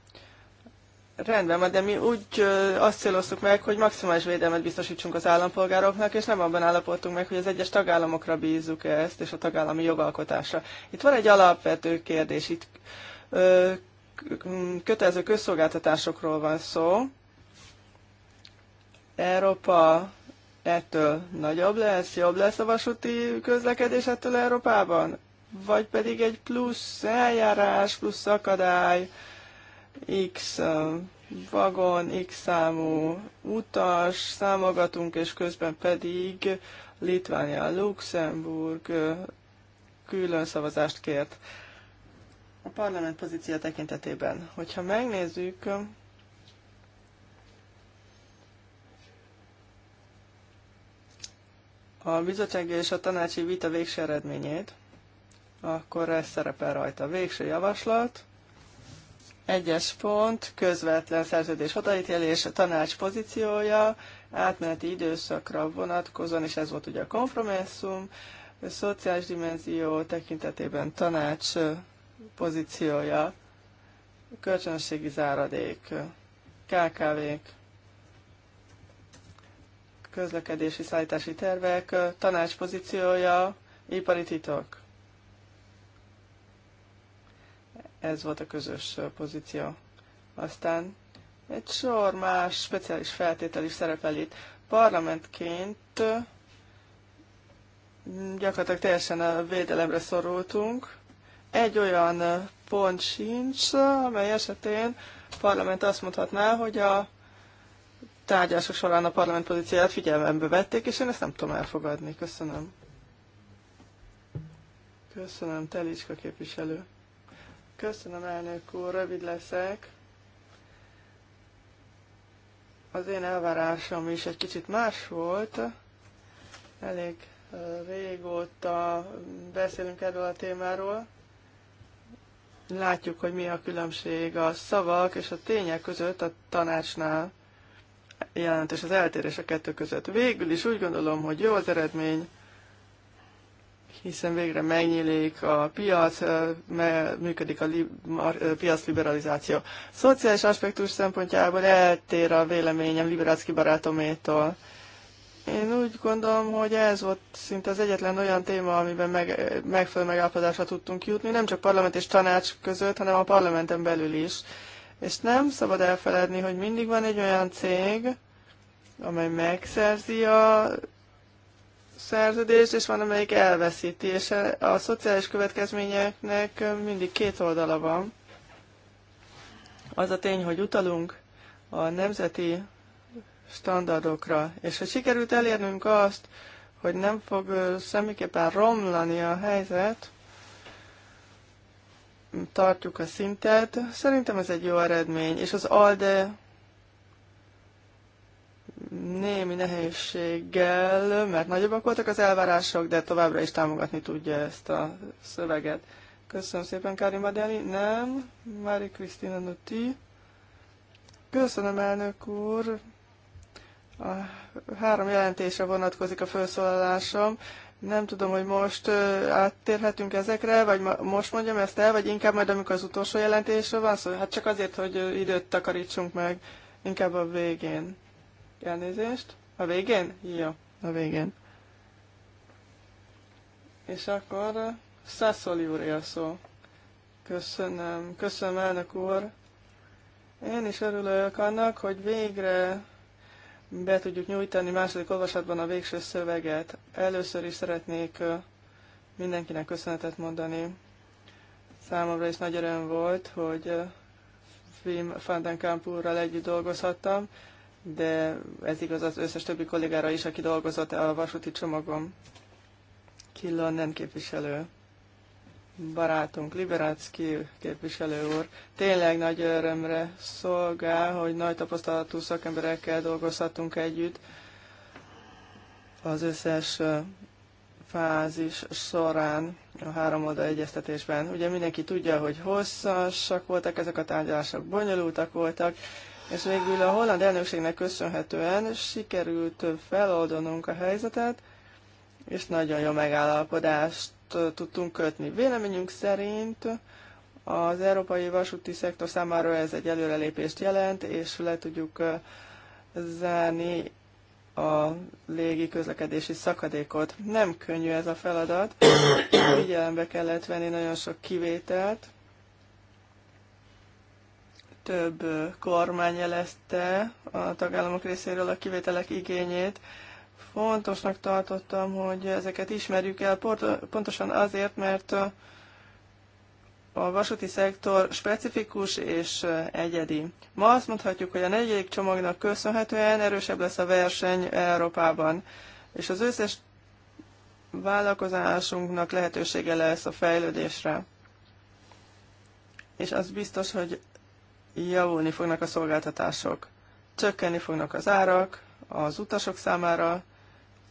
Rendben, de mi úgy azt céloztuk meg, hogy maximális védelmet biztosítsunk az állampolgároknak, és nem abban állapodtunk meg, hogy az egyes tagállamokra bízzuk ezt, és a tagállami jogalkotásra. Itt van egy alapvető kérdés, itt ö, kötelező közszolgáltatásokról van szó. Európa ettől nagyobb lesz, jobb lesz a vasúti közlekedés ettől Európában? vagy pedig egy plusz eljárás, plusz akadály, X vagon, X számú utas számogatunk, és közben pedig Litvánia, Luxemburg külön szavazást kért a parlament pozíció tekintetében. Hogyha megnézzük, a bizottság és a tanácsi vita végső eredményét, akkor ez szerepel rajta. Végső javaslat. Egyes pont, közvetlen szerződés odaítélés, a tanács pozíciója, átmeneti időszakra vonatkozóan, és ez volt ugye a kompromisszum, a szociális dimenzió tekintetében tanács pozíciója, kölcsönösségi záradék, kkv közlekedési szállítási tervek, tanács pozíciója, ipari titok. Ez volt a közös pozíció. Aztán egy sor más speciális feltétel is szerepel itt. Parlamentként gyakorlatilag teljesen a védelemre szorultunk. Egy olyan pont sincs, amely esetén a parlament azt mondhatná, hogy a tárgyások során a parlament pozícióját figyelembe vették, és én ezt nem tudom elfogadni. Köszönöm. Köszönöm, Telicska képviselő. Köszönöm, elnök úr, rövid leszek. Az én elvárásom is egy kicsit más volt. Elég régóta beszélünk erről a témáról. Látjuk, hogy mi a különbség a szavak és a tények között a tanácsnál jelentős az eltérés a kettő között. Végül is úgy gondolom, hogy jó az eredmény, hiszen végre megnyílik a piac, működik a piac liberalizáció. Szociális aspektus szempontjából eltér a véleményem Liberácki barátométól. Én úgy gondolom, hogy ez volt szinte az egyetlen olyan téma, amiben meg, megfelelő megállapodásra tudtunk jutni, nem csak parlament és tanács között, hanem a parlamenten belül is. És nem szabad elfeledni, hogy mindig van egy olyan cég, amely megszerzi a szerződést, és van, amelyik elveszíti, és a szociális következményeknek mindig két oldala van. Az a tény, hogy utalunk a nemzeti standardokra, és hogy sikerült elérnünk azt, hogy nem fog semmiképpen romlani a helyzet, tartjuk a szintet. Szerintem ez egy jó eredmény, és az ALDE némi nehézséggel, mert nagyobbak voltak az elvárások, de továbbra is támogatni tudja ezt a szöveget. Köszönöm szépen, Karim Adeli. Nem, Mári Krisztina Nuti. Köszönöm, elnök úr. A három jelentése vonatkozik a felszólalásom. Nem tudom, hogy most áttérhetünk ezekre, vagy most mondjam ezt el, vagy inkább majd, amikor az utolsó jelentésről van szó. Szóval, hát csak azért, hogy időt takarítsunk meg, inkább a végén. Elnézést. A végén? Jó, a végén. És akkor uh, Szászoli úr él szó. Köszönöm, köszönöm elnök úr. Én is örülök annak, hogy végre be tudjuk nyújtani második olvasatban a végső szöveget. Először is szeretnék uh, mindenkinek köszönetet mondani. Számomra is nagy öröm volt, hogy uh, Wim van den Kamp úrral együtt dolgozhattam, de ez igaz az összes többi kollégára is, aki dolgozott a vasúti csomagom. Killa nem képviselő barátunk, Liberácki képviselő úr. Tényleg nagy örömre szolgál, hogy nagy tapasztalatú szakemberekkel dolgozhatunk együtt az összes fázis során a három oda egyeztetésben. Ugye mindenki tudja, hogy hosszasak voltak ezek a tárgyalások, bonyolultak voltak, és végül a holland elnökségnek köszönhetően sikerült feloldanunk a helyzetet, és nagyon jó megállapodást tudtunk kötni. Véleményünk szerint az európai vasúti szektor számára ez egy előrelépést jelent, és le tudjuk zárni a légi közlekedési szakadékot. Nem könnyű ez a feladat, figyelembe kellett venni nagyon sok kivételt, több kormány jelezte a tagállamok részéről a kivételek igényét. Fontosnak tartottam, hogy ezeket ismerjük el, pontosan azért, mert a vasúti szektor specifikus és egyedi. Ma azt mondhatjuk, hogy a negyedik csomagnak köszönhetően erősebb lesz a verseny Európában, és az összes vállalkozásunknak lehetősége lesz a fejlődésre. És az biztos, hogy javulni fognak a szolgáltatások, csökkenni fognak az árak az utasok számára,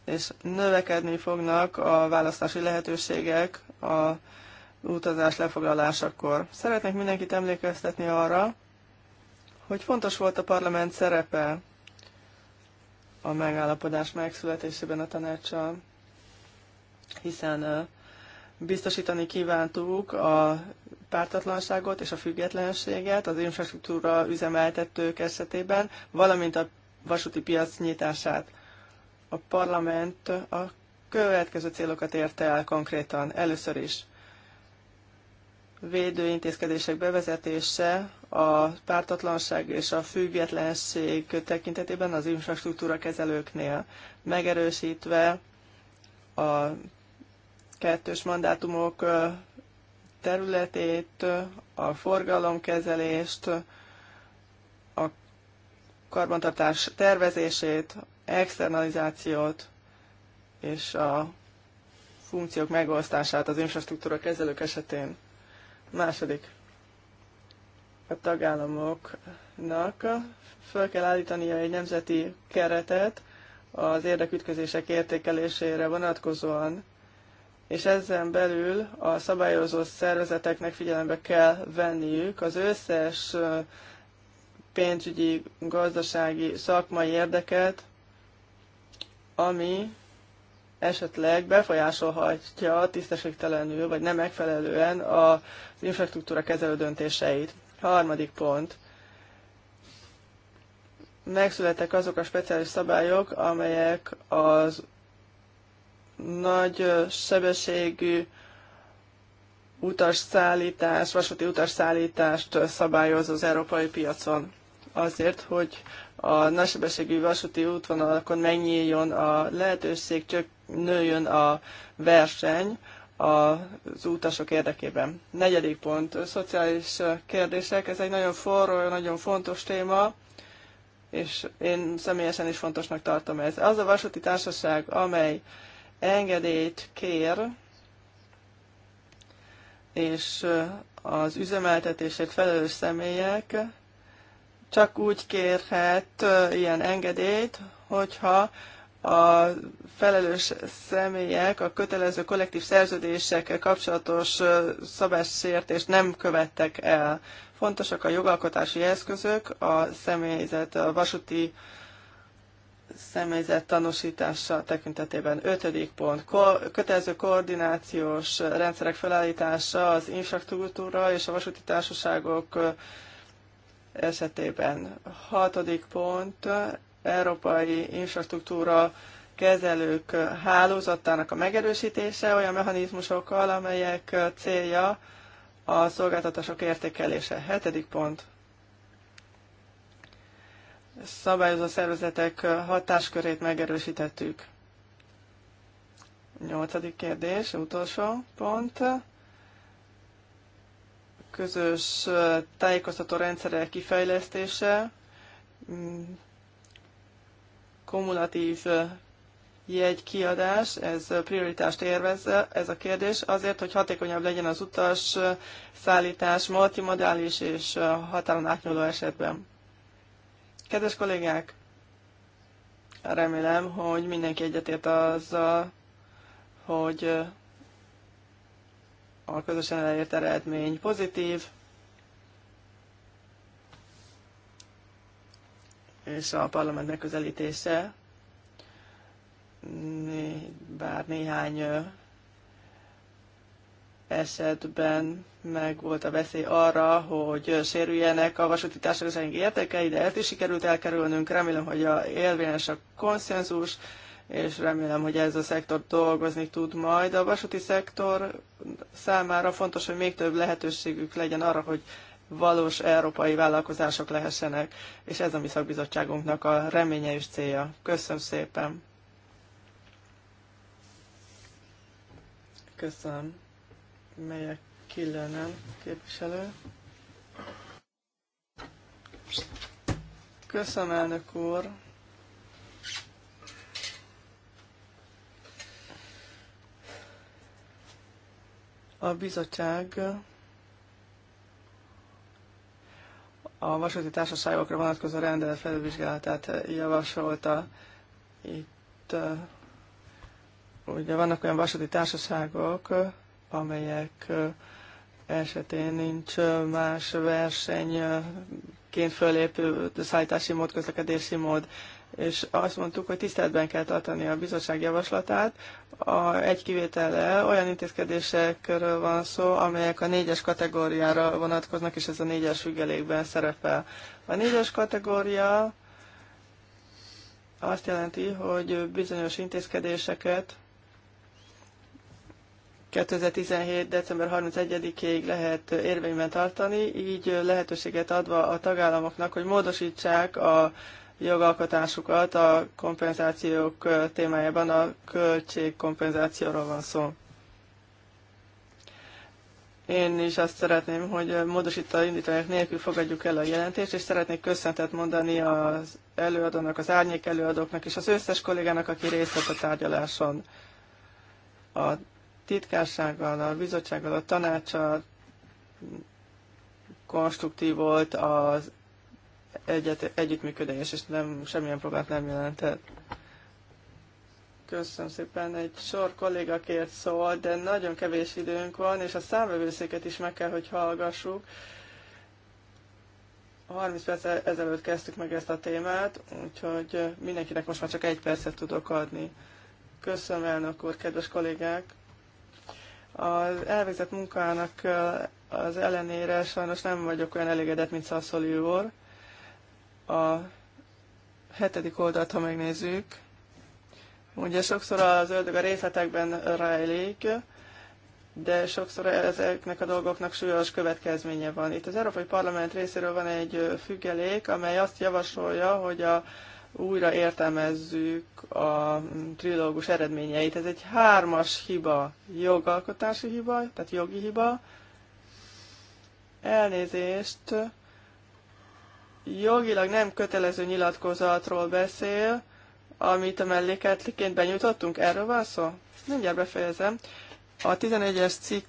és növekedni fognak a választási lehetőségek a utazás lefoglalásakor. Szeretnék mindenkit emlékeztetni arra, hogy fontos volt a parlament szerepe a megállapodás megszületésében a tanácssal, hiszen biztosítani kívántuk a pártatlanságot és a függetlenséget az infrastruktúra üzemeltetők esetében, valamint a vasúti piac nyitását. A parlament a következő célokat érte el konkrétan. Először is védőintézkedések bevezetése a pártatlanság és a függetlenség tekintetében az infrastruktúra kezelőknél, megerősítve a kettős mandátumok területét, a forgalomkezelést, a karbantartás tervezését, externalizációt és a funkciók megosztását az infrastruktúra kezelők esetén. Második. A tagállamoknak föl kell állítania egy nemzeti keretet az érdekütközések értékelésére vonatkozóan és ezen belül a szabályozó szervezeteknek figyelembe kell venniük az összes pénzügyi, gazdasági, szakmai érdeket, ami esetleg befolyásolhatja tisztességtelenül vagy nem megfelelően az infrastruktúra kezelő döntéseit. Harmadik pont. Megszülettek azok a speciális szabályok, amelyek az nagy sebességű utasszállítás, vasúti utasszállítást szabályoz az európai piacon. Azért, hogy a nagysebességű vasúti útvonalakon megnyíljon a lehetőség, csak nőjön a verseny az utasok érdekében. Negyedik pont, szociális kérdések. Ez egy nagyon forró, nagyon fontos téma, és én személyesen is fontosnak tartom ez. Az a vasúti társaság, amely engedélyt kér, és az üzemeltetésért felelős személyek csak úgy kérhet ilyen engedélyt, hogyha a felelős személyek a kötelező kollektív szerződésekkel kapcsolatos szabássértést nem követtek el. Fontosak a jogalkotási eszközök, a személyzet, a vasúti személyzet tanúsítása tekintetében. Ötödik pont, ko- kötelező koordinációs rendszerek felállítása az infrastruktúra és a vasúti társaságok esetében. Hatodik pont, európai infrastruktúra kezelők hálózatának a megerősítése olyan mechanizmusokkal, amelyek célja a szolgáltatások értékelése. Hetedik pont, szabályozó szervezetek hatáskörét megerősítettük. Nyolcadik kérdés, utolsó pont. Közös tájékoztató rendszerek kifejlesztése, mm, kumulatív jegykiadás, ez prioritást érvezze ez a kérdés, azért, hogy hatékonyabb legyen az utas szállítás multimodális és határon átnyúló esetben. Kedves kollégák, remélem, hogy mindenki egyetért azzal, hogy a közösen elért eredmény pozitív, és a parlament megközelítése, bár néhány esetben meg volt a veszély arra, hogy sérüljenek a vasúti társadalmi értékei, de ezt is sikerült elkerülnünk. Remélem, hogy a érvényes a konszenzus, és remélem, hogy ez a szektor dolgozni tud majd. A vasúti szektor számára fontos, hogy még több lehetőségük legyen arra, hogy valós európai vállalkozások lehessenek, és ez a mi szakbizottságunknak a reménye és célja. Köszönöm szépen! Köszönöm melyek Killenen képviselő. Köszönöm, elnök úr! A bizottság a vasúti társaságokra vonatkozó rendelet felülvizsgálatát javasolta. Itt uh, ugye vannak olyan vasúti társaságok, amelyek esetén nincs más versenyként fölépő szállítási mód, közlekedési mód, és azt mondtuk, hogy tiszteletben kell tartani a bizottság javaslatát. A egy kivétele olyan intézkedésekről van szó, amelyek a négyes kategóriára vonatkoznak, és ez a négyes függelékben szerepel. A négyes kategória azt jelenti, hogy bizonyos intézkedéseket 2017. december 31-ig lehet érvényben tartani, így lehetőséget adva a tagállamoknak, hogy módosítsák a jogalkotásukat a kompenzációk témájában, a költségkompenzációról van szó. Én is azt szeretném, hogy módosítva indítványok nélkül fogadjuk el a jelentést, és szeretnék köszöntet mondani az előadónak, az árnyék előadóknak és az összes kollégának, aki részt vett a tárgyaláson. A titkársággal, a bizottsággal, a tanácssal konstruktív volt az egyet, együttműködés, és nem, semmilyen problémát nem jelentett. Köszönöm szépen. Egy sor kolléga kért szól, de nagyon kevés időnk van, és a számvevőszéket is meg kell, hogy hallgassuk. 30 perc ezelőtt kezdtük meg ezt a témát, úgyhogy mindenkinek most már csak egy percet tudok adni. Köszönöm, elnök úr, kedves kollégák! Az elvégzett munkának az ellenére sajnos nem vagyok olyan elégedett, mint Szaszoli úr. A hetedik oldalt, ha megnézzük, ugye sokszor az ördög a részletekben rejlik, de sokszor ezeknek a dolgoknak súlyos következménye van. Itt az Európai Parlament részéről van egy függelék, amely azt javasolja, hogy a újra értelmezzük a trilógus eredményeit. Ez egy hármas hiba, jogalkotási hiba, tehát jogi hiba. Elnézést, jogilag nem kötelező nyilatkozatról beszél, amit a mellékeltliként benyújtottunk. Erről van szó? Mindjárt befejezem. A 11-es cikk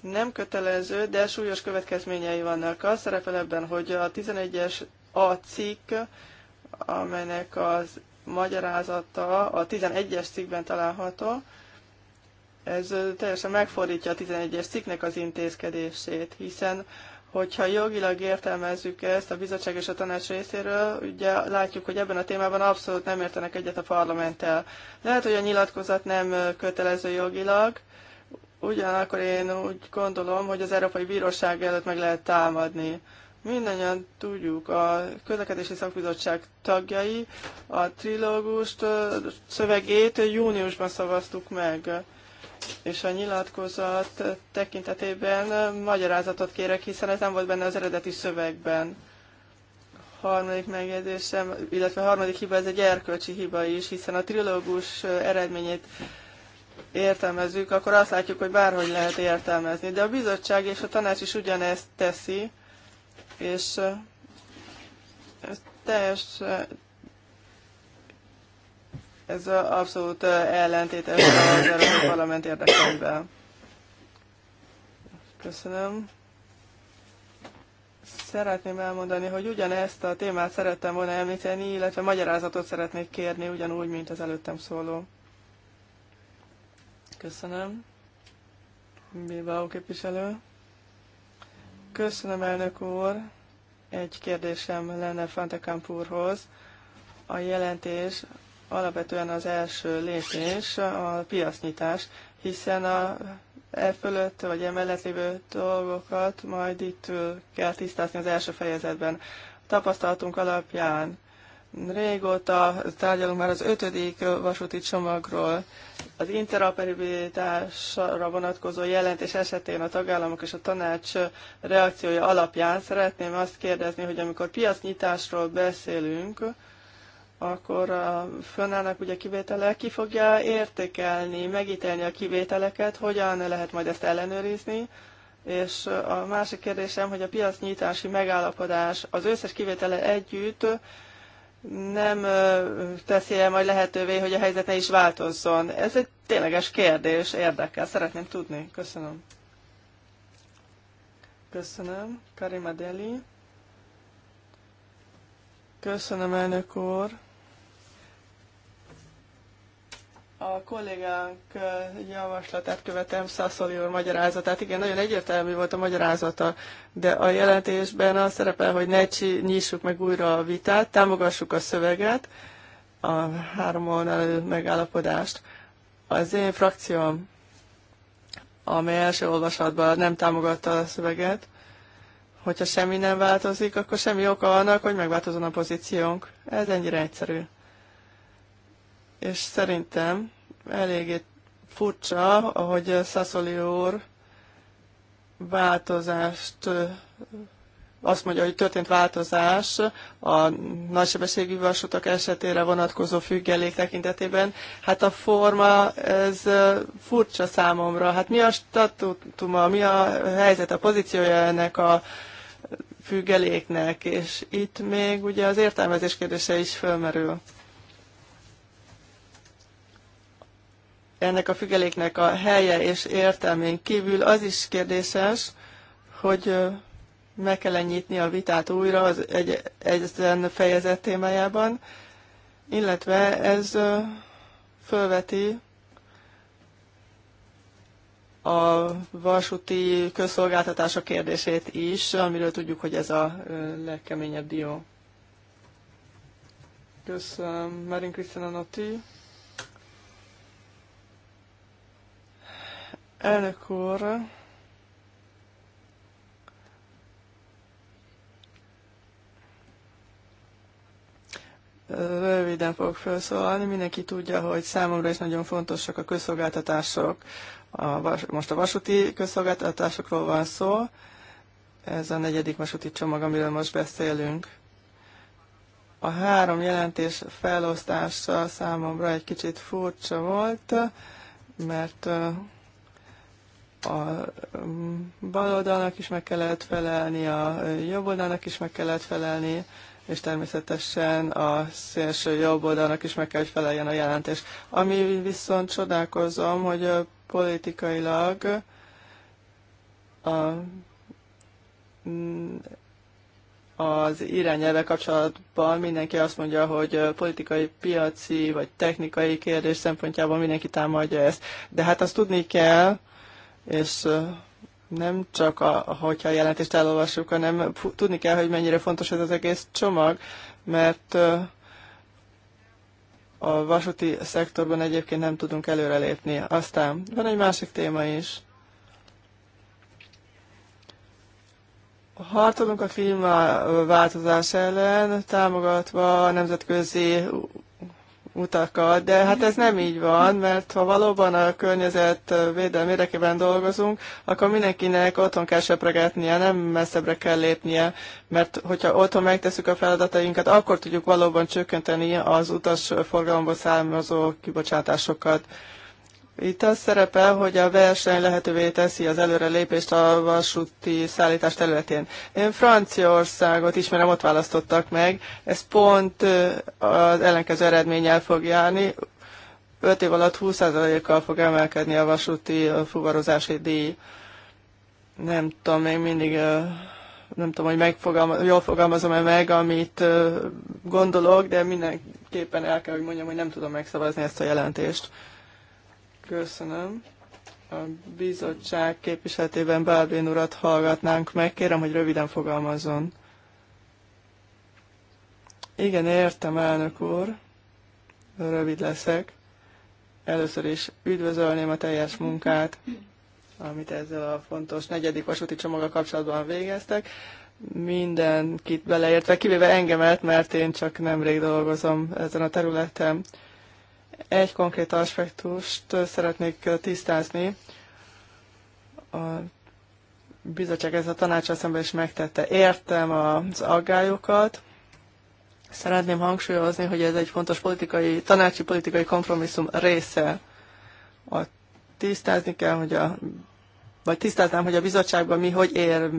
nem kötelező, de súlyos következményei vannak. Az szerepel ebben, hogy a 11-es a cikk amelynek az magyarázata a 11-es cikkben található. Ez teljesen megfordítja a 11-es cikknek az intézkedését, hiszen hogyha jogilag értelmezzük ezt a bizottság és a tanács részéről, ugye látjuk, hogy ebben a témában abszolút nem értenek egyet a parlamenttel. Lehet, hogy a nyilatkozat nem kötelező jogilag, ugyanakkor én úgy gondolom, hogy az Európai Bíróság előtt meg lehet támadni Mindannyian tudjuk, a közlekedési szakbizottság tagjai a trilógust szövegét júniusban szavaztuk meg, és a nyilatkozat tekintetében magyarázatot kérek, hiszen ez nem volt benne az eredeti szövegben harmadik megjegyzésem, illetve a harmadik hiba, ez egy erkölcsi hiba is, hiszen a trilógus eredményét értelmezzük, akkor azt látjuk, hogy bárhogy lehet értelmezni. De a bizottság és a tanács is ugyanezt teszi, és ez teljes, ez abszolút ellentétes az Európai Parlament érdekében. Köszönöm. Szeretném elmondani, hogy ugyanezt a témát szerettem volna említeni, illetve magyarázatot szeretnék kérni, ugyanúgy, mint az előttem szóló. Köszönöm. Bébáó képviselő. Köszönöm, elnök úr. Egy kérdésem lenne Fantekamp úrhoz. A jelentés alapvetően az első lépés, a piacnyitás, hiszen a e fölött vagy emellett lévő dolgokat majd itt kell tisztázni az első fejezetben. tapasztalatunk alapján Régóta tárgyalunk már az ötödik vasúti csomagról. Az interoperabilitásra vonatkozó jelentés esetén a tagállamok és a tanács reakciója alapján szeretném azt kérdezni, hogy amikor piacnyitásról beszélünk, akkor a fönnállnak ugye kivételek, ki fogja értékelni, megítélni a kivételeket, hogyan lehet majd ezt ellenőrizni, és a másik kérdésem, hogy a piacnyitási megállapodás az összes kivétele együtt nem teszi el majd lehetővé, hogy a helyzet ne is változzon? Ez egy tényleges kérdés, érdekel, szeretném tudni. Köszönöm. Köszönöm, Karim Adeli. Köszönöm, elnök úr. A kollégánk javaslatát követem, Szaszoli úr magyarázatát. Igen, nagyon egyértelmű volt a magyarázata, de a jelentésben az szerepel, hogy ne nyissuk meg újra a vitát, támogassuk a szöveget, a három oldalú megállapodást. Az én frakcióm, amely első olvasatban nem támogatta a szöveget, hogyha semmi nem változik, akkor semmi oka annak, hogy megváltozon a pozíciónk. Ez ennyire egyszerű és szerintem eléggé furcsa, ahogy Szaszoli úr változást azt mondja, hogy történt változás a nagysebességű vasutak esetére vonatkozó függelék tekintetében. Hát a forma, ez furcsa számomra. Hát mi a statutuma, mi a helyzet, a pozíciója ennek a függeléknek, és itt még ugye az értelmezés kérdése is fölmerül. ennek a függeléknek a helye és értelmén kívül az is kérdéses, hogy meg kell nyitni a vitát újra az egy, ezen fejezet témájában, illetve ez fölveti a vasúti közszolgáltatása kérdését is, amiről tudjuk, hogy ez a legkeményebb dió. Köszönöm, Marin Krisztina Notti. Elnök úr, röviden fogok felszólalni. Mindenki tudja, hogy számomra is nagyon fontosak a közszolgáltatások. A vas, most a vasúti közszolgáltatásokról van szó. Ez a negyedik vasúti csomag, amiről most beszélünk. A három jelentés felosztása számomra egy kicsit furcsa volt, mert a um, baloldalnak is meg kellett felelni, a jobboldalnak is meg kellett felelni, és természetesen a szélső jobboldalnak is meg kell, hogy feleljen a jelentés. Ami viszont csodálkozom, hogy politikailag a, mm, az irányelve kapcsolatban mindenki azt mondja, hogy politikai, piaci vagy technikai kérdés szempontjából mindenki támadja ezt. De hát azt tudni kell, és nem csak, a, hogyha a jelentést elolvassuk, hanem tudni kell, hogy mennyire fontos ez az egész csomag, mert a vasúti szektorban egyébként nem tudunk előrelépni. Aztán van egy másik téma is. Harcolunk a klímaváltozás ellen, támogatva a nemzetközi utakat, de hát ez nem így van, mert ha valóban a környezet védelmi érdekében dolgozunk, akkor mindenkinek otthon kell sepregetnie, nem messzebbre kell lépnie, mert hogyha otthon megteszük a feladatainkat, akkor tudjuk valóban csökkenteni az utas forgalomból származó kibocsátásokat. Itt az szerepel, hogy a verseny lehetővé teszi az előrelépést a vasúti szállítás területén. Én Franciaországot ismerem, ott választottak meg. Ez pont az ellenkező eredménnyel fog járni. 5 év alatt 20%-kal fog emelkedni a vasúti fuvarozási díj. Nem tudom, még mindig nem tudom, hogy megfogalma, jól fogalmazom-e meg, amit gondolok, de mindenképpen el kell, hogy mondjam, hogy nem tudom megszavazni ezt a jelentést. Köszönöm. A bizottság képviseletében Bálbén urat hallgatnánk meg. Kérem, hogy röviden fogalmazzon. Igen, értem, elnök úr. Rövid leszek. Először is üdvözölném a teljes munkát, amit ezzel a fontos negyedik vasúti csomaga kapcsolatban végeztek. Mindenkit beleértve, kivéve engemet, mert én csak nemrég dolgozom ezen a területen. Egy konkrét aspektust szeretnék tisztázni. A bizottság ez a tanácsal szemben is megtette. Értem az aggályokat. Szeretném hangsúlyozni, hogy ez egy fontos politikai, tanácsi politikai kompromisszum része. A tisztázni kell, hogy a, vagy tisztáznám, hogy a bizottságban mi hogy ér,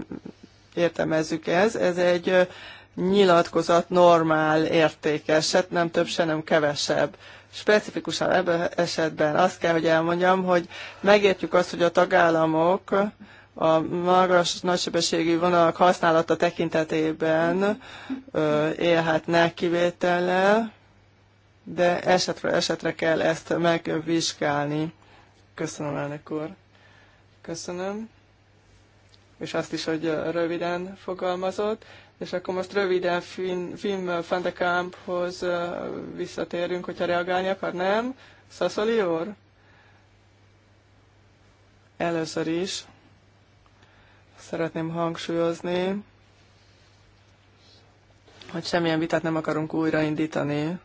értelmezzük ez. Ez egy nyilatkozat normál értékeset, hát nem több, se nem kevesebb specifikusan ebben esetben azt kell, hogy elmondjam, hogy megértjük azt, hogy a tagállamok a magas nagysebességű vonalak használata tekintetében élhetnek kivétellel, de esetről esetre kell ezt megvizsgálni. Köszönöm, elnök úr. Köszönöm. És azt is, hogy röviden fogalmazott. És akkor most röviden Film van de Kamphoz visszatérünk, hogyha reagálni akar, nem? Szaszoli úr? Először is szeretném hangsúlyozni, hogy semmilyen vitát nem akarunk újraindítani.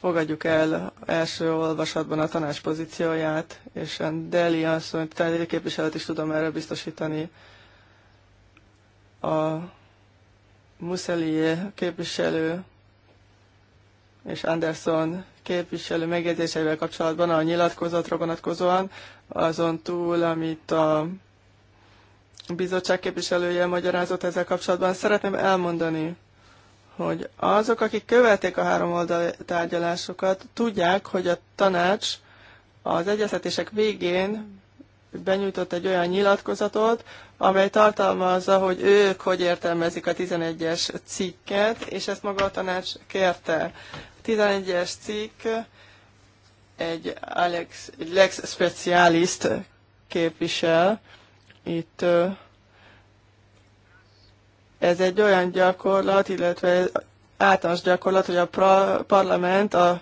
Fogadjuk el első olvasatban a tanács pozícióját, és a Deli asszony, tehát egy képviselőt is tudom erre biztosítani a Muszelié képviselő és Anderson képviselő megjegyzéseivel kapcsolatban a nyilatkozatra vonatkozóan, azon túl, amit a bizottság képviselője magyarázott ezzel kapcsolatban, szeretném elmondani, hogy azok, akik követik a három oldal tárgyalásokat, tudják, hogy a tanács az egyeztetések végén benyújtott egy olyan nyilatkozatot, amely tartalmazza, hogy ők hogy értelmezik a 11-es cikket, és ezt maga a tanács kérte. 11-es cikk egy Alex, egy Lex Specialist képvisel. Itt ez egy olyan gyakorlat, illetve általános gyakorlat, hogy a parlament a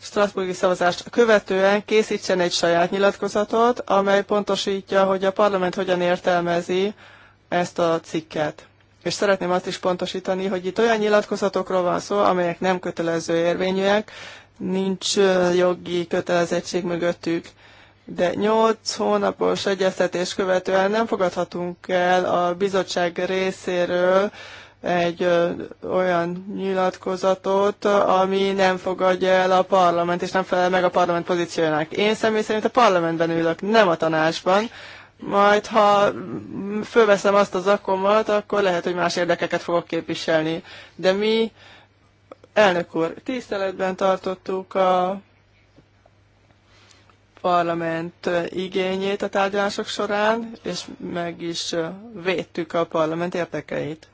Strasburgi szavazást követően készítsen egy saját nyilatkozatot, amely pontosítja, hogy a parlament hogyan értelmezi ezt a cikket. És szeretném azt is pontosítani, hogy itt olyan nyilatkozatokról van szó, amelyek nem kötelező érvényűek, nincs jogi kötelezettség mögöttük. De 8 hónapos egyeztetés követően nem fogadhatunk el a bizottság részéről egy olyan nyilatkozatot, ami nem fogadja el a parlament, és nem felel meg a parlament pozíciójának. Én személy szerint a parlamentben ülök, nem a tanácsban, majd ha fölveszem azt az akomat, akkor lehet, hogy más érdekeket fogok képviselni. De mi, elnök úr, tiszteletben tartottuk a parlament igényét a tárgyalások során, és meg is védtük a parlament érdekeit.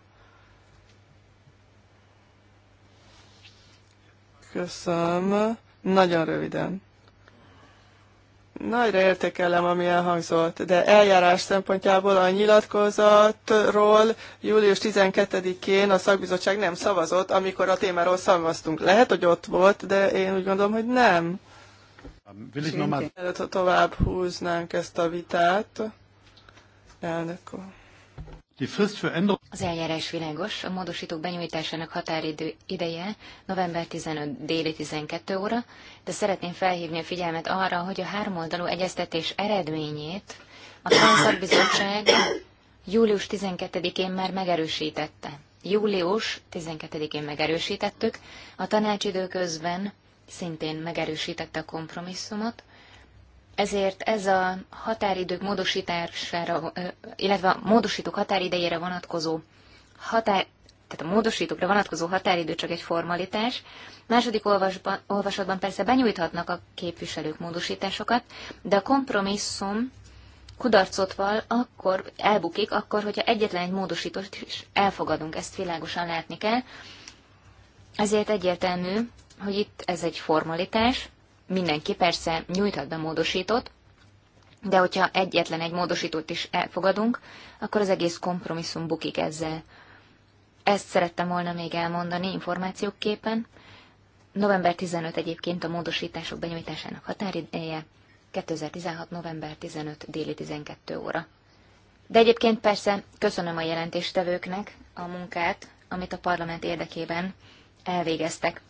Köszönöm. Nagyon röviden. Nagyra értékelem, ami elhangzott, de eljárás szempontjából a nyilatkozatról július 12-én a szakbizottság nem szavazott, amikor a témáról szavaztunk. Lehet, hogy ott volt, de én úgy gondolom, hogy nem. Um, Előtt, ha tovább húznánk ezt a vitát, elnök úr. Az eljárás világos, a módosítók benyújtásának határidő ideje november 15 déli 12 óra, de szeretném felhívni a figyelmet arra, hogy a háromoldalú egyeztetés eredményét a Transzakbizottság július 12-én már megerősítette. Július 12-én megerősítettük, a tanácsidő közben szintén megerősítette a kompromisszumot, ezért ez a határidők módosítására, illetve a módosítók határidejére vonatkozó határ, tehát a módosítókra vonatkozó határidő csak egy formalitás. Második olvasban, olvasatban persze benyújthatnak a képviselők módosításokat, de a kompromisszum kudarcot val, akkor elbukik, akkor, hogyha egyetlen egy módosítót is elfogadunk, ezt világosan látni kell. Ezért egyértelmű, hogy itt ez egy formalitás, mindenki persze nyújthat be módosítót, de hogyha egyetlen egy módosítót is elfogadunk, akkor az egész kompromisszum bukik ezzel. Ezt szerettem volna még elmondani információk képen. November 15 egyébként a módosítások benyújtásának határideje, 2016. november 15 déli 12 óra. De egyébként persze köszönöm a jelentéstevőknek a munkát, amit a parlament érdekében elvégeztek.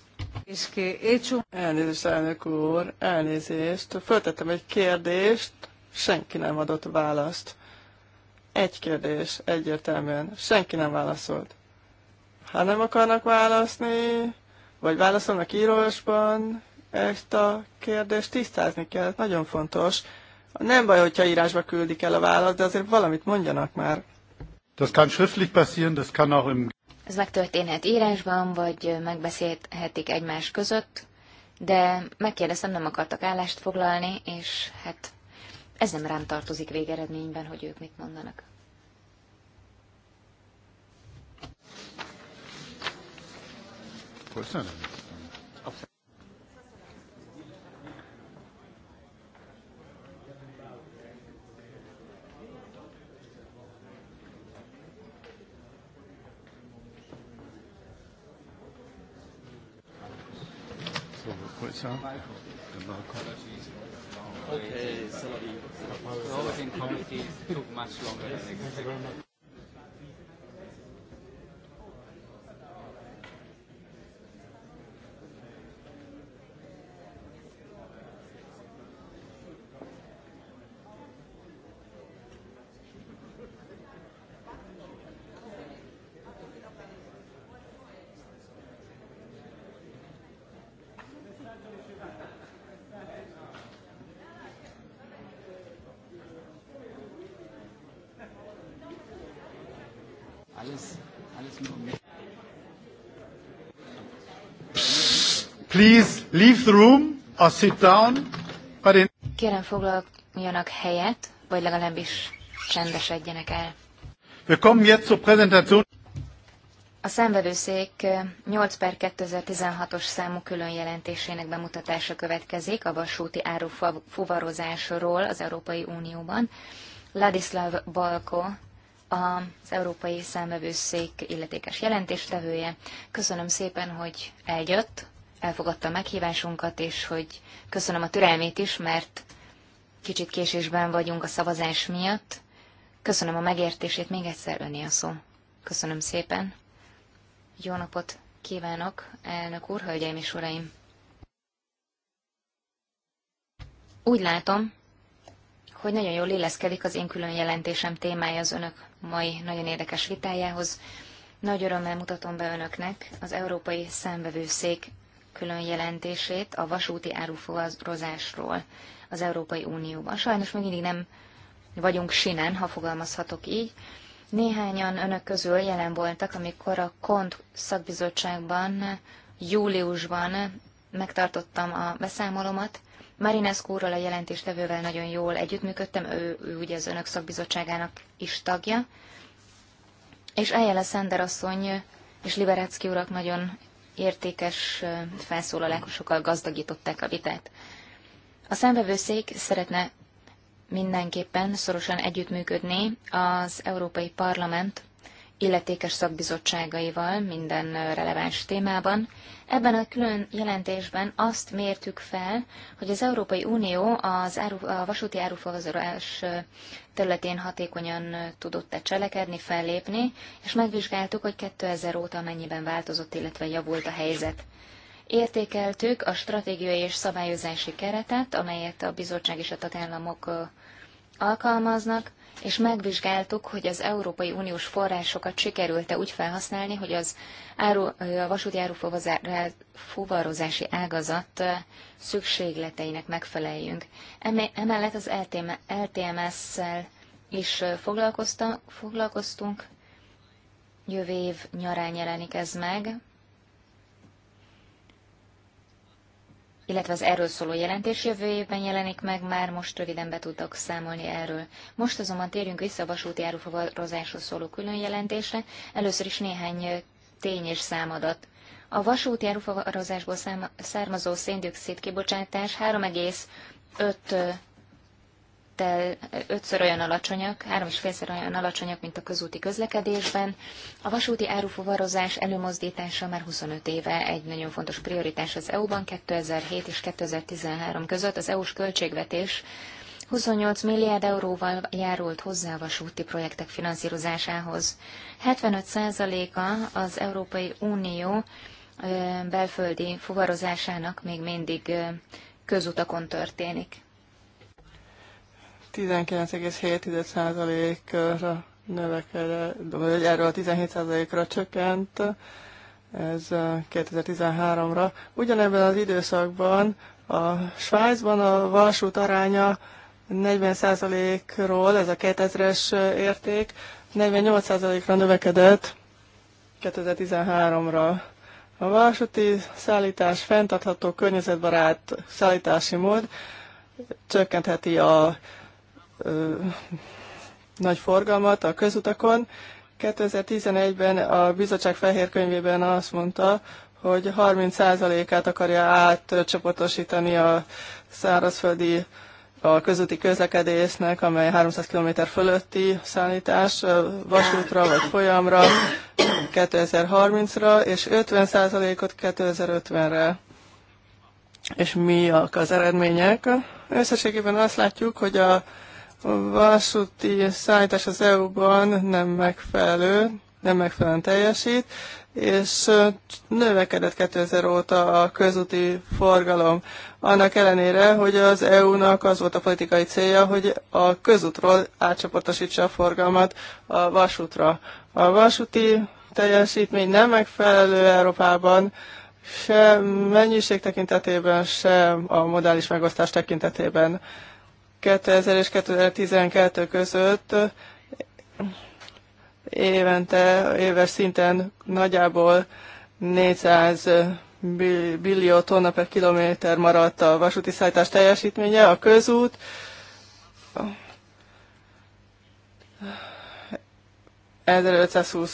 Elnézést, elnök úr, elnézést. Föltettem egy kérdést, senki nem adott választ. Egy kérdés, egyértelműen. Senki nem válaszolt. Ha nem akarnak válaszni, vagy válaszolnak írásban, ezt a kérdést tisztázni kell, nagyon fontos. Nem baj, hogyha írásba küldik el a választ, de azért valamit mondjanak már. Das kann schriftlich passieren, das kann auch im ez megtörténhet írásban, vagy megbeszélhetik egymás között, de megkérdeztem, nem akartak állást foglalni, és hát ez nem rám tartozik végeredményben, hogy ők mit mondanak. Köszönöm. So. Okay, so the, the committee took much longer than expected. Please leave the room or sit down. But in... Kérem foglaljanak helyet, vagy legalábbis csendesedjenek el. Wir kommen jetzt zur Präsentation. A számvevőszék 8 per 2016-os számú jelentésének bemutatása következik a vasúti árufuvarozásról az Európai Unióban. Ladislav Balko az Európai Számvevőszék illetékes jelentéstevője. Köszönöm szépen, hogy eljött elfogadta a meghívásunkat, és hogy köszönöm a türelmét is, mert kicsit késésben vagyunk a szavazás miatt. Köszönöm a megértését, még egyszer öné a szó. Köszönöm szépen. Jó napot kívánok, elnök úr, hölgyeim és uraim! Úgy látom, hogy nagyon jól illeszkedik az én külön jelentésem témája az önök mai nagyon érdekes vitájához. Nagy örömmel mutatom be önöknek az Európai Számbevőszék külön jelentését a vasúti áruforozásról az Európai Unióban. Sajnos még mindig nem vagyunk sinen, ha fogalmazhatok így. Néhányan önök közül jelen voltak, amikor a KONT szakbizottságban júliusban megtartottam a beszámolomat. Marinescu úrral a jelentéstevővel nagyon jól együttműködtem, ő, ő ugye az önök szakbizottságának is tagja. És Ejjele Szender asszony és Liberecki urak nagyon értékes felszólalásokkal gazdagították a vitát. A számbevőszék szeretne mindenképpen szorosan együttműködni az Európai Parlament illetékes szakbizottságaival minden releváns témában. Ebben a külön jelentésben azt mértük fel, hogy az Európai Unió az áru, a vasúti árufavazolás területén hatékonyan tudott-e cselekedni, fellépni, és megvizsgáltuk, hogy 2000 óta mennyiben változott, illetve javult a helyzet. Értékeltük a stratégiai és szabályozási keretet, amelyet a bizottság és a tagállamok alkalmaznak, és megvizsgáltuk, hogy az Európai Uniós forrásokat sikerült-e úgy felhasználni, hogy az áru, a vasúti fuvarozási ágazat szükségleteinek megfeleljünk. Emellett az LTMS-szel is foglalkoztunk, jövő év nyarán jelenik ez meg, illetve az erről szóló jelentés jövő évben jelenik meg, már most röviden be tudtak számolni erről. Most azonban térjünk vissza a vasúti árufavarozásról szóló külön jelentésre. Először is néhány tény és számadat. A vasúti árufavarozásból származó széndiokszid kibocsátás 3,5 öttel, ötször olyan alacsonyak, három és félszer olyan alacsonyak, mint a közúti közlekedésben. A vasúti árufuvarozás előmozdítása már 25 éve egy nagyon fontos prioritás az EU-ban. 2007 és 2013 között az EU-s költségvetés 28 milliárd euróval járult hozzá a vasúti projektek finanszírozásához. 75%-a az Európai Unió belföldi fuvarozásának még mindig közutakon történik. 19,7%-ra növekedett, vagy erről a 17%-ra csökkent, ez 2013-ra. Ugyanebben az időszakban a Svájcban a vasút aránya 40%-ról, ez a 2000-es érték, 48%-ra növekedett 2013-ra. A vasúti szállítás fenntartható környezetbarát szállítási mód csökkentheti a ö, nagy forgalmat a közutakon. 2011-ben a bizottság fehér könyvében azt mondta, hogy 30%-át akarja átcsoportosítani a szárazföldi a közúti közlekedésnek, amely 300 km fölötti szállítás vasútra vagy folyamra 2030-ra, és 50%-ot 2050-re. És mi az eredmények? Összességében azt látjuk, hogy a a vasúti szállítás az EU-ban nem megfelelő, nem megfelelően teljesít, és növekedett 2000 óta a közúti forgalom. Annak ellenére, hogy az EU-nak az volt a politikai célja, hogy a közútról átcsoportosítsa a forgalmat a vasútra. A vasúti teljesítmény nem megfelelő Európában, se mennyiség tekintetében, se a modális megosztás tekintetében. 2000 és 2012 között évente, éves szinten nagyjából 400 billió tonna per kilométer maradt a vasúti szállítás teljesítménye, a közút.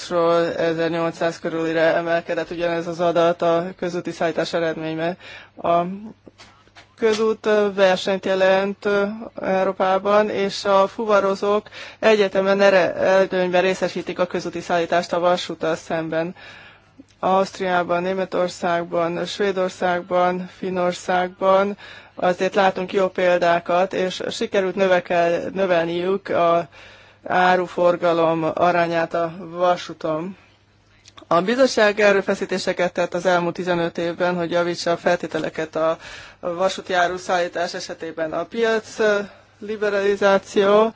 ról 1800 körülire emelkedett ugyanez az adat a közúti szállítás eredményben. A közút versenyt jelent Európában, és a fuvarozók egyetemen előnyben részesítik a közúti szállítást a vasúttal szemben. Ausztriában, Németországban, Svédországban, Finországban azért látunk jó példákat, és sikerült növekel, növelniük a áruforgalom arányát a vasúton. A bizottság erőfeszítéseket tett az elmúlt 15 évben, hogy javítsa a feltételeket a vasúti szállítás esetében. A piac liberalizáció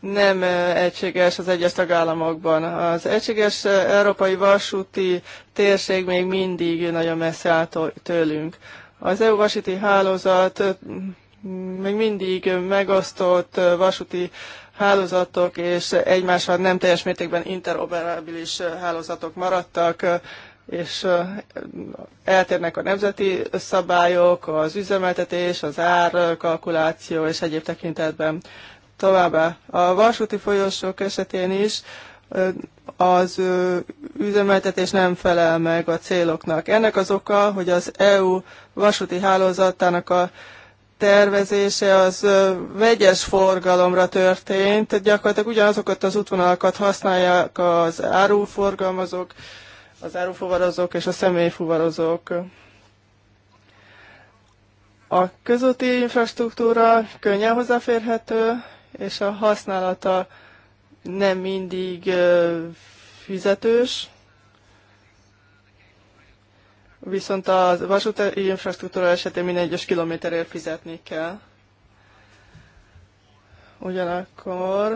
nem egységes az egyes tagállamokban. Az egységes európai vasúti térség még mindig nagyon messze áll tőlünk. Az EU vasúti hálózat még mindig megosztott vasúti hálózatok és egymással nem teljes mértékben interoperabilis hálózatok maradtak, és eltérnek a nemzeti szabályok, az üzemeltetés, az árkalkuláció és egyéb tekintetben. Továbbá a vasúti folyosók esetén is az üzemeltetés nem felel meg a céloknak. Ennek az oka, hogy az EU vasúti hálózatának a tervezése az vegyes forgalomra történt. Gyakorlatilag ugyanazokat az útvonalakat használják az áruforgalmazók, az árufuvarozók és a személyfuvarozók. A közúti infrastruktúra könnyen hozzáférhető, és a használata nem mindig fizetős viszont a vasúti infrastruktúra esetén minden egyes kilométerért fizetni kell. Ugyanakkor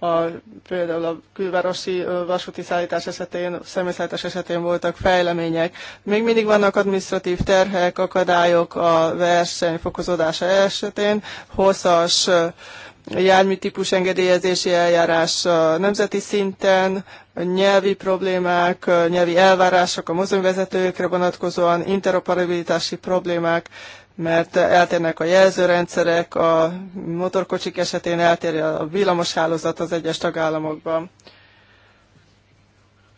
a, például a külvárosi vasúti szállítás esetén, személyszállítás esetén voltak fejlemények. Még mindig vannak administratív terhek, akadályok a verseny fokozódása esetén, hosszas járműtípus engedélyezési eljárás nemzeti szinten, nyelvi problémák, nyelvi elvárások a mozdonyvezetőkre vonatkozóan, interoperabilitási problémák, mert eltérnek a jelzőrendszerek, a motorkocsik esetén eltér a villamoshálózat az egyes tagállamokban.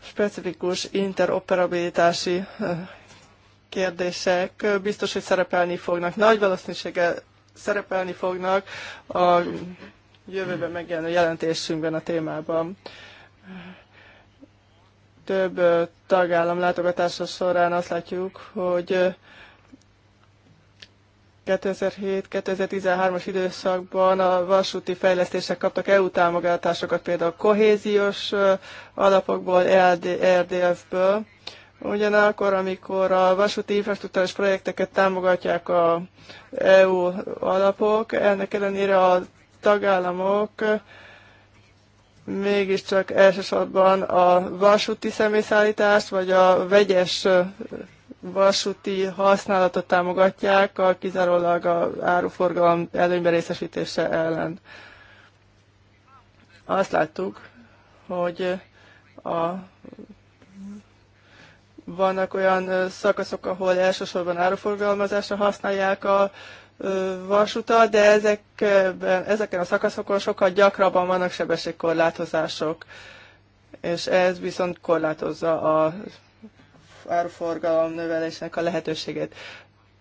Specifikus interoperabilitási eh, kérdések eh, biztos, hogy szerepelni fognak. Nagy valószínűséggel szerepelni fognak a jövőben megjelenő jelentésünkben a témában. Több tagállam látogatása során azt látjuk, hogy 2007-2013-as időszakban a vasúti fejlesztések kaptak EU támogatásokat, például kohéziós alapokból, RDF-ből, Ugyanakkor, amikor a vasúti infrastruktúrás projekteket támogatják a EU alapok, ennek ellenére a tagállamok mégiscsak elsősorban a vasúti személyszállítást, vagy a vegyes vasúti használatot támogatják a kizárólag a áruforgalom előnyben részesítése ellen. Azt láttuk, hogy a vannak olyan szakaszok, ahol elsősorban áruforgalmazásra használják a vasutat, de ezekben, ezeken a szakaszokon sokkal gyakrabban vannak sebességkorlátozások, és ez viszont korlátozza a áruforgalom növelésnek a lehetőségét.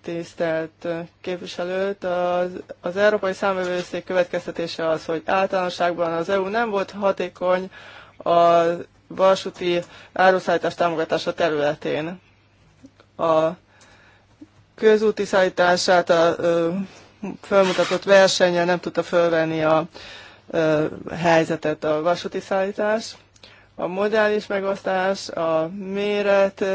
Tisztelt képviselőt, az, az Európai Számvevőszék következtetése az, hogy általánosságban az EU nem volt hatékony az vasúti áruszállítás támogatása területén. A közúti szállítását a fölmutatott versenyen nem tudta fölvenni a helyzetet a vasúti szállítás. A modális megosztás, a méret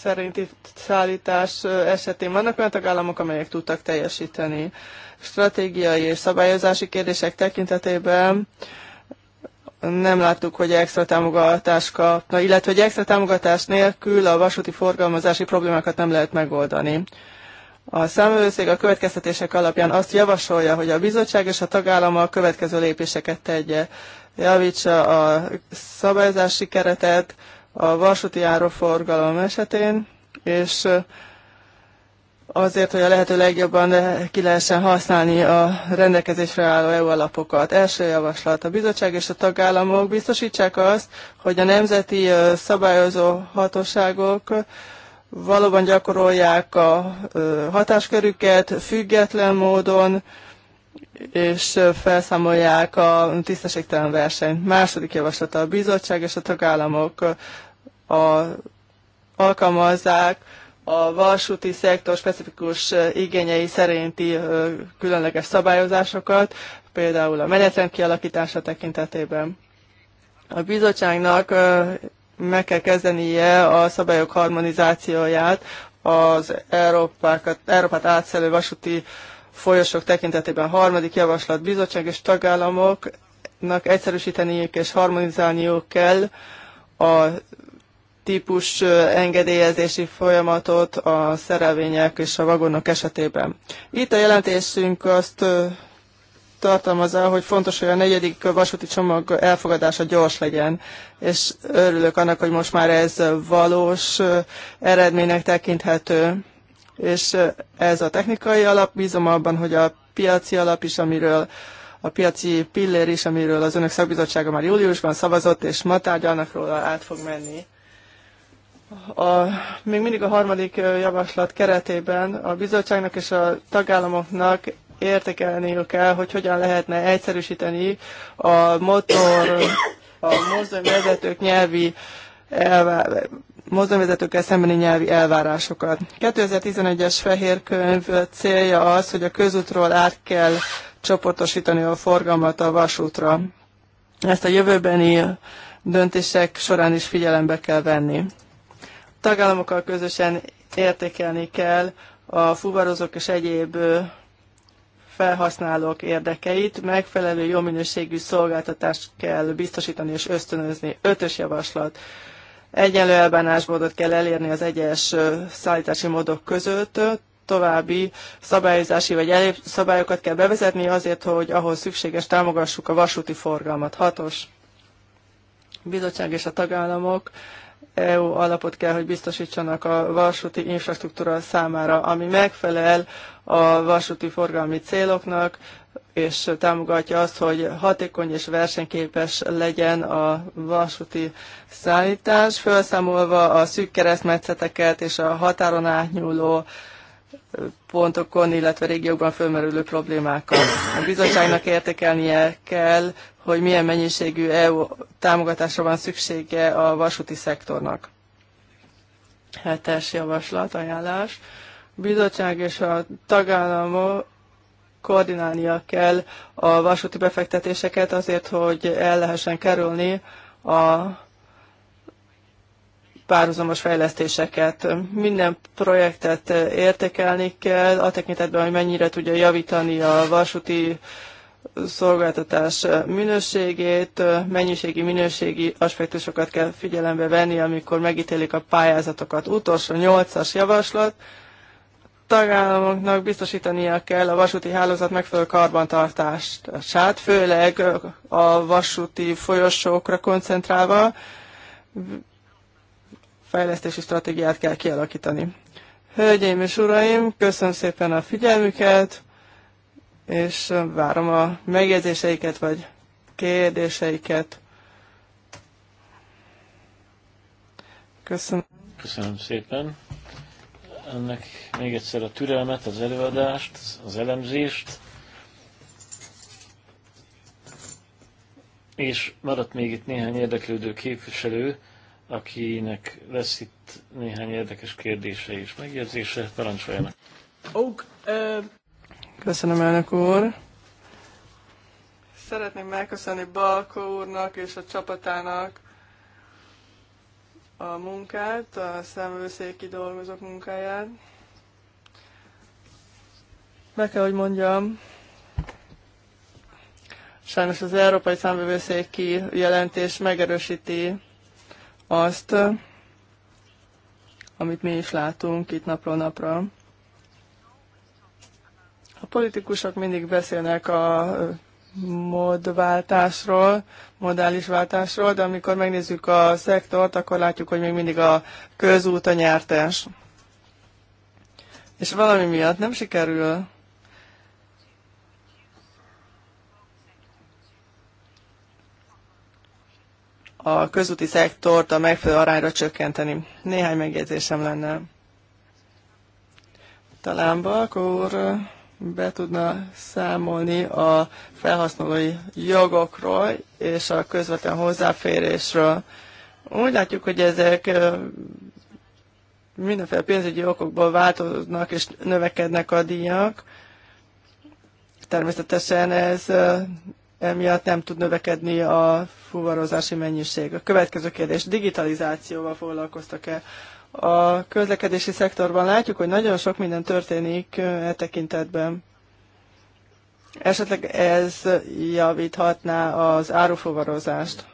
szerinti szállítás esetén vannak olyan tagállamok, amelyek tudtak teljesíteni. Stratégiai és szabályozási kérdések tekintetében nem láttuk, hogy extra támogatást kapna, illetve hogy extra támogatás nélkül a vasúti forgalmazási problémákat nem lehet megoldani. A számövőszék a következtetések alapján azt javasolja, hogy a bizottság és a tagállam a következő lépéseket tegye. Javítsa a szabályzási keretet a vasúti áruforgalom esetén, és azért, hogy a lehető legjobban eh, ki lehessen használni a rendelkezésre álló EU alapokat. Első javaslat, a bizottság és a tagállamok biztosítsák azt, hogy a nemzeti eh, szabályozó hatóságok eh, valóban gyakorolják a hatáskörüket független módon, és felszámolják a tisztességtelen versenyt. Második javaslata a bizottság és a tagállamok a, alkalmazzák a vasúti szektor specifikus igényei szerinti különleges szabályozásokat, például a menetrend kialakítása tekintetében. A bizottságnak meg kell kezdenie a szabályok harmonizációját az Európákat, Európát átszelő vasúti folyosok tekintetében. Harmadik javaslat bizottság és tagállamoknak egyszerűsíteniük és harmonizálniuk kell a típus engedélyezési folyamatot a szerelvények és a vagonok esetében. Itt a jelentésünk azt tartalmazza, hogy fontos, hogy a negyedik vasúti csomag elfogadása gyors legyen, és örülök annak, hogy most már ez valós eredménynek tekinthető, és ez a technikai alap, bízom abban, hogy a piaci alap is, amiről a piaci pillér is, amiről az önök szakbizottsága már júliusban szavazott, és ma tárgyalnak róla, át fog menni a, még mindig a harmadik javaslat keretében a bizottságnak és a tagállamoknak értékelniük kell, hogy hogyan lehetne egyszerűsíteni a motor, a mozdonyvezetők nyelvi elvá- mozdonyvezetőkkel szembeni nyelvi elvárásokat. 2011-es fehér könyv célja az, hogy a közútról át kell csoportosítani a forgalmat a vasútra. Ezt a jövőbeni döntések során is figyelembe kell venni tagállamokkal közösen értékelni kell a fuvarozók és egyéb felhasználók érdekeit, megfelelő jó minőségű szolgáltatást kell biztosítani és ösztönözni. Ötös javaslat. Egyenlő elbánásmódot kell elérni az egyes szállítási módok között, további szabályozási vagy elég szabályokat kell bevezetni azért, hogy ahhoz szükséges támogassuk a vasúti forgalmat. Hatos bizottság és a tagállamok EU alapot kell, hogy biztosítsanak a vasúti infrastruktúra számára, ami megfelel a vasúti forgalmi céloknak, és támogatja azt, hogy hatékony és versenyképes legyen a vasúti szállítás, felszámolva a szűk keresztmetszeteket és a határon átnyúló pontokon, illetve régiókban fölmerülő problémákat. A bizottságnak értékelnie kell, hogy milyen mennyiségű EU támogatásra van szüksége a vasúti szektornak. Hetes javaslat, ajánlás. A bizottság és a tagállamok koordinálnia kell a vasúti befektetéseket azért, hogy el lehessen kerülni a párhuzamos fejlesztéseket. Minden projektet értékelni kell, a tekintetben, hogy mennyire tudja javítani a vasúti szolgáltatás minőségét, mennyiségi, minőségi aspektusokat kell figyelembe venni, amikor megítélik a pályázatokat. Utolsó nyolcas javaslat, tagállamoknak biztosítania kell a vasúti hálózat megfelelő karbantartását, főleg a vasúti folyosókra koncentrálva, fejlesztési stratégiát kell kialakítani. Hölgyeim és uraim, köszönöm szépen a figyelmüket, és várom a megjegyzéseiket vagy kérdéseiket. Köszönöm. Köszönöm szépen. Ennek még egyszer a türelmet, az előadást, az elemzést. És maradt még itt néhány érdeklődő képviselő, akinek lesz itt néhány érdekes kérdése és megjegyzése. Parancsoljanak! Ok, ö... Köszönöm, elnök úr! Szeretném megköszönni Balko úrnak és a csapatának a munkát, a szemvőszéki dolgozók munkáját. Be kell, hogy mondjam, sajnos az Európai Számvevőszéki jelentés megerősíti azt, amit mi is látunk itt napról napra. A politikusok mindig beszélnek a módváltásról, modális váltásról, de amikor megnézzük a szektort, akkor látjuk, hogy még mindig a közút a nyertes. És valami miatt nem sikerül a közúti szektort a megfelelő arányra csökkenteni. Néhány megjegyzésem lenne. Talán akkor be tudna számolni a felhasználói jogokról és a közvetlen hozzáférésről. Úgy látjuk, hogy ezek mindenféle pénzügyi okokból változnak és növekednek a díjak. Természetesen ez emiatt nem tud növekedni a fuvarozási mennyiség. A következő kérdés, digitalizációval foglalkoztak-e? A közlekedési szektorban látjuk, hogy nagyon sok minden történik e tekintetben. Esetleg ez javíthatná az árufogarozást.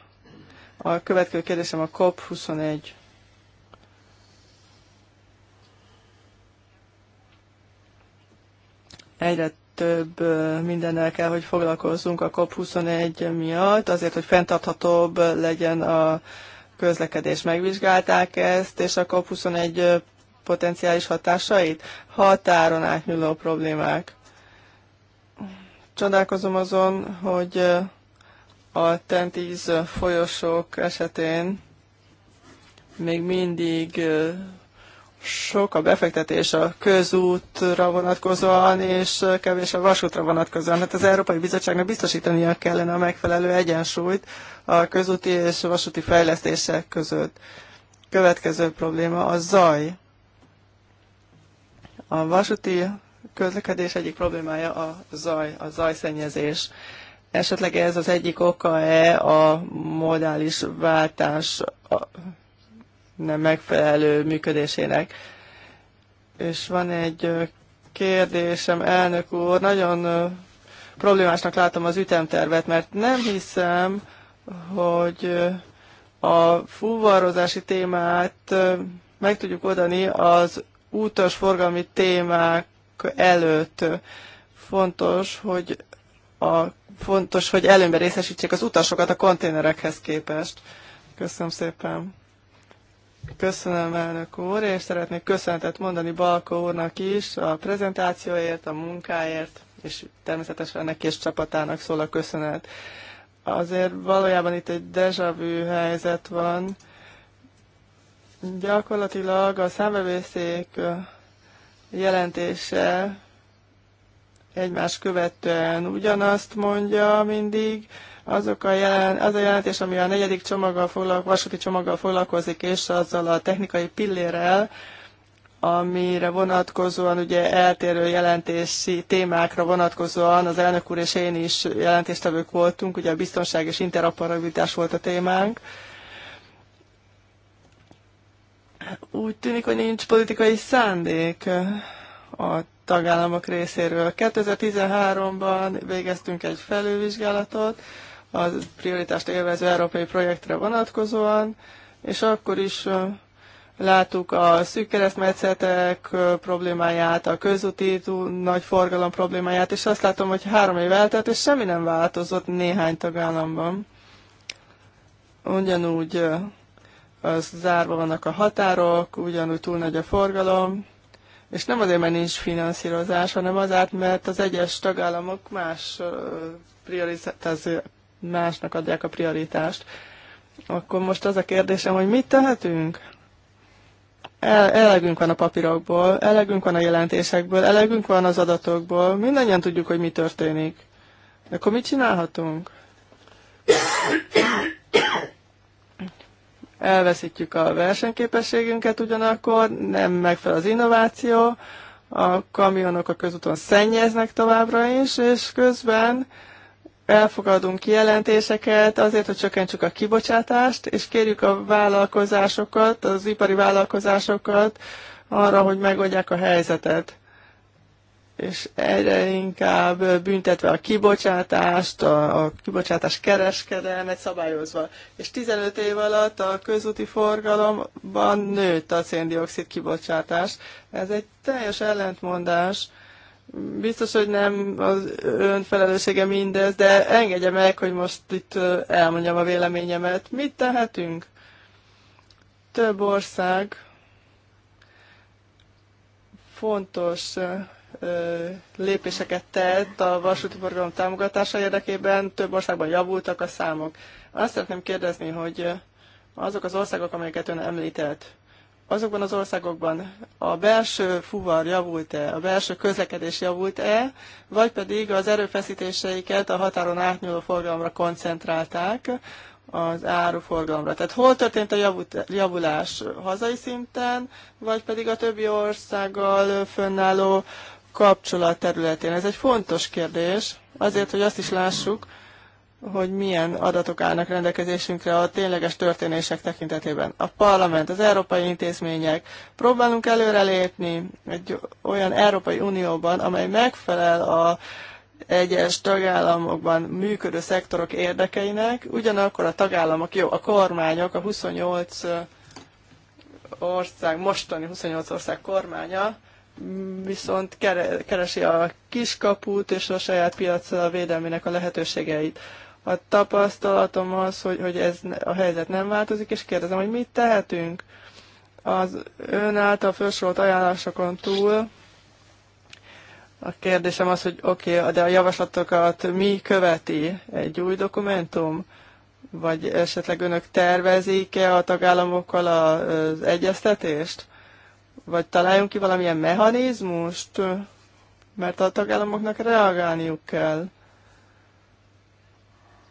A következő kérdésem a COP21. Egyre több mindennel kell, hogy foglalkozzunk a COP21 miatt, azért, hogy fenntarthatóbb legyen a közlekedés. Megvizsgálták ezt, és a COP21 potenciális hatásait? Határon átnyúló problémák. Csodálkozom azon, hogy a tentíz folyosók esetén még mindig sok a befektetés a közútra vonatkozóan, és kevés a vasútra vonatkozóan. Hát az Európai Bizottságnak biztosítania kellene a megfelelő egyensúlyt a közúti és vasúti fejlesztések között. Következő probléma a zaj. A vasúti közlekedés egyik problémája a zaj, a zajszennyezés. Esetleg ez az egyik oka-e a modális váltás nem megfelelő működésének. És van egy kérdésem, elnök úr, nagyon problémásnak látom az ütemtervet, mert nem hiszem, hogy a fuvarozási témát meg tudjuk oldani az útos forgalmi témák előtt. Fontos, hogy a, fontos, hogy előnyben részesítsék az utasokat a konténerekhez képest. Köszönöm szépen. Köszönöm, elnök úr, és szeretnék köszönetet mondani Balko úrnak is a prezentációért, a munkáért, és természetesen neki és csapatának szól a köszönet. Azért valójában itt egy deja vu helyzet van. Gyakorlatilag a számbevészék jelentése egymás követően ugyanazt mondja mindig, azok a jelen, az a jelentés, ami a negyedik csomaggal foglalko, vasúti csomaggal foglalkozik, és azzal a technikai pillérrel, amire vonatkozóan ugye eltérő jelentési témákra vonatkozóan az elnök úr és én is jelentéstevők voltunk, ugye a biztonság és interoperabilitás volt a témánk. Úgy tűnik, hogy nincs politikai szándék a tagállamok részéről. 2013-ban végeztünk egy felülvizsgálatot, a prioritást élvező európai projektre vonatkozóan, és akkor is láttuk a szűk keresztmetszetek problémáját, a közúti nagy forgalom problémáját, és azt látom, hogy három év eltelt, és semmi nem változott néhány tagállamban. Ugyanúgy az zárva vannak a határok, ugyanúgy túl nagy a forgalom, és nem azért, mert nincs finanszírozás, hanem azért, mert az egyes tagállamok más másnak adják a prioritást. Akkor most az a kérdésem, hogy mit tehetünk? El, elegünk van a papírokból, elegünk van a jelentésekből, elegünk van az adatokból, mindannyian tudjuk, hogy mi történik. De akkor mit csinálhatunk? Elveszítjük a versenyképességünket ugyanakkor, nem megfelel az innováció, a kamionok a közúton szennyeznek továbbra is, és közben elfogadunk kijelentéseket azért, hogy csökkentsük a kibocsátást, és kérjük a vállalkozásokat, az ipari vállalkozásokat arra, hogy megoldják a helyzetet. És egyre inkább büntetve a kibocsátást, a, a kibocsátás kereskedelmet szabályozva. És 15 év alatt a közúti forgalomban nőtt a széndiokszid kibocsátás. Ez egy teljes ellentmondás Biztos, hogy nem az felelőssége mindez, de engedje meg, hogy most itt elmondjam a véleményemet. Mit tehetünk? Több ország fontos lépéseket tett a vasúti forgalom támogatása érdekében, több országban javultak a számok. Azt szeretném kérdezni, hogy azok az országok, amelyeket ön említett, azokban az országokban a belső fuvar javult-e, a belső közlekedés javult-e, vagy pedig az erőfeszítéseiket a határon átnyúló forgalomra koncentrálták, az áruforgalomra. Tehát hol történt a javulás hazai szinten, vagy pedig a többi országgal fönnálló kapcsolat területén? Ez egy fontos kérdés, azért, hogy azt is lássuk, hogy milyen adatok állnak rendelkezésünkre a tényleges történések tekintetében. A parlament, az európai intézmények. Próbálunk előrelépni egy olyan Európai Unióban, amely megfelel a egyes tagállamokban működő szektorok érdekeinek, ugyanakkor a tagállamok, jó, a kormányok, a 28 ország, mostani 28 ország kormánya, viszont keresi a kiskaput és a saját piac védelmének a lehetőségeit. A tapasztalatom az, hogy, hogy ez a helyzet nem változik, és kérdezem, hogy mit tehetünk az ön által felsorolt ajánlásokon túl. A kérdésem az, hogy oké, okay, de a javaslatokat mi követi? Egy új dokumentum? Vagy esetleg önök tervezik-e a tagállamokkal az egyeztetést? Vagy találjunk ki valamilyen mechanizmust? Mert a tagállamoknak reagálniuk kell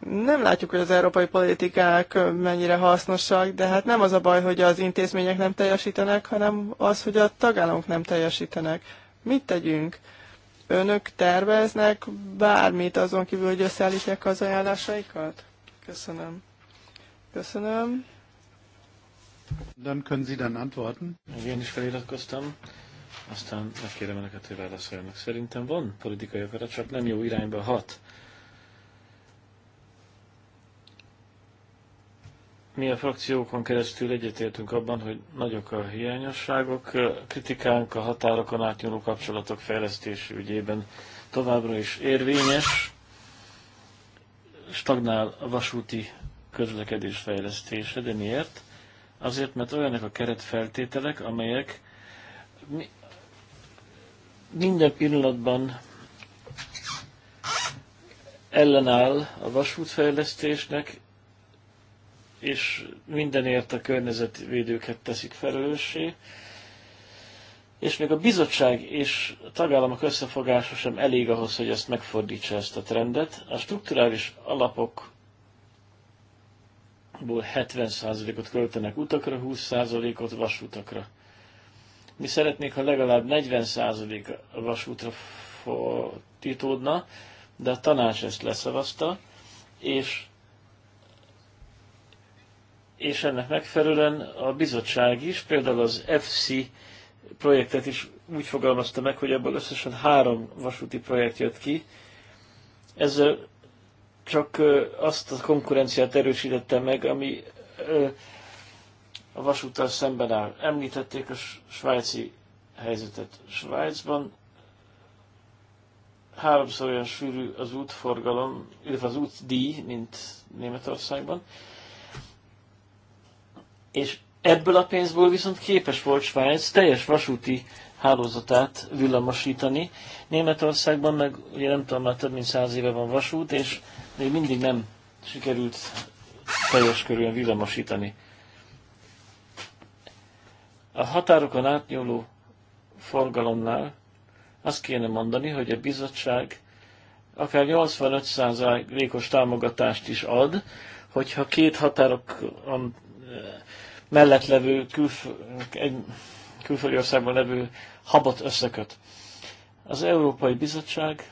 nem látjuk, hogy az európai politikák mennyire hasznosak, de hát nem az a baj, hogy az intézmények nem teljesítenek, hanem az, hogy a tagállamok nem teljesítenek. Mit tegyünk? Önök terveznek bármit azon kívül, hogy összeállítják az ajánlásaikat? Köszönöm. Köszönöm. Dann können Sie dann antworten. Én is feliratkoztam. Aztán megkérem Önöket, hogy válaszoljanak. Szerintem van politikai akarat, csak nem jó irányba hat Mi a frakciókon keresztül egyetértünk abban, hogy nagyok a hiányosságok, kritikánk a határokon átnyúló kapcsolatok fejlesztés ügyében továbbra is érvényes, stagnál a vasúti közlekedés fejlesztése, de miért? Azért, mert olyanok a keretfeltételek, amelyek minden pillanatban ellenáll a vasútfejlesztésnek, és mindenért a környezetvédőket teszik felelőssé, és még a bizottság és a tagállamok összefogása sem elég ahhoz, hogy ezt megfordítsa ezt a trendet. A strukturális alapok 70%-ot költenek utakra, 20%-ot vasutakra. Mi szeretnék, ha legalább 40% vasútra titódna, de a tanács ezt leszavazta, és és ennek megfelelően a bizottság is, például az FC projektet is úgy fogalmazta meg, hogy ebből összesen három vasúti projekt jött ki. Ezzel csak azt a konkurenciát erősítette meg, ami a vasúttal szemben áll. Említették a svájci helyzetet. Svájcban háromszor olyan sűrű az útforgalom, illetve az útdíj, mint Németországban. És ebből a pénzből viszont képes volt Svájc teljes vasúti hálózatát villamosítani. Németországban meg ugye nem tudom, már több mint száz éve van vasút, és még mindig nem sikerült teljes körülön villamosítani. A határokon átnyúló forgalomnál azt kéne mondani, hogy a bizottság akár 85%-os támogatást is ad, hogyha két határokon mellett levő külf egy külföldi országban levő habot összeköt. Az Európai Bizottság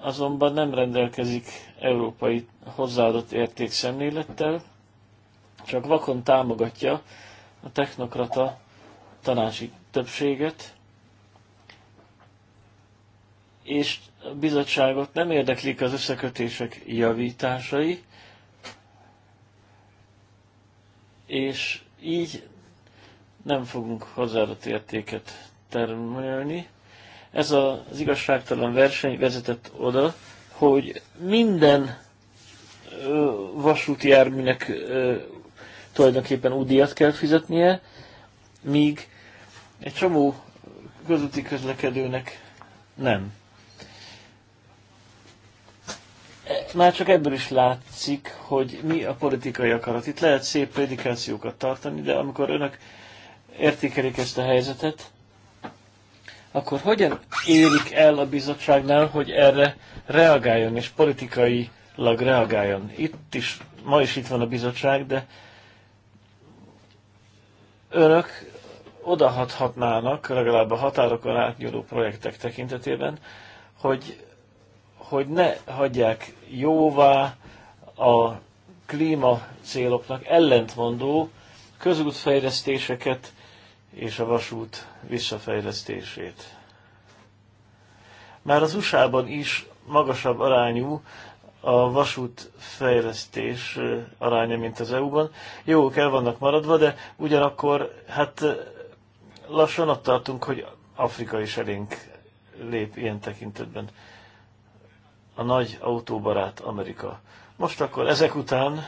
azonban nem rendelkezik európai hozzáadott érték szemlélettel, csak vakon támogatja a technokrata tanácsi többséget, és a bizottságot nem érdeklik az összekötések javításai, és így nem fogunk hozzáadott értéket termelni. Ez az igazságtalan verseny vezetett oda, hogy minden vasúti járműnek tulajdonképpen údiat kell fizetnie, míg egy csomó közúti közlekedőnek nem. Már csak ebből is látszik, hogy mi a politikai akarat. Itt lehet szép prédikációkat tartani, de amikor önök értékelik ezt a helyzetet, akkor hogyan érik el a bizottságnál, hogy erre reagáljon és politikailag reagáljon? Itt is, ma is itt van a bizottság, de önök odahathatnának, legalább a határokon átnyúló projektek tekintetében, hogy hogy ne hagyják jóvá a klíma céloknak ellentmondó közútfejlesztéseket és a vasút visszafejlesztését. Már az USA-ban is magasabb arányú a vasút fejlesztés aránya, mint az EU-ban. Jók el vannak maradva, de ugyanakkor hát lassan ott tartunk, hogy Afrika is elénk lép ilyen tekintetben a nagy autóbarát Amerika. Most akkor ezek után,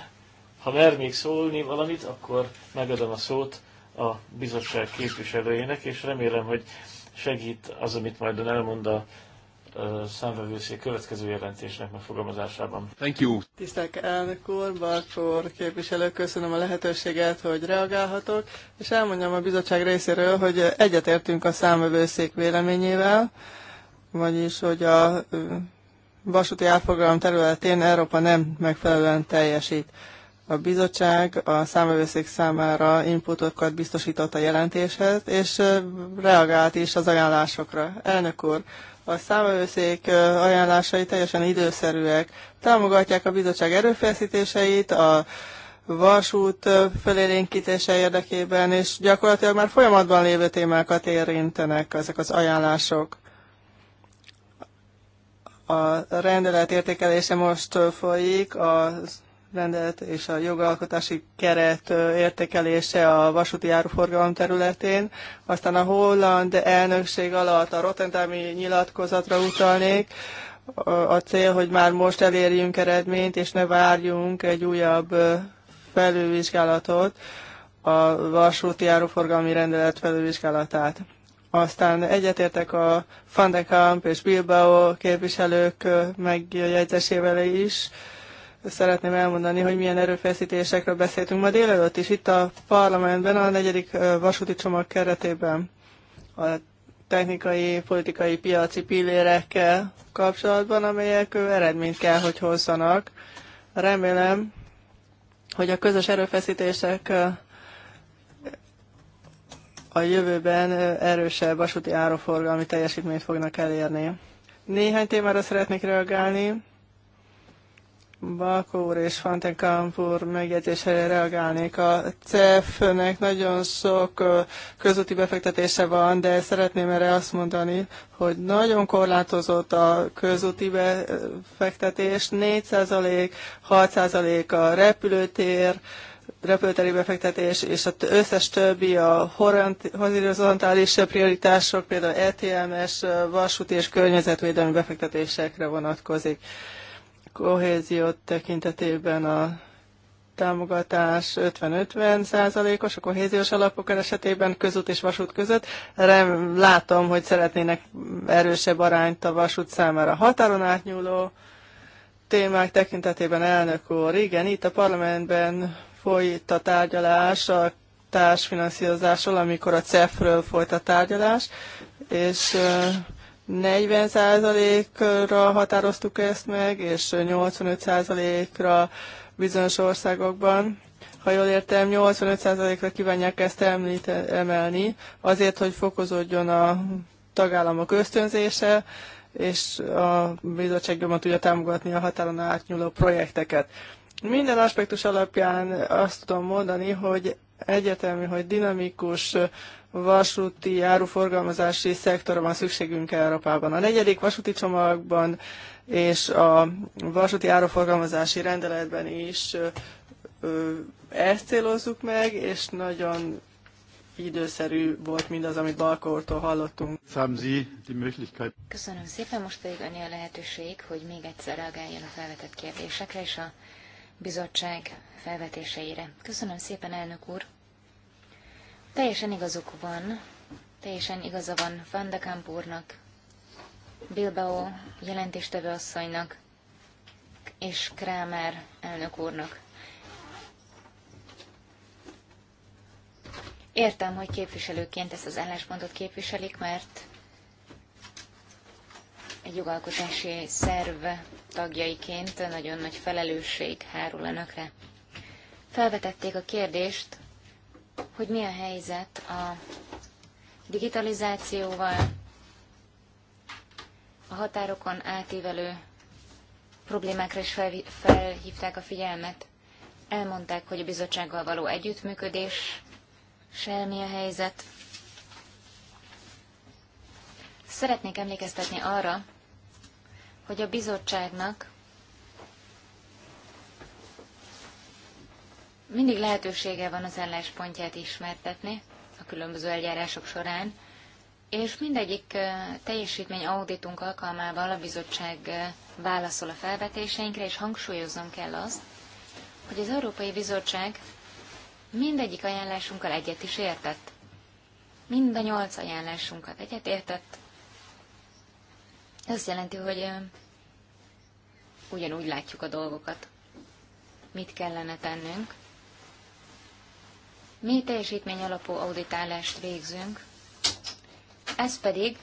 ha mernék szólni valamit, akkor megadom a szót a bizottság képviselőjének, és remélem, hogy segít az, amit majd elmond a számvevőszék következő jelentésnek megfogalmazásában. Thank you. Tisztelt elnök úr, Bartor képviselő, köszönöm a lehetőséget, hogy reagálhatok, és elmondjam a bizottság részéről, hogy egyetértünk a számvevőszék véleményével, vagyis, hogy a vasúti árfogalom területén Európa nem megfelelően teljesít. A bizottság a számvevőszék számára inputokat biztosított a jelentéshez, és reagált is az ajánlásokra. Elnök úr, a számvevőszék ajánlásai teljesen időszerűek. Támogatják a bizottság erőfeszítéseit, a vasút felélénkítése érdekében, és gyakorlatilag már folyamatban lévő témákat érintenek ezek az ajánlások. A rendelet értékelése most folyik, a rendelet és a jogalkotási keret értékelése a vasúti áruforgalom területén. Aztán a holland elnökség alatt a Rotterdami nyilatkozatra utalnék. A cél, hogy már most elérjünk eredményt, és ne várjunk egy újabb felülvizsgálatot, a vasúti áruforgalmi rendelet felülvizsgálatát. Aztán egyetértek a Van de Kamp és Bilbao képviselők megjegyzésével is. Szeretném elmondani, hogy milyen erőfeszítésekről beszéltünk ma délelőtt is itt a parlamentben, a negyedik vasúti csomag keretében. A technikai, politikai, piaci pillérekkel kapcsolatban, amelyek eredményt kell, hogy hozzanak. Remélem, hogy a közös erőfeszítések a jövőben erősebb vasúti áruforgalmi teljesítményt fognak elérni. Néhány témára szeretnék reagálni. Balkó úr és Fantenkampur úr megjegyzésére reagálnék. A CEF-nek nagyon sok közúti befektetése van, de szeretném erre azt mondani, hogy nagyon korlátozott a közúti befektetés, 4%, 6% a repülőtér, repülőteri befektetés, és az összes többi a horizontális prioritások, például ETMS, vasúti és környezetvédelmi befektetésekre vonatkozik. Kohéziót tekintetében a támogatás 50-50 százalékos a kohéziós alapok esetében közút és vasút között. Rem, látom, hogy szeretnének erősebb arányt a vasút számára. Határon átnyúló témák tekintetében elnök úr, igen, itt a parlamentben folyt a tárgyalás a társfinanszírozásról, amikor a CEF-ről folyt a tárgyalás, és 40%-ra határoztuk ezt meg, és 85%-ra bizonyos országokban. Ha jól értem, 85%-ra kívánják ezt emelni, azért, hogy fokozódjon a tagállamok ösztönzése, és a bizottság tudja támogatni a határon átnyúló projekteket. Minden aspektus alapján azt tudom mondani, hogy egyetemű, hogy dinamikus vasúti áruforgalmazási szektorra van szükségünk Európában. A negyedik vasúti csomagban és a vasúti áruforgalmazási rendeletben is ezt célozzuk meg, és nagyon időszerű volt mindaz, amit Balkortól hallottunk. Köszönöm szépen, most pedig annyi a lehetőség, hogy még egyszer reagáljon a felvetett kérdésekre, és a bizottság felvetéseire. Köszönöm szépen, elnök úr! Teljesen igazuk van, teljesen igaza van Van de Kamp úrnak, Bilbao jelentéstevő asszonynak és Krámer elnök úrnak. Értem, hogy képviselőként ezt az álláspontot képviselik, mert egy jogalkotási szerv tagjaiként nagyon nagy felelősség hárul önökre. Felvetették a kérdést, hogy mi a helyzet a digitalizációval, a határokon átívelő problémákra is felhívták a figyelmet. Elmondták, hogy a bizottsággal való együttműködés semmi a helyzet. Szeretnék emlékeztetni arra, hogy a bizottságnak mindig lehetősége van az álláspontját ismertetni a különböző eljárások során, és mindegyik teljesítmény auditunk alkalmával a bizottság válaszol a felvetéseinkre, és hangsúlyoznom kell azt, hogy az Európai Bizottság mindegyik ajánlásunkkal egyet is értett. Mind a nyolc ajánlásunkat egyet értett, ez azt jelenti, hogy ugyanúgy látjuk a dolgokat. Mit kellene tennünk? Mi teljesítmény alapú auditálást végzünk, ez pedig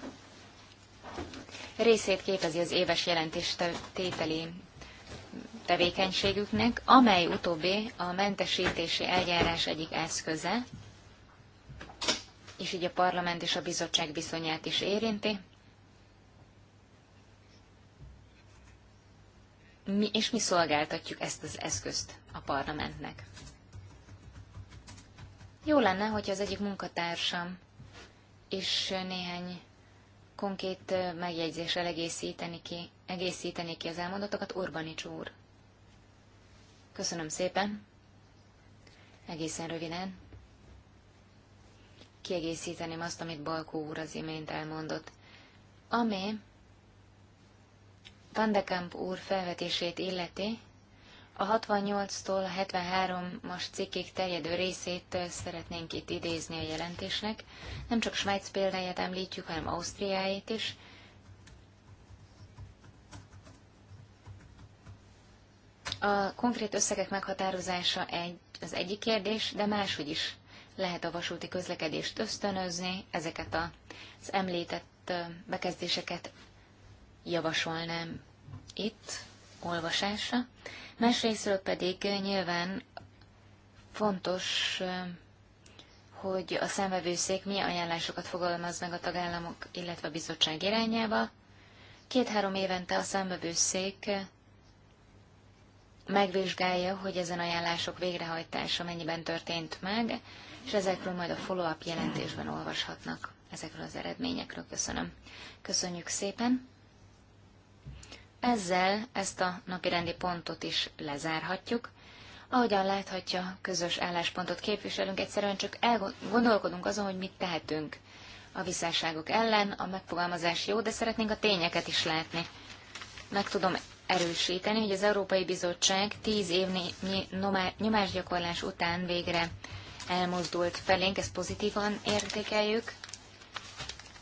részét képezi az éves jelentés tételi tevékenységüknek, amely utóbbi a mentesítési eljárás egyik eszköze, és így a parlament és a bizottság viszonyát is érinti. mi, és mi szolgáltatjuk ezt az eszközt a parlamentnek. Jó lenne, hogy az egyik munkatársam is néhány konkrét megjegyzéssel egészíteni ki, egészíteni ki az elmondatokat. Urbanics úr. Köszönöm szépen. Egészen röviden. Kiegészíteném azt, amit Balkó úr az imént elmondott. Ami Pandekamp úr felvetését illeti, a 68-tól 73-as cikkig terjedő részét szeretnénk itt idézni a jelentésnek. Nem csak Svájc példáját említjük, hanem Ausztriáit is. A konkrét összegek meghatározása egy, az egyik kérdés, de máshogy is lehet a vasúti közlekedést ösztönözni, ezeket az említett bekezdéseket javasolnám itt olvasásra, másrésztről pedig nyilván fontos, hogy a szemvevőszék milyen ajánlásokat fogalmaz meg a tagállamok, illetve a bizottság irányába. Két-három évente a szemvevőszék megvizsgálja, hogy ezen ajánlások végrehajtása mennyiben történt meg, és ezekről majd a follow-up jelentésben olvashatnak ezekről az eredményekről. Köszönöm. Köszönjük szépen! Ezzel ezt a napirendi pontot is lezárhatjuk. Ahogyan láthatja, közös álláspontot képviselünk, egyszerűen csak elgondolkodunk azon, hogy mit tehetünk a visszáságok ellen, a megfogalmazás jó, de szeretnénk a tényeket is látni. Meg tudom erősíteni, hogy az Európai Bizottság tíz évnyi nyomásgyakorlás után végre elmozdult felénk, ezt pozitívan értékeljük,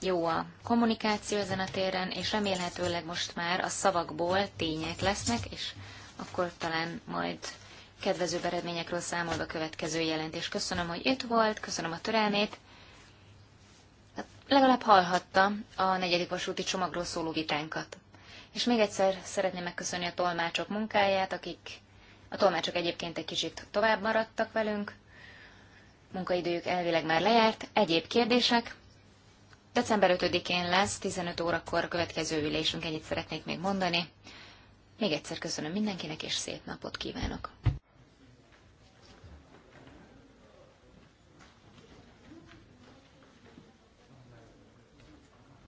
jó a kommunikáció ezen a téren, és remélhetőleg most már a szavakból tények lesznek, és akkor talán majd kedvező eredményekről számol a következő jelentés. Köszönöm, hogy itt volt, köszönöm a türelmét. Hát legalább hallhatta a negyedik vasúti csomagról szóló vitánkat. És még egyszer szeretném megköszönni a tolmácsok munkáját, akik a tolmácsok egyébként egy kicsit tovább maradtak velünk. Munkaidőjük elvileg már lejárt. Egyéb kérdések? December 5-én lesz, 15 órakor a következő ülésünk, ennyit szeretnék még mondani. Még egyszer köszönöm mindenkinek, és szép napot kívánok!